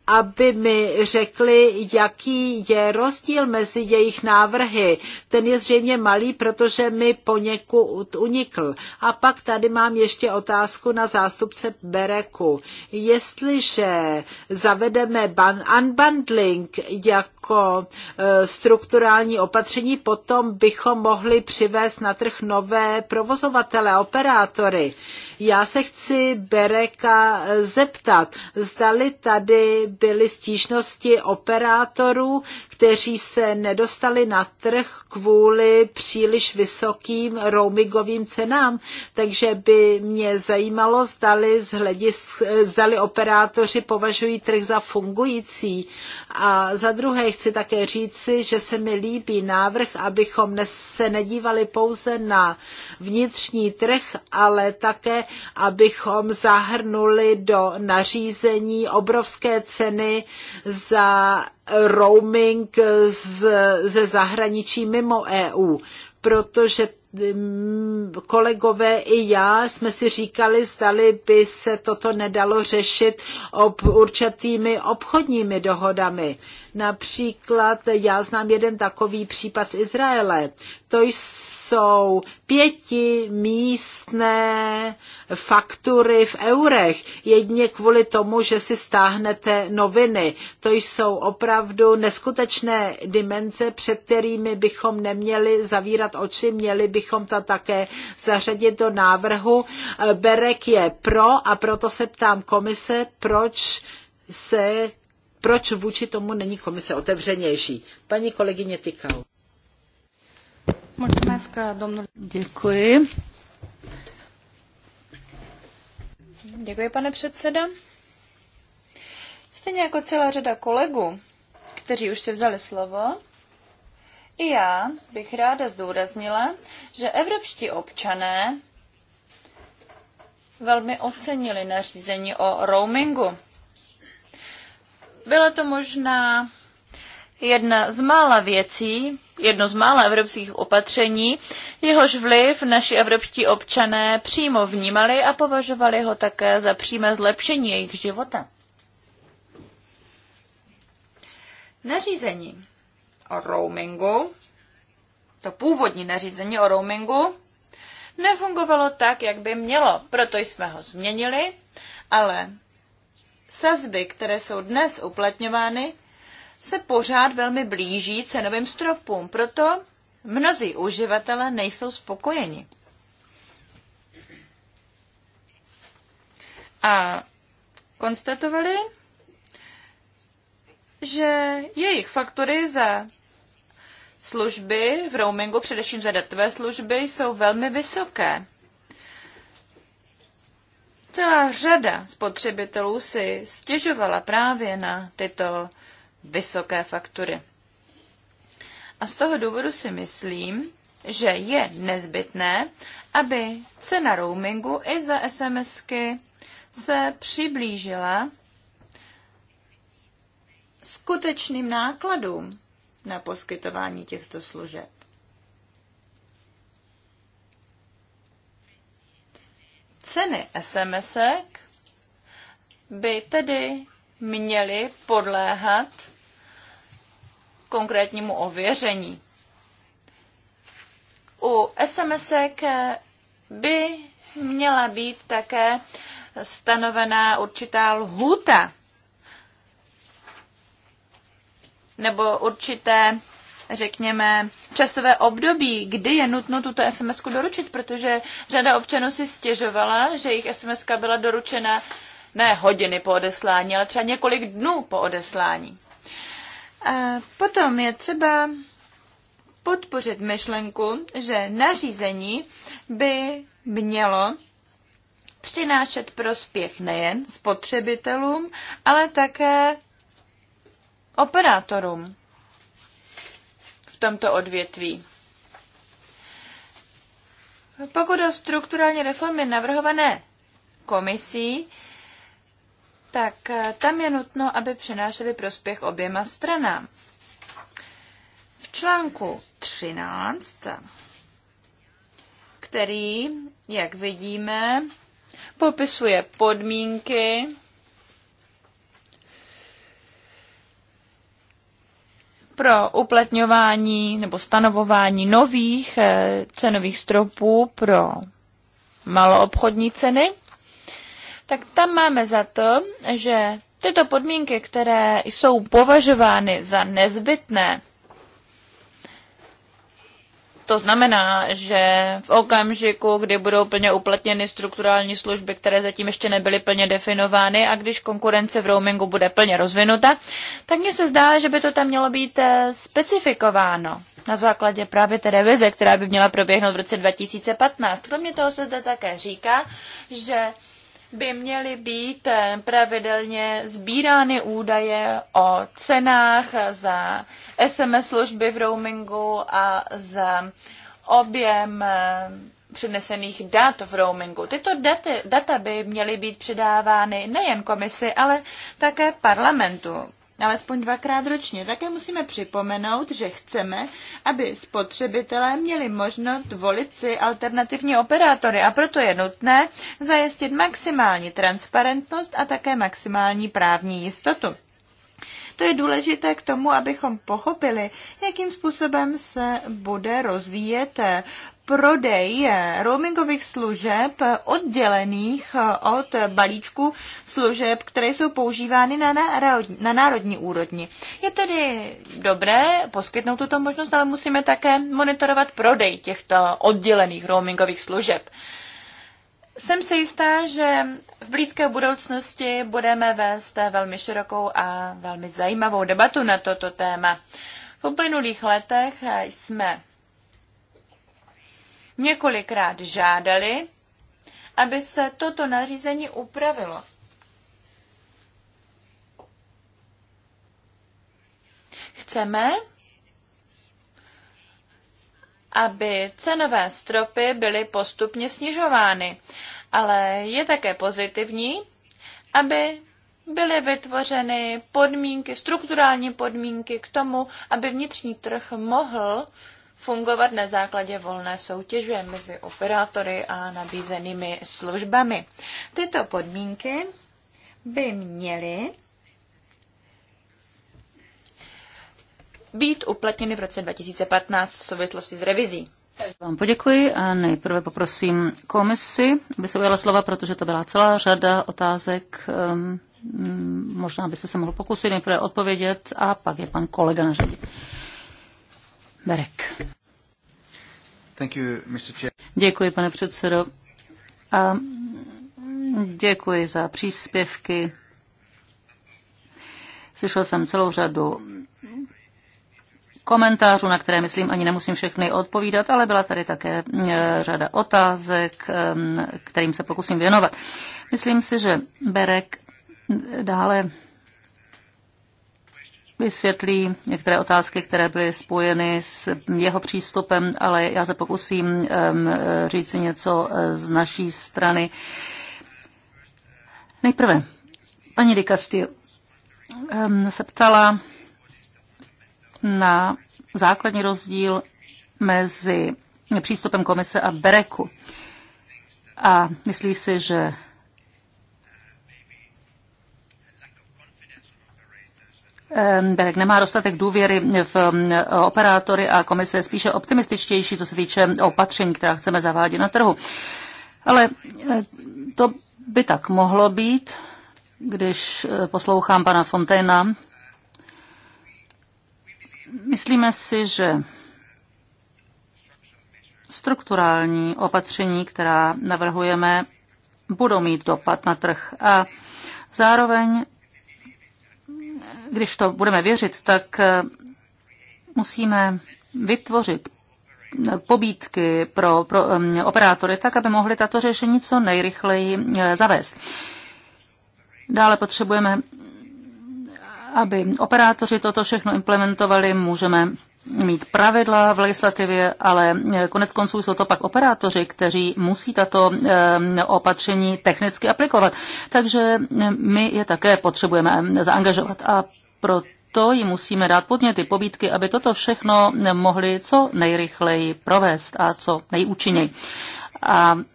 aby mi řekli, jaký je rozdíl mezi jejich návrhy. Ten je zřejmě malý, protože mi poněkud unikl. A pak tady mám ještě otázku na zástupce Bereku. Jestliže zavedeme ban- unbundling jako e, strukturální opatření, potom bychom mohli přivést na trh nové provozovatele, operátory. E, já se chci Bereka zeptat, zdali tady byly stížnosti operátorů, kteří se nedostali na trh kvůli příliš vysokým roamingovým cenám, takže by mě zajímalo, zdali, z hledis, zdali operátoři považují trh za fungující. A za druhé chci také říci, že se mi líbí návrh, abychom se nedívali pouze na vnitřní trh, ale také abychom zahrnuli do nařízení obrovské ceny za roaming z, ze zahraničí mimo EU, protože mm, kolegové i já jsme si říkali, zdali by se toto nedalo řešit ob určitými obchodními dohodami. Například já znám jeden takový případ z Izraele. To jsou pěti místné faktury v eurech, jedně kvůli tomu, že si stáhnete noviny. To jsou opravdu neskutečné dimenze, před kterými bychom neměli zavírat oči, měli bychom to také zařadit do návrhu. Berek je pro a proto se ptám komise, proč se proč vůči tomu není komise otevřenější. Paní kolegyně Tykal. Děkuji. Děkuji, pane předseda. Stejně jako celá řada kolegů, kteří už si vzali slovo, i já bych ráda zdůraznila, že evropští občané velmi ocenili nařízení o roamingu. Byla to možná jedna z mála věcí, jedno z mála evropských opatření, jehož vliv naši evropští občané přímo vnímali a považovali ho také za přímé zlepšení jejich života. Nařízení o roamingu, to původní nařízení o roamingu, nefungovalo tak, jak by mělo, proto jsme ho změnili, ale sazby, které jsou dnes uplatňovány, se pořád velmi blíží cenovým stropům, proto mnozí uživatelé nejsou spokojeni. A konstatovali, že jejich faktory za služby v roamingu, především za datové služby, jsou velmi vysoké. Celá řada spotřebitelů si stěžovala právě na tyto vysoké faktury. A z toho důvodu si myslím, že je nezbytné, aby cena roamingu i za SMSky se přiblížila skutečným nákladům na poskytování těchto služeb. Ceny sms by tedy měly podléhat konkrétnímu ověření. U sms by měla být také stanovená určitá lhůta nebo určité, řekněme, časové období, kdy je nutno tuto sms doručit, protože řada občanů si stěžovala, že jejich sms byla doručena ne hodiny po odeslání, ale třeba několik dnů po odeslání. A potom je třeba podpořit myšlenku, že nařízení by mělo přinášet prospěch nejen spotřebitelům, ale také operátorům v tomto odvětví. Pokud o strukturální reformy navrhované komisí, tak eh, tam je nutno, aby přinášely prospěch oběma stranám. V článku 13, který, jak vidíme, popisuje podmínky, pro uplatňování nebo stanovování nových eh, cenových stropů pro maloobchodní ceny, tak tam máme za to, že tyto podmínky, které jsou považovány za nezbytné to znamená, že v okamžiku, kdy budou plně uplatněny strukturální služby, které zatím ještě nebyly plně definovány a když konkurence v roamingu bude plně rozvinuta, tak mně se zdá, že by to tam mělo být eh, specifikováno na základě právě té revize, která by měla proběhnout v roce 2015. Kromě toho se zde také říká, že by měly být eh, pravidelně sbírány údaje o cenách za SMS služby v roamingu a za objem eh, přenesených dat v roamingu. Tyto daty, data by měly být předávány nejen komisi, ale také parlamentu alespoň dvakrát ročně. Také musíme připomenout, že chceme, aby spotřebitelé měli možnost volit si alternativní operátory a proto je nutné zajistit maximální transparentnost a také maximální právní jistotu. To je důležité k tomu, abychom pochopili, jakým způsobem se bude rozvíjet prodej roamingových služeb oddělených od balíčku služeb, které jsou používány na národní, na národní úrodni. Je tedy dobré poskytnout tuto možnost, ale musíme také monitorovat prodej těchto oddělených roamingových služeb. Jsem si jistá, že v blízké budoucnosti budeme vést velmi širokou a velmi zajímavou debatu na toto téma. V uplynulých letech jsme několikrát žádali, aby se toto nařízení upravilo. Chceme, aby cenové stropy byly postupně snižovány, ale je také pozitivní, aby byly vytvořeny podmínky, strukturální podmínky k tomu, aby vnitřní trh mohl fungovat na základě volné soutěže mezi operátory a nabízenými službami. Tyto podmínky by měly být uplatněny v roce 2015 v souvislosti s revizí. Vám poděkuji a nejprve poprosím komisi, aby se ujala slova, protože to byla celá řada otázek. Ehm, mm, možná byste se mohl pokusit nejprve odpovědět a pak je pan kolega na řadě. Berek. You, děkuji, pane předsedo. A děkuji za příspěvky. Slyšel jsem celou řadu komentářů, na které, myslím, ani nemusím všechny odpovídat, ale byla tady také eh, řada otázek, ehm, kterým se pokusím věnovat. Myslím si, že Berek dále vysvětlí některé otázky, které byly spojeny s jeho přístupem, ale já se pokusím ehm, říct si něco eh, z naší strany. Nejprve, paní Dikasti ehm, se ptala na základní rozdíl mezi přístupem komise a Bereku. A myslí si, že Berek nemá dostatek důvěry v operátory a komise je spíše optimističtější, co se týče opatření, která chceme zavádět na trhu. Ale eh, to by tak mohlo být, když eh, poslouchám pana Fontaina, Myslíme si, že strukturální opatření, která navrhujeme, budou mít dopad na trh. A zároveň, když to budeme věřit, tak eh, musíme vytvořit eh, pobídky pro, pro um, operátory, tak aby mohli tato řešení co nejrychleji zavést. Dále potřebujeme aby operátoři toto všechno implementovali, můžeme mít pravidla v legislativě, ale eh, konec konců jsou to pak operátoři, kteří musí tato eh, opatření technicky aplikovat. Takže eh, my je také potřebujeme zaangažovat a proto to jim musíme dát podněty, pobídky, aby toto všechno mohli co nejrychleji provést a co nejúčinněji. A mm,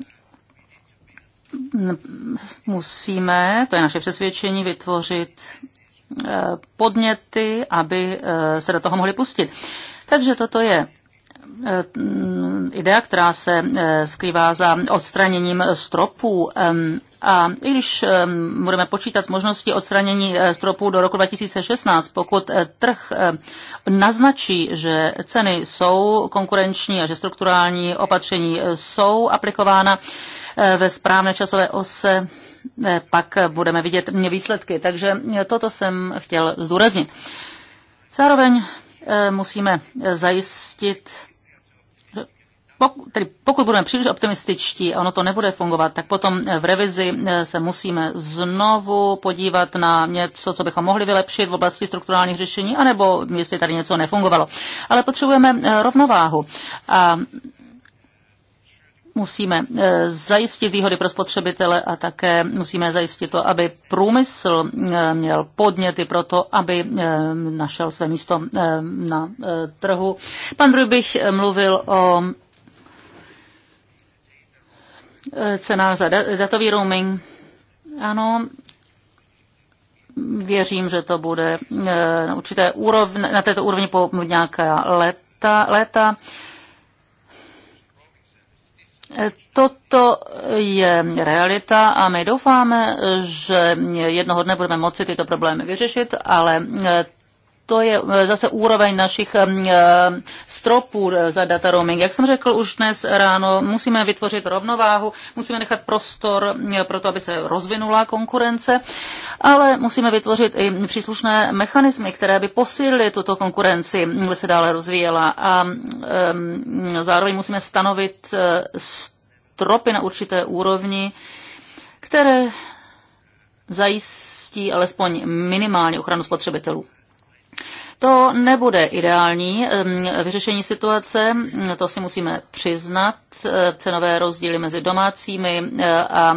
musíme, to je naše přesvědčení, vytvořit podněty, aby eh, se do toho mohli pustit. Takže toto je eh, idea, která se eh, skrývá za odstraněním stropů a i když budeme počítat s možností odstranění stropů do roku 2016, pokud trh naznačí, že ceny jsou konkurenční a že strukturální opatření jsou aplikována ve správné časové ose, Eh, pak budeme vidět mě výsledky. Takže toto jsem chtěl zdůraznit. Zároveň eh, musíme zajistit tedy pokud budeme příliš optimističtí a ono to nebude fungovat, tak potom eh, v revizi se musíme znovu podívat na něco, co bychom mohli vylepšit v oblasti strukturálních řešení, anebo jestli tady něco nefungovalo. Ale potřebujeme rovnováhu. A musíme eh, zajistit výhody pro spotřebitele a také musíme zajistit to, aby průmysl eh, měl podněty pro to, aby eh, našel své místo na trhu. Pan Rubich mluvil o cenách za datový roaming. Ano, věřím, že to bude na, určité úrovni, na této úrovni po nějaká léta. léta. Toto je realita a my doufáme, že jednoho dne budeme moci tyto problémy vyřešit, ale to je eh, zase úroveň našich eh, stropů za data roaming. Jak jsem řekl už dnes ráno, musíme vytvořit rovnováhu, musíme nechat prostor eh, pro to, aby se rozvinula konkurence, ale musíme vytvořit i příslušné mechanismy, které by posílily tuto konkurenci, aby se dále rozvíjela. A ehm, zároveň musíme stanovit stropy na určité úrovni, které zajistí alespoň minimálně ochranu spotřebitelů. To nebude ideální vyřešení situace, to si musíme přiznat. Cenové rozdíly mezi domácími eh, a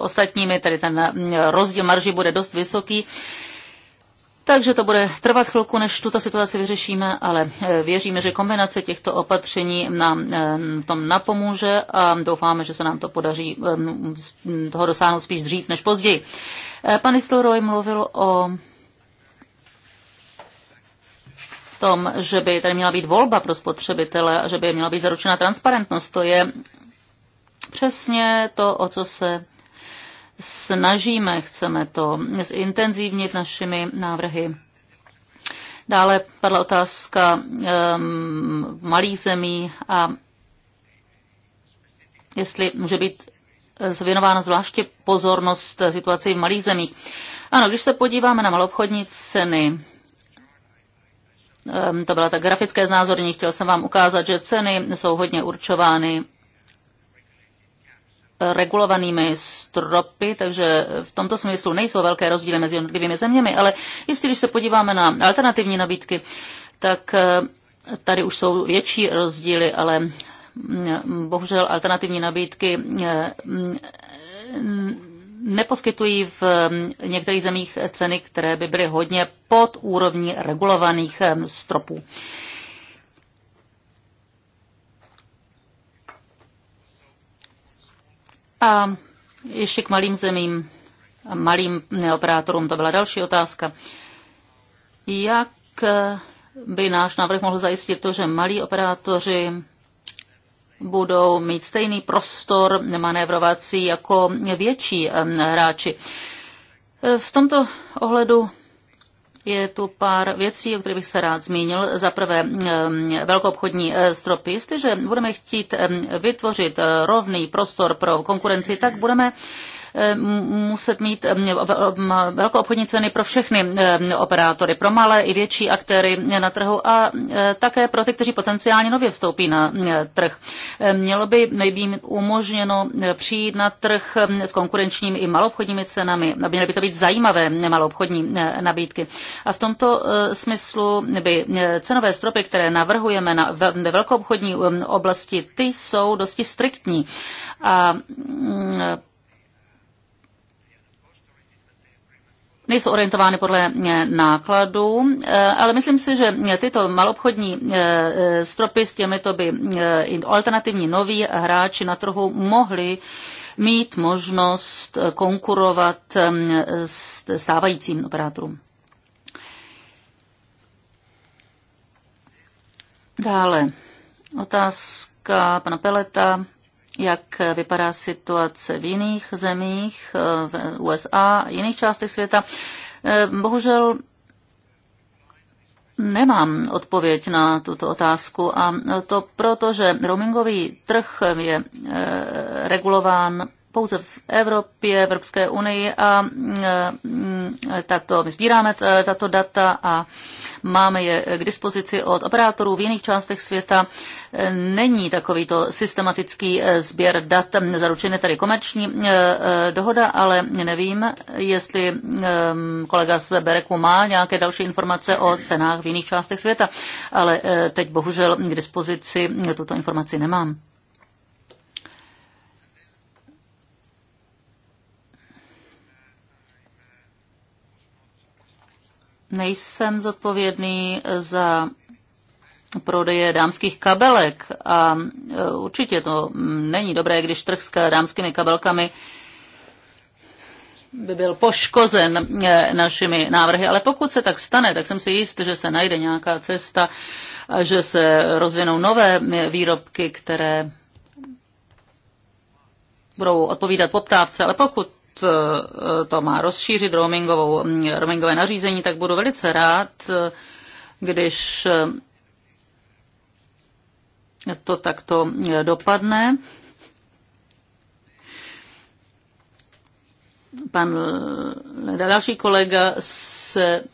ostatními, tedy ten rozdíl marži bude dost vysoký. Takže to bude trvat chvilku, než tuto situaci vyřešíme, ale eh, věříme, že kombinace těchto opatření nám v tom napomůže a doufáme, že se nám to podaří toho dosáhnout spíš dřív než později. Eh, pan Istelroj mluvil o tom, že by tady měla být volba pro spotřebitele a že by měla být zaručena transparentnost. To je přesně to, o co se snažíme, chceme to zintenzívnit našimi návrhy. Dále padla otázka um, malých zemí a jestli může být zvěnována eh, zvláště pozornost situaci v malých zemích. Ano, když se podíváme na malobchodní ceny, Ehm, to byla tak grafické znázornění. Chtěl jsem vám ukázat, že ceny jsou hodně určovány regulovanými stropy, takže v tomto smyslu nejsou velké rozdíly mezi jednotlivými zeměmi, ale jestli když se podíváme na alternativní nabídky, tak eh, tady už jsou větší rozdíly, ale mm, bohužel alternativní nabídky eh, mm, neposkytují v um, některých zemích ceny, které by byly hodně pod úrovní regulovaných um, stropů. A ještě k malým zemím, malým operátorům, to byla další otázka. Jak eh, by náš návrh mohl zajistit to, že malí operátoři budou mít stejný prostor manévrovací jako větší eh, hráči. Eh, v tomto ohledu je tu pár věcí, o kterých bych se rád zmínil. Za prvé eh, velkoobchodní stropy. Jestliže budeme chtít vytvořit rovný prostor pro konkurenci, tak budeme muset mít eh, velkou obchodní ceny pro všechny eh, operátory, pro malé i větší aktéry na trhu a eh, také pro ty, kteří potenciálně nově vstoupí na trh. Mělo by být umožněno přijít na trh s konkurenčními i malobchodními cenami. Měly by to být zajímavé malobchodní nabídky. A v tomto smyslu by cenové stropy, které navrhujeme na, ve velkoobchodní oblasti, ty jsou dosti striktní. A mm, nejsou orientovány podle eh, nákladů, eh, ale myslím si, že eh, tyto malobchodní stropy s těmito by alternativní noví hráči na trhu mohli mít možnost konkurovat s stávajícím operátorům. Dále otázka pana Peleta jak vypadá situace v jiných zemích, v USA a jiných částech světa. Eh, bohužel Nemám odpověď na tuto otázku a to proto, že roamingový trh je eh, regulován pouze v Evropě, Evropské unii a mm, e, tato, my sbíráme e, tato data a máme je k dispozici od operátorů v jiných částech světa. E, není takovýto systematický sběr dat zaručený tady komerční dohoda, ale nevím, jestli kolega z Bereku má nějaké další informace o cenách v jiných částech světa, ale teď bohužel k dispozici tuto informaci nemám. nejsem zodpovědný za prodeje dámských kabelek a e, určitě to mm, není dobré, když trh s dámskými kabelkami by byl poškozen e, našimi návrhy, ale pokud se tak stane, tak jsem si jist, že se najde nějaká cesta a že se rozvinou nové e, výrobky, které budou odpovídat poptávce, ale pokud Eh, to má rozšířit roamingovou, mm, roamingové nařízení, tak budu velice rád, eh, když eh, to takto dopadne. pan další kolega se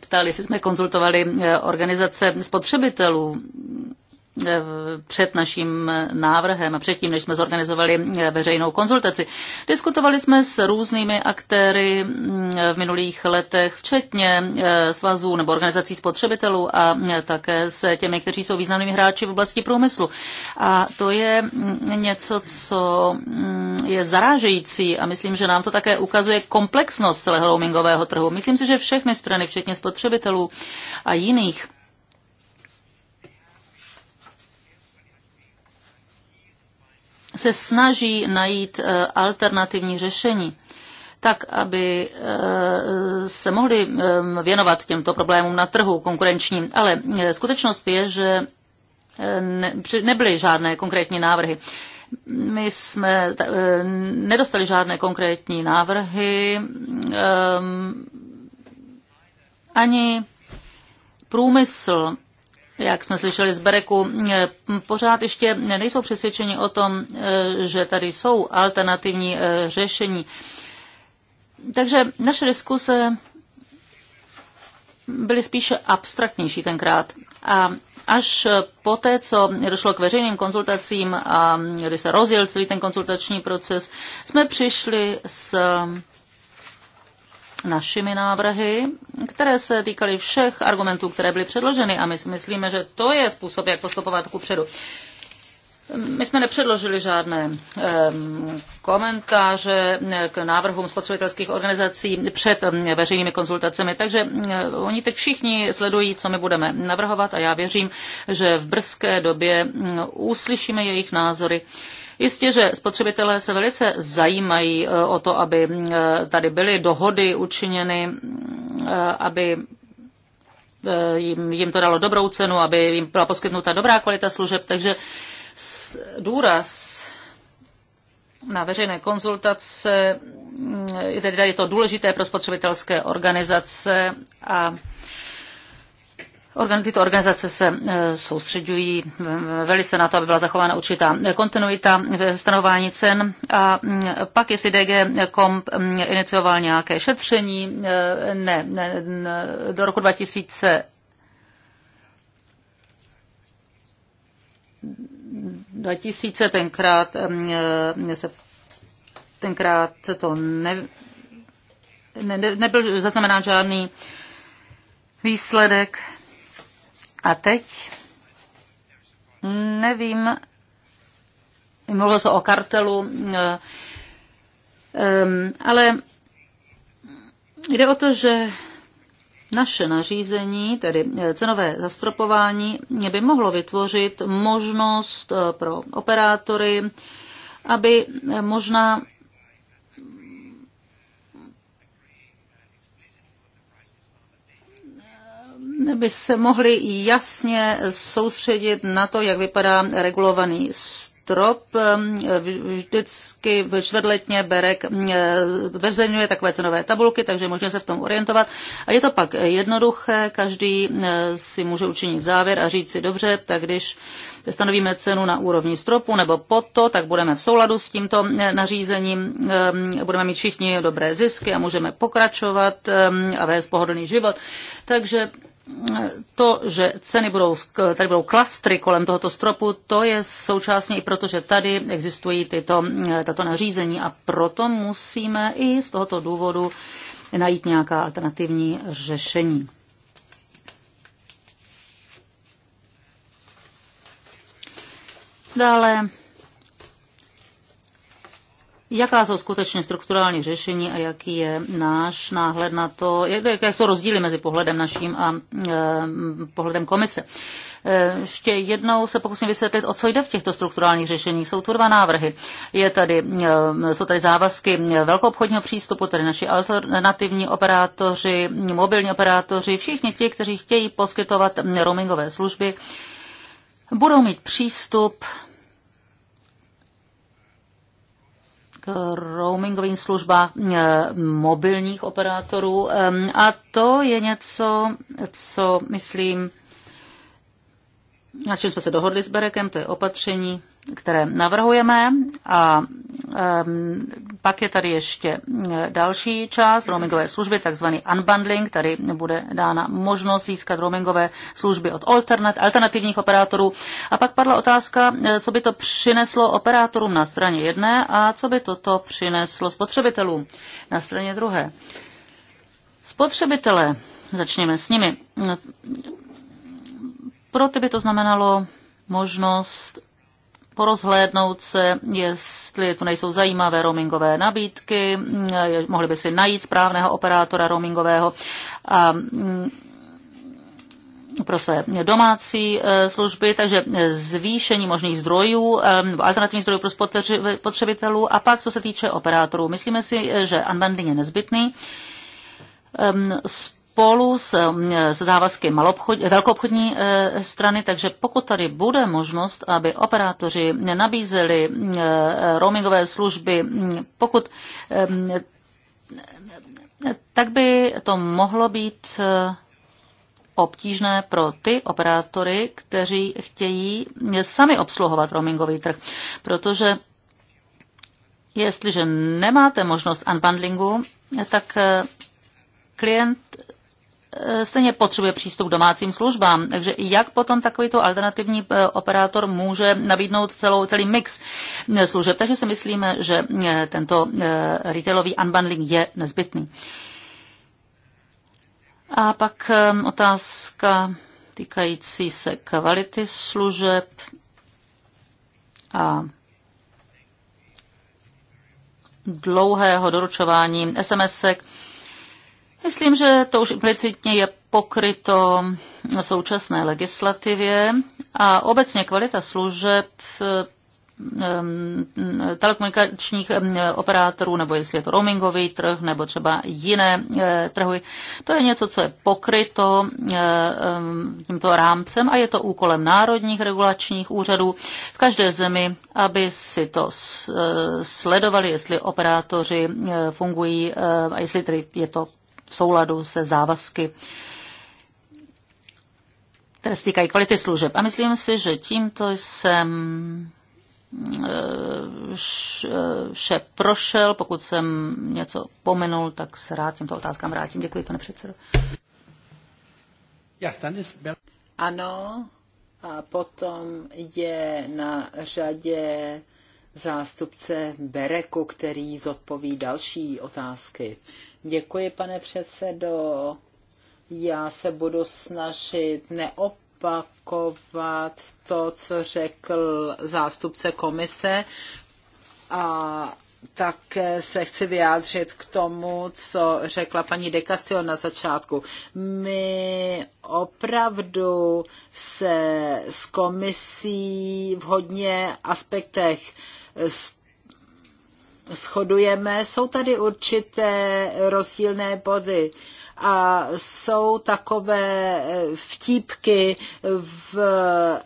ptal, jestli jsme konzultovali organizace spotřebitelů. Eh, před naším návrhem a předtím, než jsme zorganizovali eh, veřejnou konzultaci. Diskutovali jsme s různými aktéry mm, v minulých letech, včetně eh, svazů nebo organizací spotřebitelů a také s těmi, kteří jsou významnými hráči v oblasti průmyslu. A to je mm, něco, co mm, je zarážející a myslím, že nám to také ukazuje komplexnost celého roamingového trhu. Myslím si, že všechny strany, včetně spotřebitelů a jiných, se snaží najít eh, alternativní řešení tak, aby eh, se mohli eh, věnovat těmto problémům na trhu konkurenčním. Ale skutečnost je, že nebyly žádné konkrétní návrhy. My jsme nedostali žádné konkrétní návrhy, ani průmysl jak jsme slyšeli z Bereku, eh, pořád ještě nejsou přesvědčeni o tom, eh, že tady jsou alternativní eh, řešení. Takže naše diskuse byly spíše abstraktnější tenkrát. A až po té, co došlo k veřejným konzultacím a kdy se rozjel celý ten konzultační proces, jsme přišli s našimi návrhy, které se týkaly všech argumentů, které byly předloženy a my si myslíme, že to je způsob, jak postupovat ku předu. My jsme nepředložili žádné ehm, komentáře k návrhům spotřebitelských organizací před ehm, veřejnými konzultacemi, takže ehm, oni teď všichni sledují, co my budeme navrhovat a já věřím, že v brzké době uslyšíme jejich názory. Jistě, že spotřebitelé se velice zajímají eh, o to, aby tady byly dohody učiněny, aby jim, jim to dalo dobrou cenu, aby jim byla poskytnuta dobrá kvalita služeb, takže důraz na veřejné konzultace, mm, tedy je to důležité pro spotřebitelské organizace a Tyto organizace se e, soustředují e, velice na to, aby byla zachována určitá kontinuita v stanování cen. A mm, pak, jestli DG Komp mm, inicioval nějaké šetření, e, ne, ne, ne do roku 2000 2000 tenkrát se tenkrát to ne, ne, nebyl zaznamenán žádný výsledek. A teď nevím, mluvil se o kartelu, ale jde o to, že naše nařízení, tedy eh, cenové zastropování, by mohlo vytvořit možnost eh, pro operátory, aby eh, možná by se mohli jasně soustředit na to, jak vypadá regulovaný trop um, vždycky čtvrtletně Berek um, veřejňuje takové cenové tabulky, takže možná se v tom orientovat. A je to pak jednoduché, každý uh, si může učinit závěr a říct si dobře, tak když stanovíme cenu na úrovni stropu nebo pod to, tak budeme v souladu s tímto uh, nařízením, um, budeme mít všichni dobré zisky a můžeme pokračovat a vést pohodlný život. Takže to, že ceny budou, tady budou klastry kolem tohoto stropu, to je současně i proto, že tady existují tyto, tato nařízení a proto musíme i z tohoto důvodu najít nějaká alternativní řešení. Dále Jaká jsou skutečně strukturální řešení a jaký je náš náhled na to, jaké jsou rozdíly mezi pohledem naším a e, pohledem komise? Eh, ještě jednou se pokusím vysvětlit, o co jde v těchto strukturálních řešeních. Jsou tu dva návrhy. Je tady, eh, jsou tady závazky obchodního přístupu, tedy naši alternativní operátoři, mobilní operátoři, všichni ti, kteří chtějí poskytovat roamingové služby, budou mít přístup roamingovým službách eh, mobilních operátorů. A to je něco, co myslím, na čem jsme se dohodli s Berekem, to je opatření, které navrhujeme a pak je tady ještě eh, další část roamingové služby, takzvaný unbundling. Tady bude dána možnost získat roamingové služby od alternativních operátorů. A pak padla otázka, eh, co by to přineslo operátorům na straně jedné a co by toto přineslo spotřebitelům na straně druhé. Spotřebitelé, začněme s nimi. Pro ty by to znamenalo možnost porozhlédnout se, jestli tu nejsou zajímavé roamingové nabídky, mohli by si najít správného operátora roamingového a mm, pro své domácí e, služby, takže e, zvýšení možných zdrojů, e, alternativních zdrojů pro spotřebitelů a pak, co se týče operátorů. Myslíme si, že unbundling je nezbytný spolu s, mm, s závazky malobchod, velkoobchodní e, strany, takže pokud tady bude možnost, aby operátoři nabízeli e, roamingové služby, mm, pokud e, tak by to mohlo být obtížné pro ty operátory, kteří chtějí sami obsluhovat roamingový trh, protože jestliže nemáte možnost unbundlingu, tak klient Eh, stejně potřebuje přístup k domácím službám. Takže jak potom takovýto alternativní eh, operátor může nabídnout celou, celý mix eh, služeb? Takže si myslíme, že tento retailový unbundling je nezbytný. A pak otázka týkající se kvality služeb a dlouhého doručování SMS-ek. Myslím, že to už implicitně je pokryto v současné legislativě a obecně kvalita služeb ehm, ehm, telekomunikačních ehm, operátorů, nebo jestli je to roamingový trh, nebo třeba jiné eh, trhy. To je něco, co je pokryto eh, tímto rámcem a je to úkolem národních regulačních úřadů v každé zemi, aby si to eh, sledovali, jestli operátoři fungují a jestli tedy je to v souladu se závazky které se týkají kvality služeb. A myslím si, že tímto jsem eh, eh, vše prošel. Pokud jsem něco pomenul, tak se rád těmto otázkám vrátím. Děkuji, pane předsedo. Ano, a potom je na řadě zástupce Bereku, který zodpoví další otázky. Děkuji, pane předsedo. Já se budu snažit neopakovat to, co řekl zástupce komise a tak se chci vyjádřit k tomu, co řekla paní De Castillo na začátku. My opravdu se s komisí v hodně aspektech shodujeme. Jsou tady určité rozdílné body a jsou takové eh, vtípky v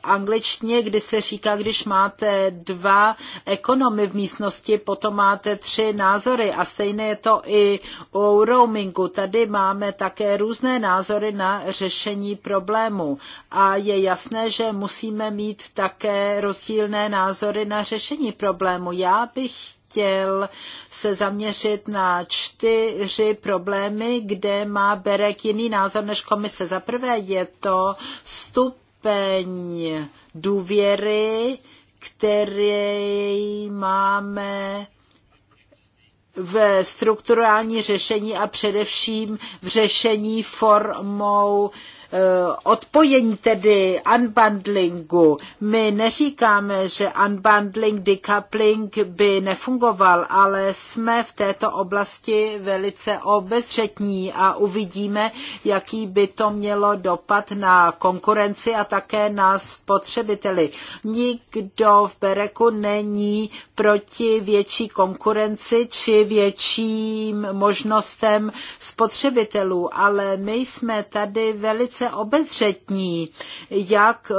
angličtině, kdy se říká, když máte dva ekonomy v místnosti, potom máte tři názory a stejné je to i u roamingu. Tady máme také různé názory na řešení problému a je jasné, že musíme mít také rozdílné názory na řešení problému. Já bych chtěl se zaměřit na čtyři problémy, kde má Berek jiný názor než komise. Za prvé je to stupeň důvěry, který máme v strukturální řešení a především v řešení formou Eh, odpojení tedy unbundlingu. My neříkáme, že unbundling, decoupling by nefungoval, ale jsme v této oblasti velice obezřetní a uvidíme, jaký by to mělo dopad na konkurenci a také na spotřebiteli. Nikdo v Bereku není proti větší konkurenci či větším možnostem spotřebitelů, ale my jsme tady velice velice obezřetní, jak e,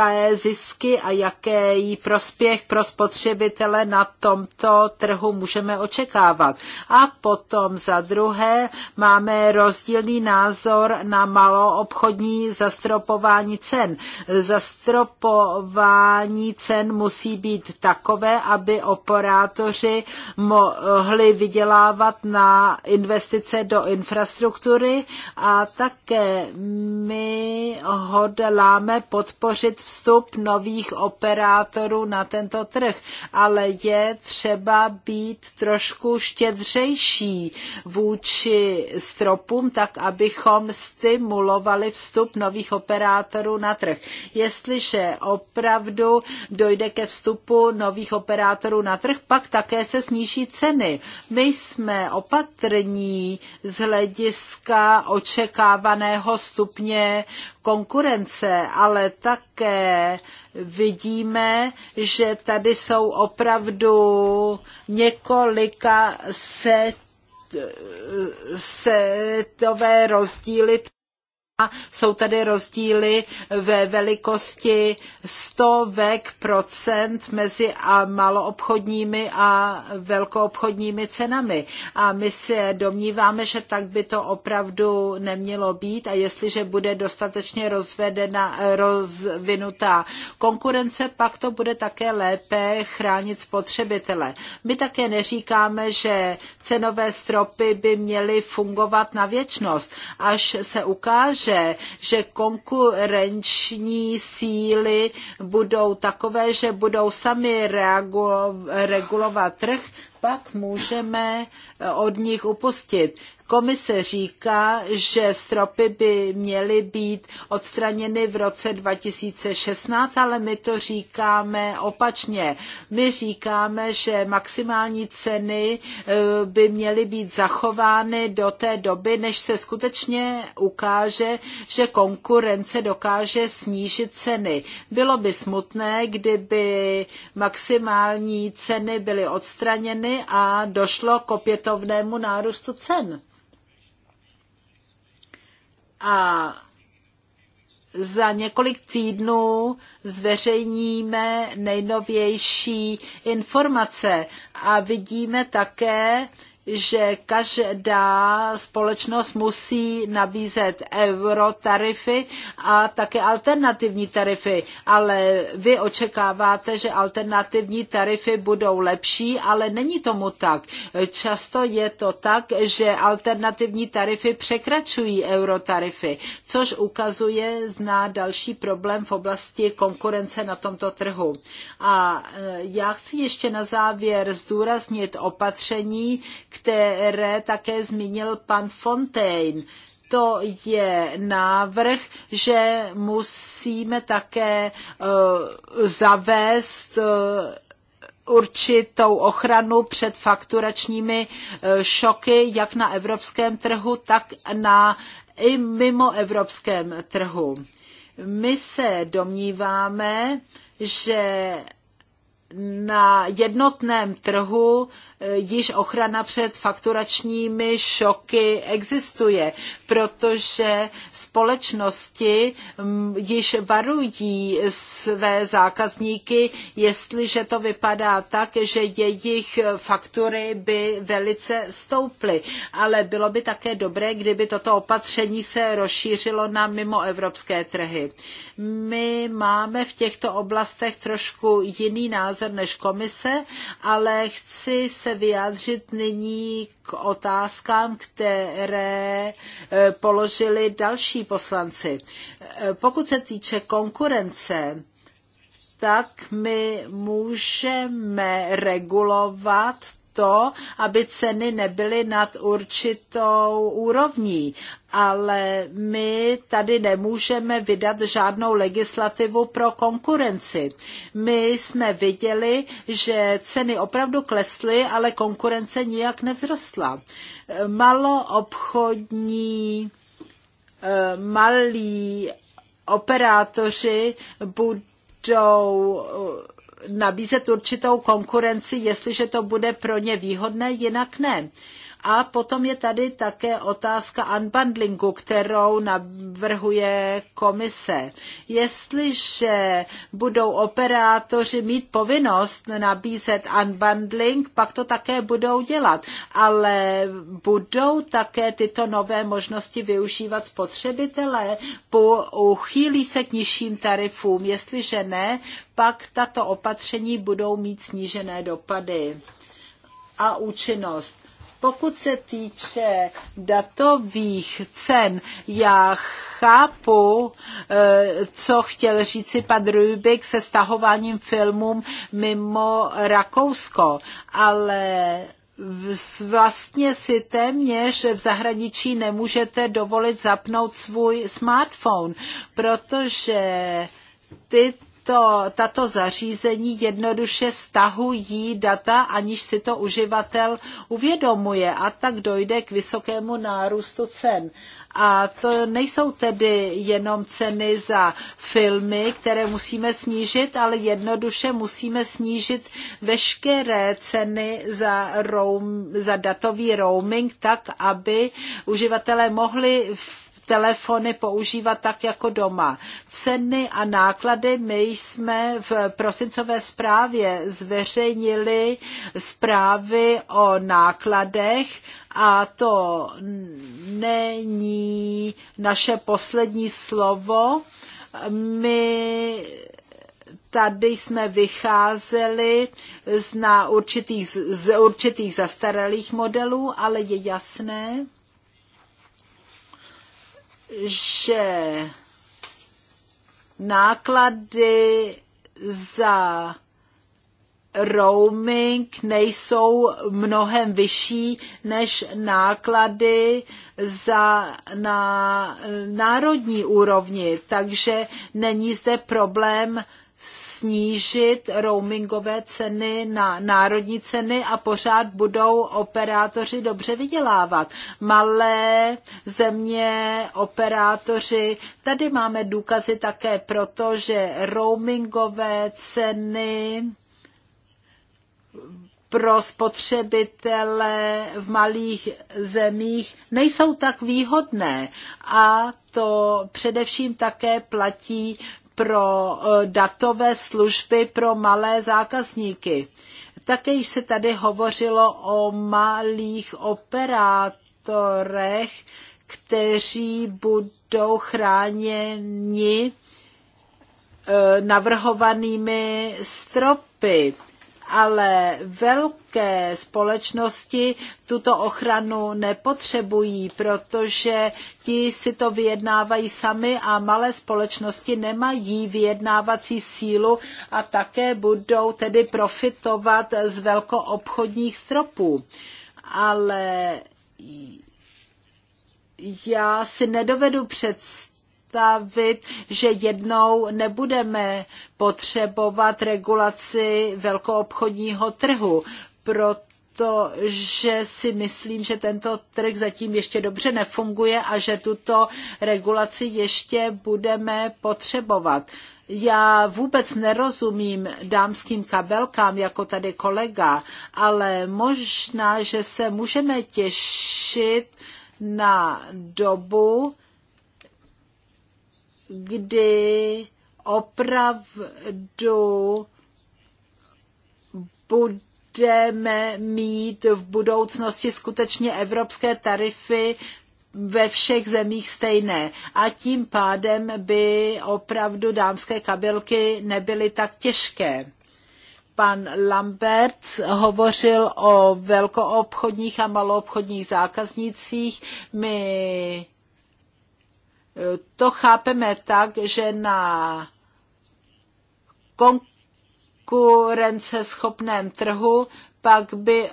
jaké zisky a jaké jí prospěch pro spotřebitele na tomto trhu můžeme očekávat. A potom za druhé máme rozdílný názor na maloobchodní zastropování cen. Zastropování cen musí být takové, aby operátoři mohli vydělávat na investice do infrastruktury a také my hodláme podpořit vstup nových operátorů na tento trh, ale je třeba být trošku štědřejší vůči stropům, tak abychom stimulovali vstup nových operátorů na trh. Jestliže opravdu dojde ke vstupu nových operátorů na trh, pak také se sníží ceny. My jsme opatrní z hlediska očekávaného stupu stupně konkurence, ale také vidíme, že tady jsou opravdu několika set eh, setové rozdíly jsou tady rozdíly ve velikosti stovek procent mezi a maloobchodními a velkoobchodními cenami. A my se domníváme, že tak by to opravdu nemělo být a jestliže bude dostatečně rozvedena, rozvinutá konkurence, pak to bude také lépe chránit spotřebitele. My také neříkáme, že cenové stropy by měly fungovat na věčnost, až se ukáže, dobře, že konkurenční síly budou takové, že budou sami regulovat trh, pak můžeme eh, od nich upustit. Komise říká, že stropy by měly být odstraněny v roce 2016, ale my to říkáme opačně. My říkáme, že maximální ceny e, by měly být zachovány do té doby, než se skutečně ukáže, že konkurence dokáže snížit ceny. Bylo by smutné, kdyby maximální ceny byly odstraněny a došlo k opětovnému nárůstu cen a za několik týdnů zveřejníme nejnovější informace a vidíme také, že každá společnost musí nabízet eurotarify a také alternativní tarify, ale vy očekáváte, že alternativní tarify budou lepší, ale není tomu tak. Často je to tak, že alternativní tarify překračují eurotarify, což ukazuje na další problém v oblasti konkurence na tomto trhu. A e, já chci ještě na závěr zdůraznit opatření, které které také zmínil pan Fontaine. To je návrh, že musíme také uh, zavést uh, určitou ochranu před fakturačními eh, šoky, jak na evropském trhu, tak na i mimo evropském trhu. My se domníváme, že na jednotném trhu eh, již ochrana před fakturačními šoky existuje, protože společnosti mm, již varují své zákazníky, jestliže to vypadá tak, že jejich faktury by velice stouply. Ale bylo by také dobré, kdyby toto opatření se rozšířilo na mimoevropské trhy. My máme v těchto oblastech trošku jiný názor, názor než komise, ale chci se vyjádřit nyní k otázkám, které eh, položili další poslanci. Eh, pokud se týče konkurence, tak my můžeme regulovat to, aby ceny nebyly nad určitou úrovní. Ale my tady nemůžeme vydat žádnou legislativu pro konkurenci. My jsme viděli, že ceny opravdu klesly, ale konkurence nijak nevzrostla. Maloobchodní, eh, malí operátoři budou eh, nabízet určitou konkurenci, jestliže to bude pro ně výhodné, jinak ne. A potom je tady také otázka unbundlingu, kterou navrhuje komise. Jestliže budou operátoři mít povinnost nabízet unbundling, pak to také budou dělat. Ale budou také tyto nové možnosti využívat spotřebitelé? Uchýlí se k nižším tarifům? Jestliže ne, pak tato opatření budou mít snížené dopady a účinnost. Pokud se týče datových cen, já chápu, eh, co chtěl říci pan Rubik se stahováním filmům mimo Rakousko, ale vlastně si téměř v zahraničí nemůžete dovolit zapnout svůj smartphone, protože ty tyto, tato zařízení jednoduše stahují data, aniž si to uživatel uvědomuje a tak dojde k vysokému nárůstu cen. A to nejsou tedy jenom ceny za filmy, které musíme snížit, ale jednoduše musíme snížit veškeré ceny za, roam, za datový roaming, tak aby uživatelé mohli v telefony používat tak jako doma. Ceny a náklady my jsme v prosincové zprávě zveřejnili zprávy o nákladech a to není naše poslední slovo. My tady jsme vycházeli z, na určitých, z určitých zastaralých modelů, ale je jasné, že náklady za roaming nejsou mnohem vyšší než náklady za, na národní úrovni, takže není zde problém snížit roamingové ceny na národní ceny a pořád budou operátoři dobře vydělávat. Malé země, operátoři, tady máme důkazy také proto, že roamingové ceny pro spotřebitele v malých zemích nejsou tak výhodné a to především také platí pro eh, datové služby pro malé zákazníky. Také již se tady hovořilo o malých operátorech, kteří budou chráněni eh, navrhovanými stropy ale velké společnosti tuto ochranu nepotřebují, protože ti si to vyjednávají sami a malé společnosti nemají vyjednávací sílu a také budou tedy profitovat z velkoobchodních stropů. Ale já si nedovedu představit, představit, že jednou nebudeme potřebovat regulaci velkoobchodního trhu, protože si myslím, že tento trh zatím ještě dobře nefunguje a že tuto regulaci ještě budeme potřebovat. Já vůbec nerozumím dámským kabelkám, jako tady kolega, ale možná, že se můžeme těšit na dobu, kdy opravdu budeme mít v budoucnosti skutečně evropské tarify ve všech zemích stejné. A tím pádem by opravdu dámské kabelky nebyly tak těžké. Pan Lambert hovořil o velkoobchodních a maloobchodních zákaznících. My to chápeme tak, že na konkurenceschopném trhu pak by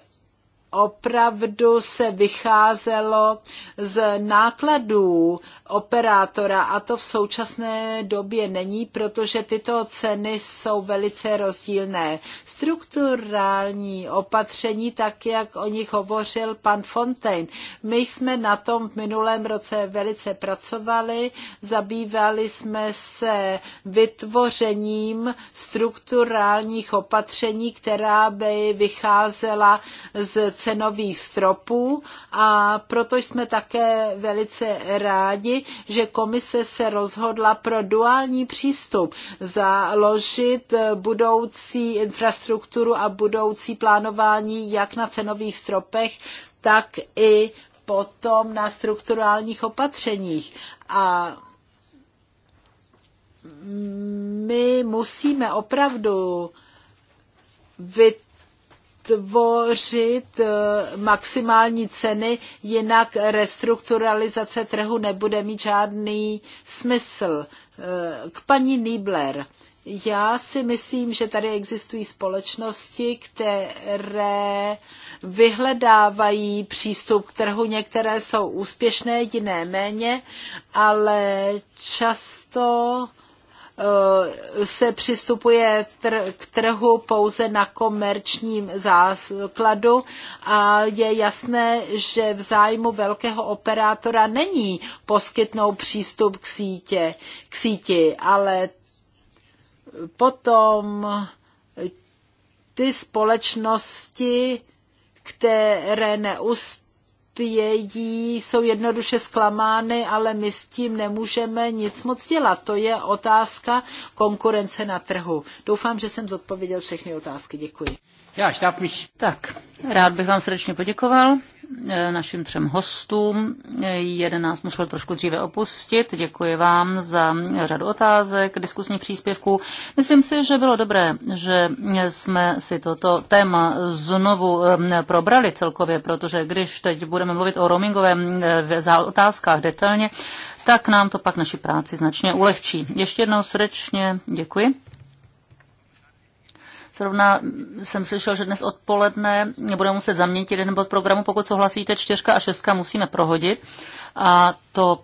opravdu se vycházelo z nákladů operátora a to v současné době není, protože tyto ceny jsou velice rozdílné. Strukturální opatření, tak jak o nich hovořil pan Fontaine, my jsme na tom v minulém roce velice pracovali, zabývali jsme se vytvořením strukturálních opatření, která by vycházela z cenových stropů a proto jsme také velice rádi, že komise se rozhodla pro duální přístup založit eh, budoucí infrastrukturu a budoucí plánování jak na cenových stropech, tak i potom na strukturálních opatřeních. A my musíme opravdu vytvořit tvořit eh, maximální ceny, jinak restrukturalizace trhu nebude mít žádný smysl. Eh, k paní Niebler. Já si myslím, že tady existují společnosti, které vyhledávají přístup k trhu. Některé jsou úspěšné, jiné méně, ale často Eh, se přistupuje k trhu pouze na komerčním základu a je jasné, že v zájmu velkého operátora není poskytnout přístup k, sítě, k síti, ale potom ty společnosti, které neuspějí, trpějí, jsou jednoduše zklamány, ale my s tím nemůžeme nic moc dělat. To je otázka konkurence na trhu. Doufám, že jsem zodpověděl všechny otázky. Děkuji. Já, ich darf mich... Tak, rád bych vám srdečně poděkoval eh, našim třem hostům. Jeden nás musel trošku dříve opustit. Děkuji vám za řadu otázek, diskusních příspěvků. Myslím si, že bylo dobré, že jsme si toto téma znovu eh, probrali celkově, protože když teď budeme mluvit o roamingovém eh, otázkách detailně, tak nám to pak naši práci značně ulehčí. Ještě jednou srdečně děkuji. Zrovna jsem slyšel, že dnes odpoledne budeme muset zaměnit jeden bod programu, pokud souhlasíte, čtyřka a šestka musíme prohodit. A to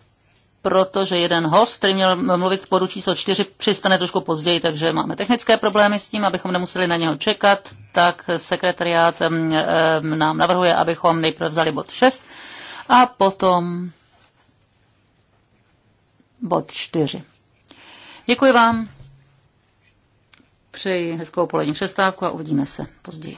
proto, že jeden host, který měl mluvit v bodu číslo 4, přistane trošku později, takže máme technické problémy s tím, abychom nemuseli na něho čekat, tak sekretariát nám navrhuje, abychom nejprve vzali bod 6 a potom bod 4. Děkuji vám. Přeji hezkou polední přestávku a uvidíme se později.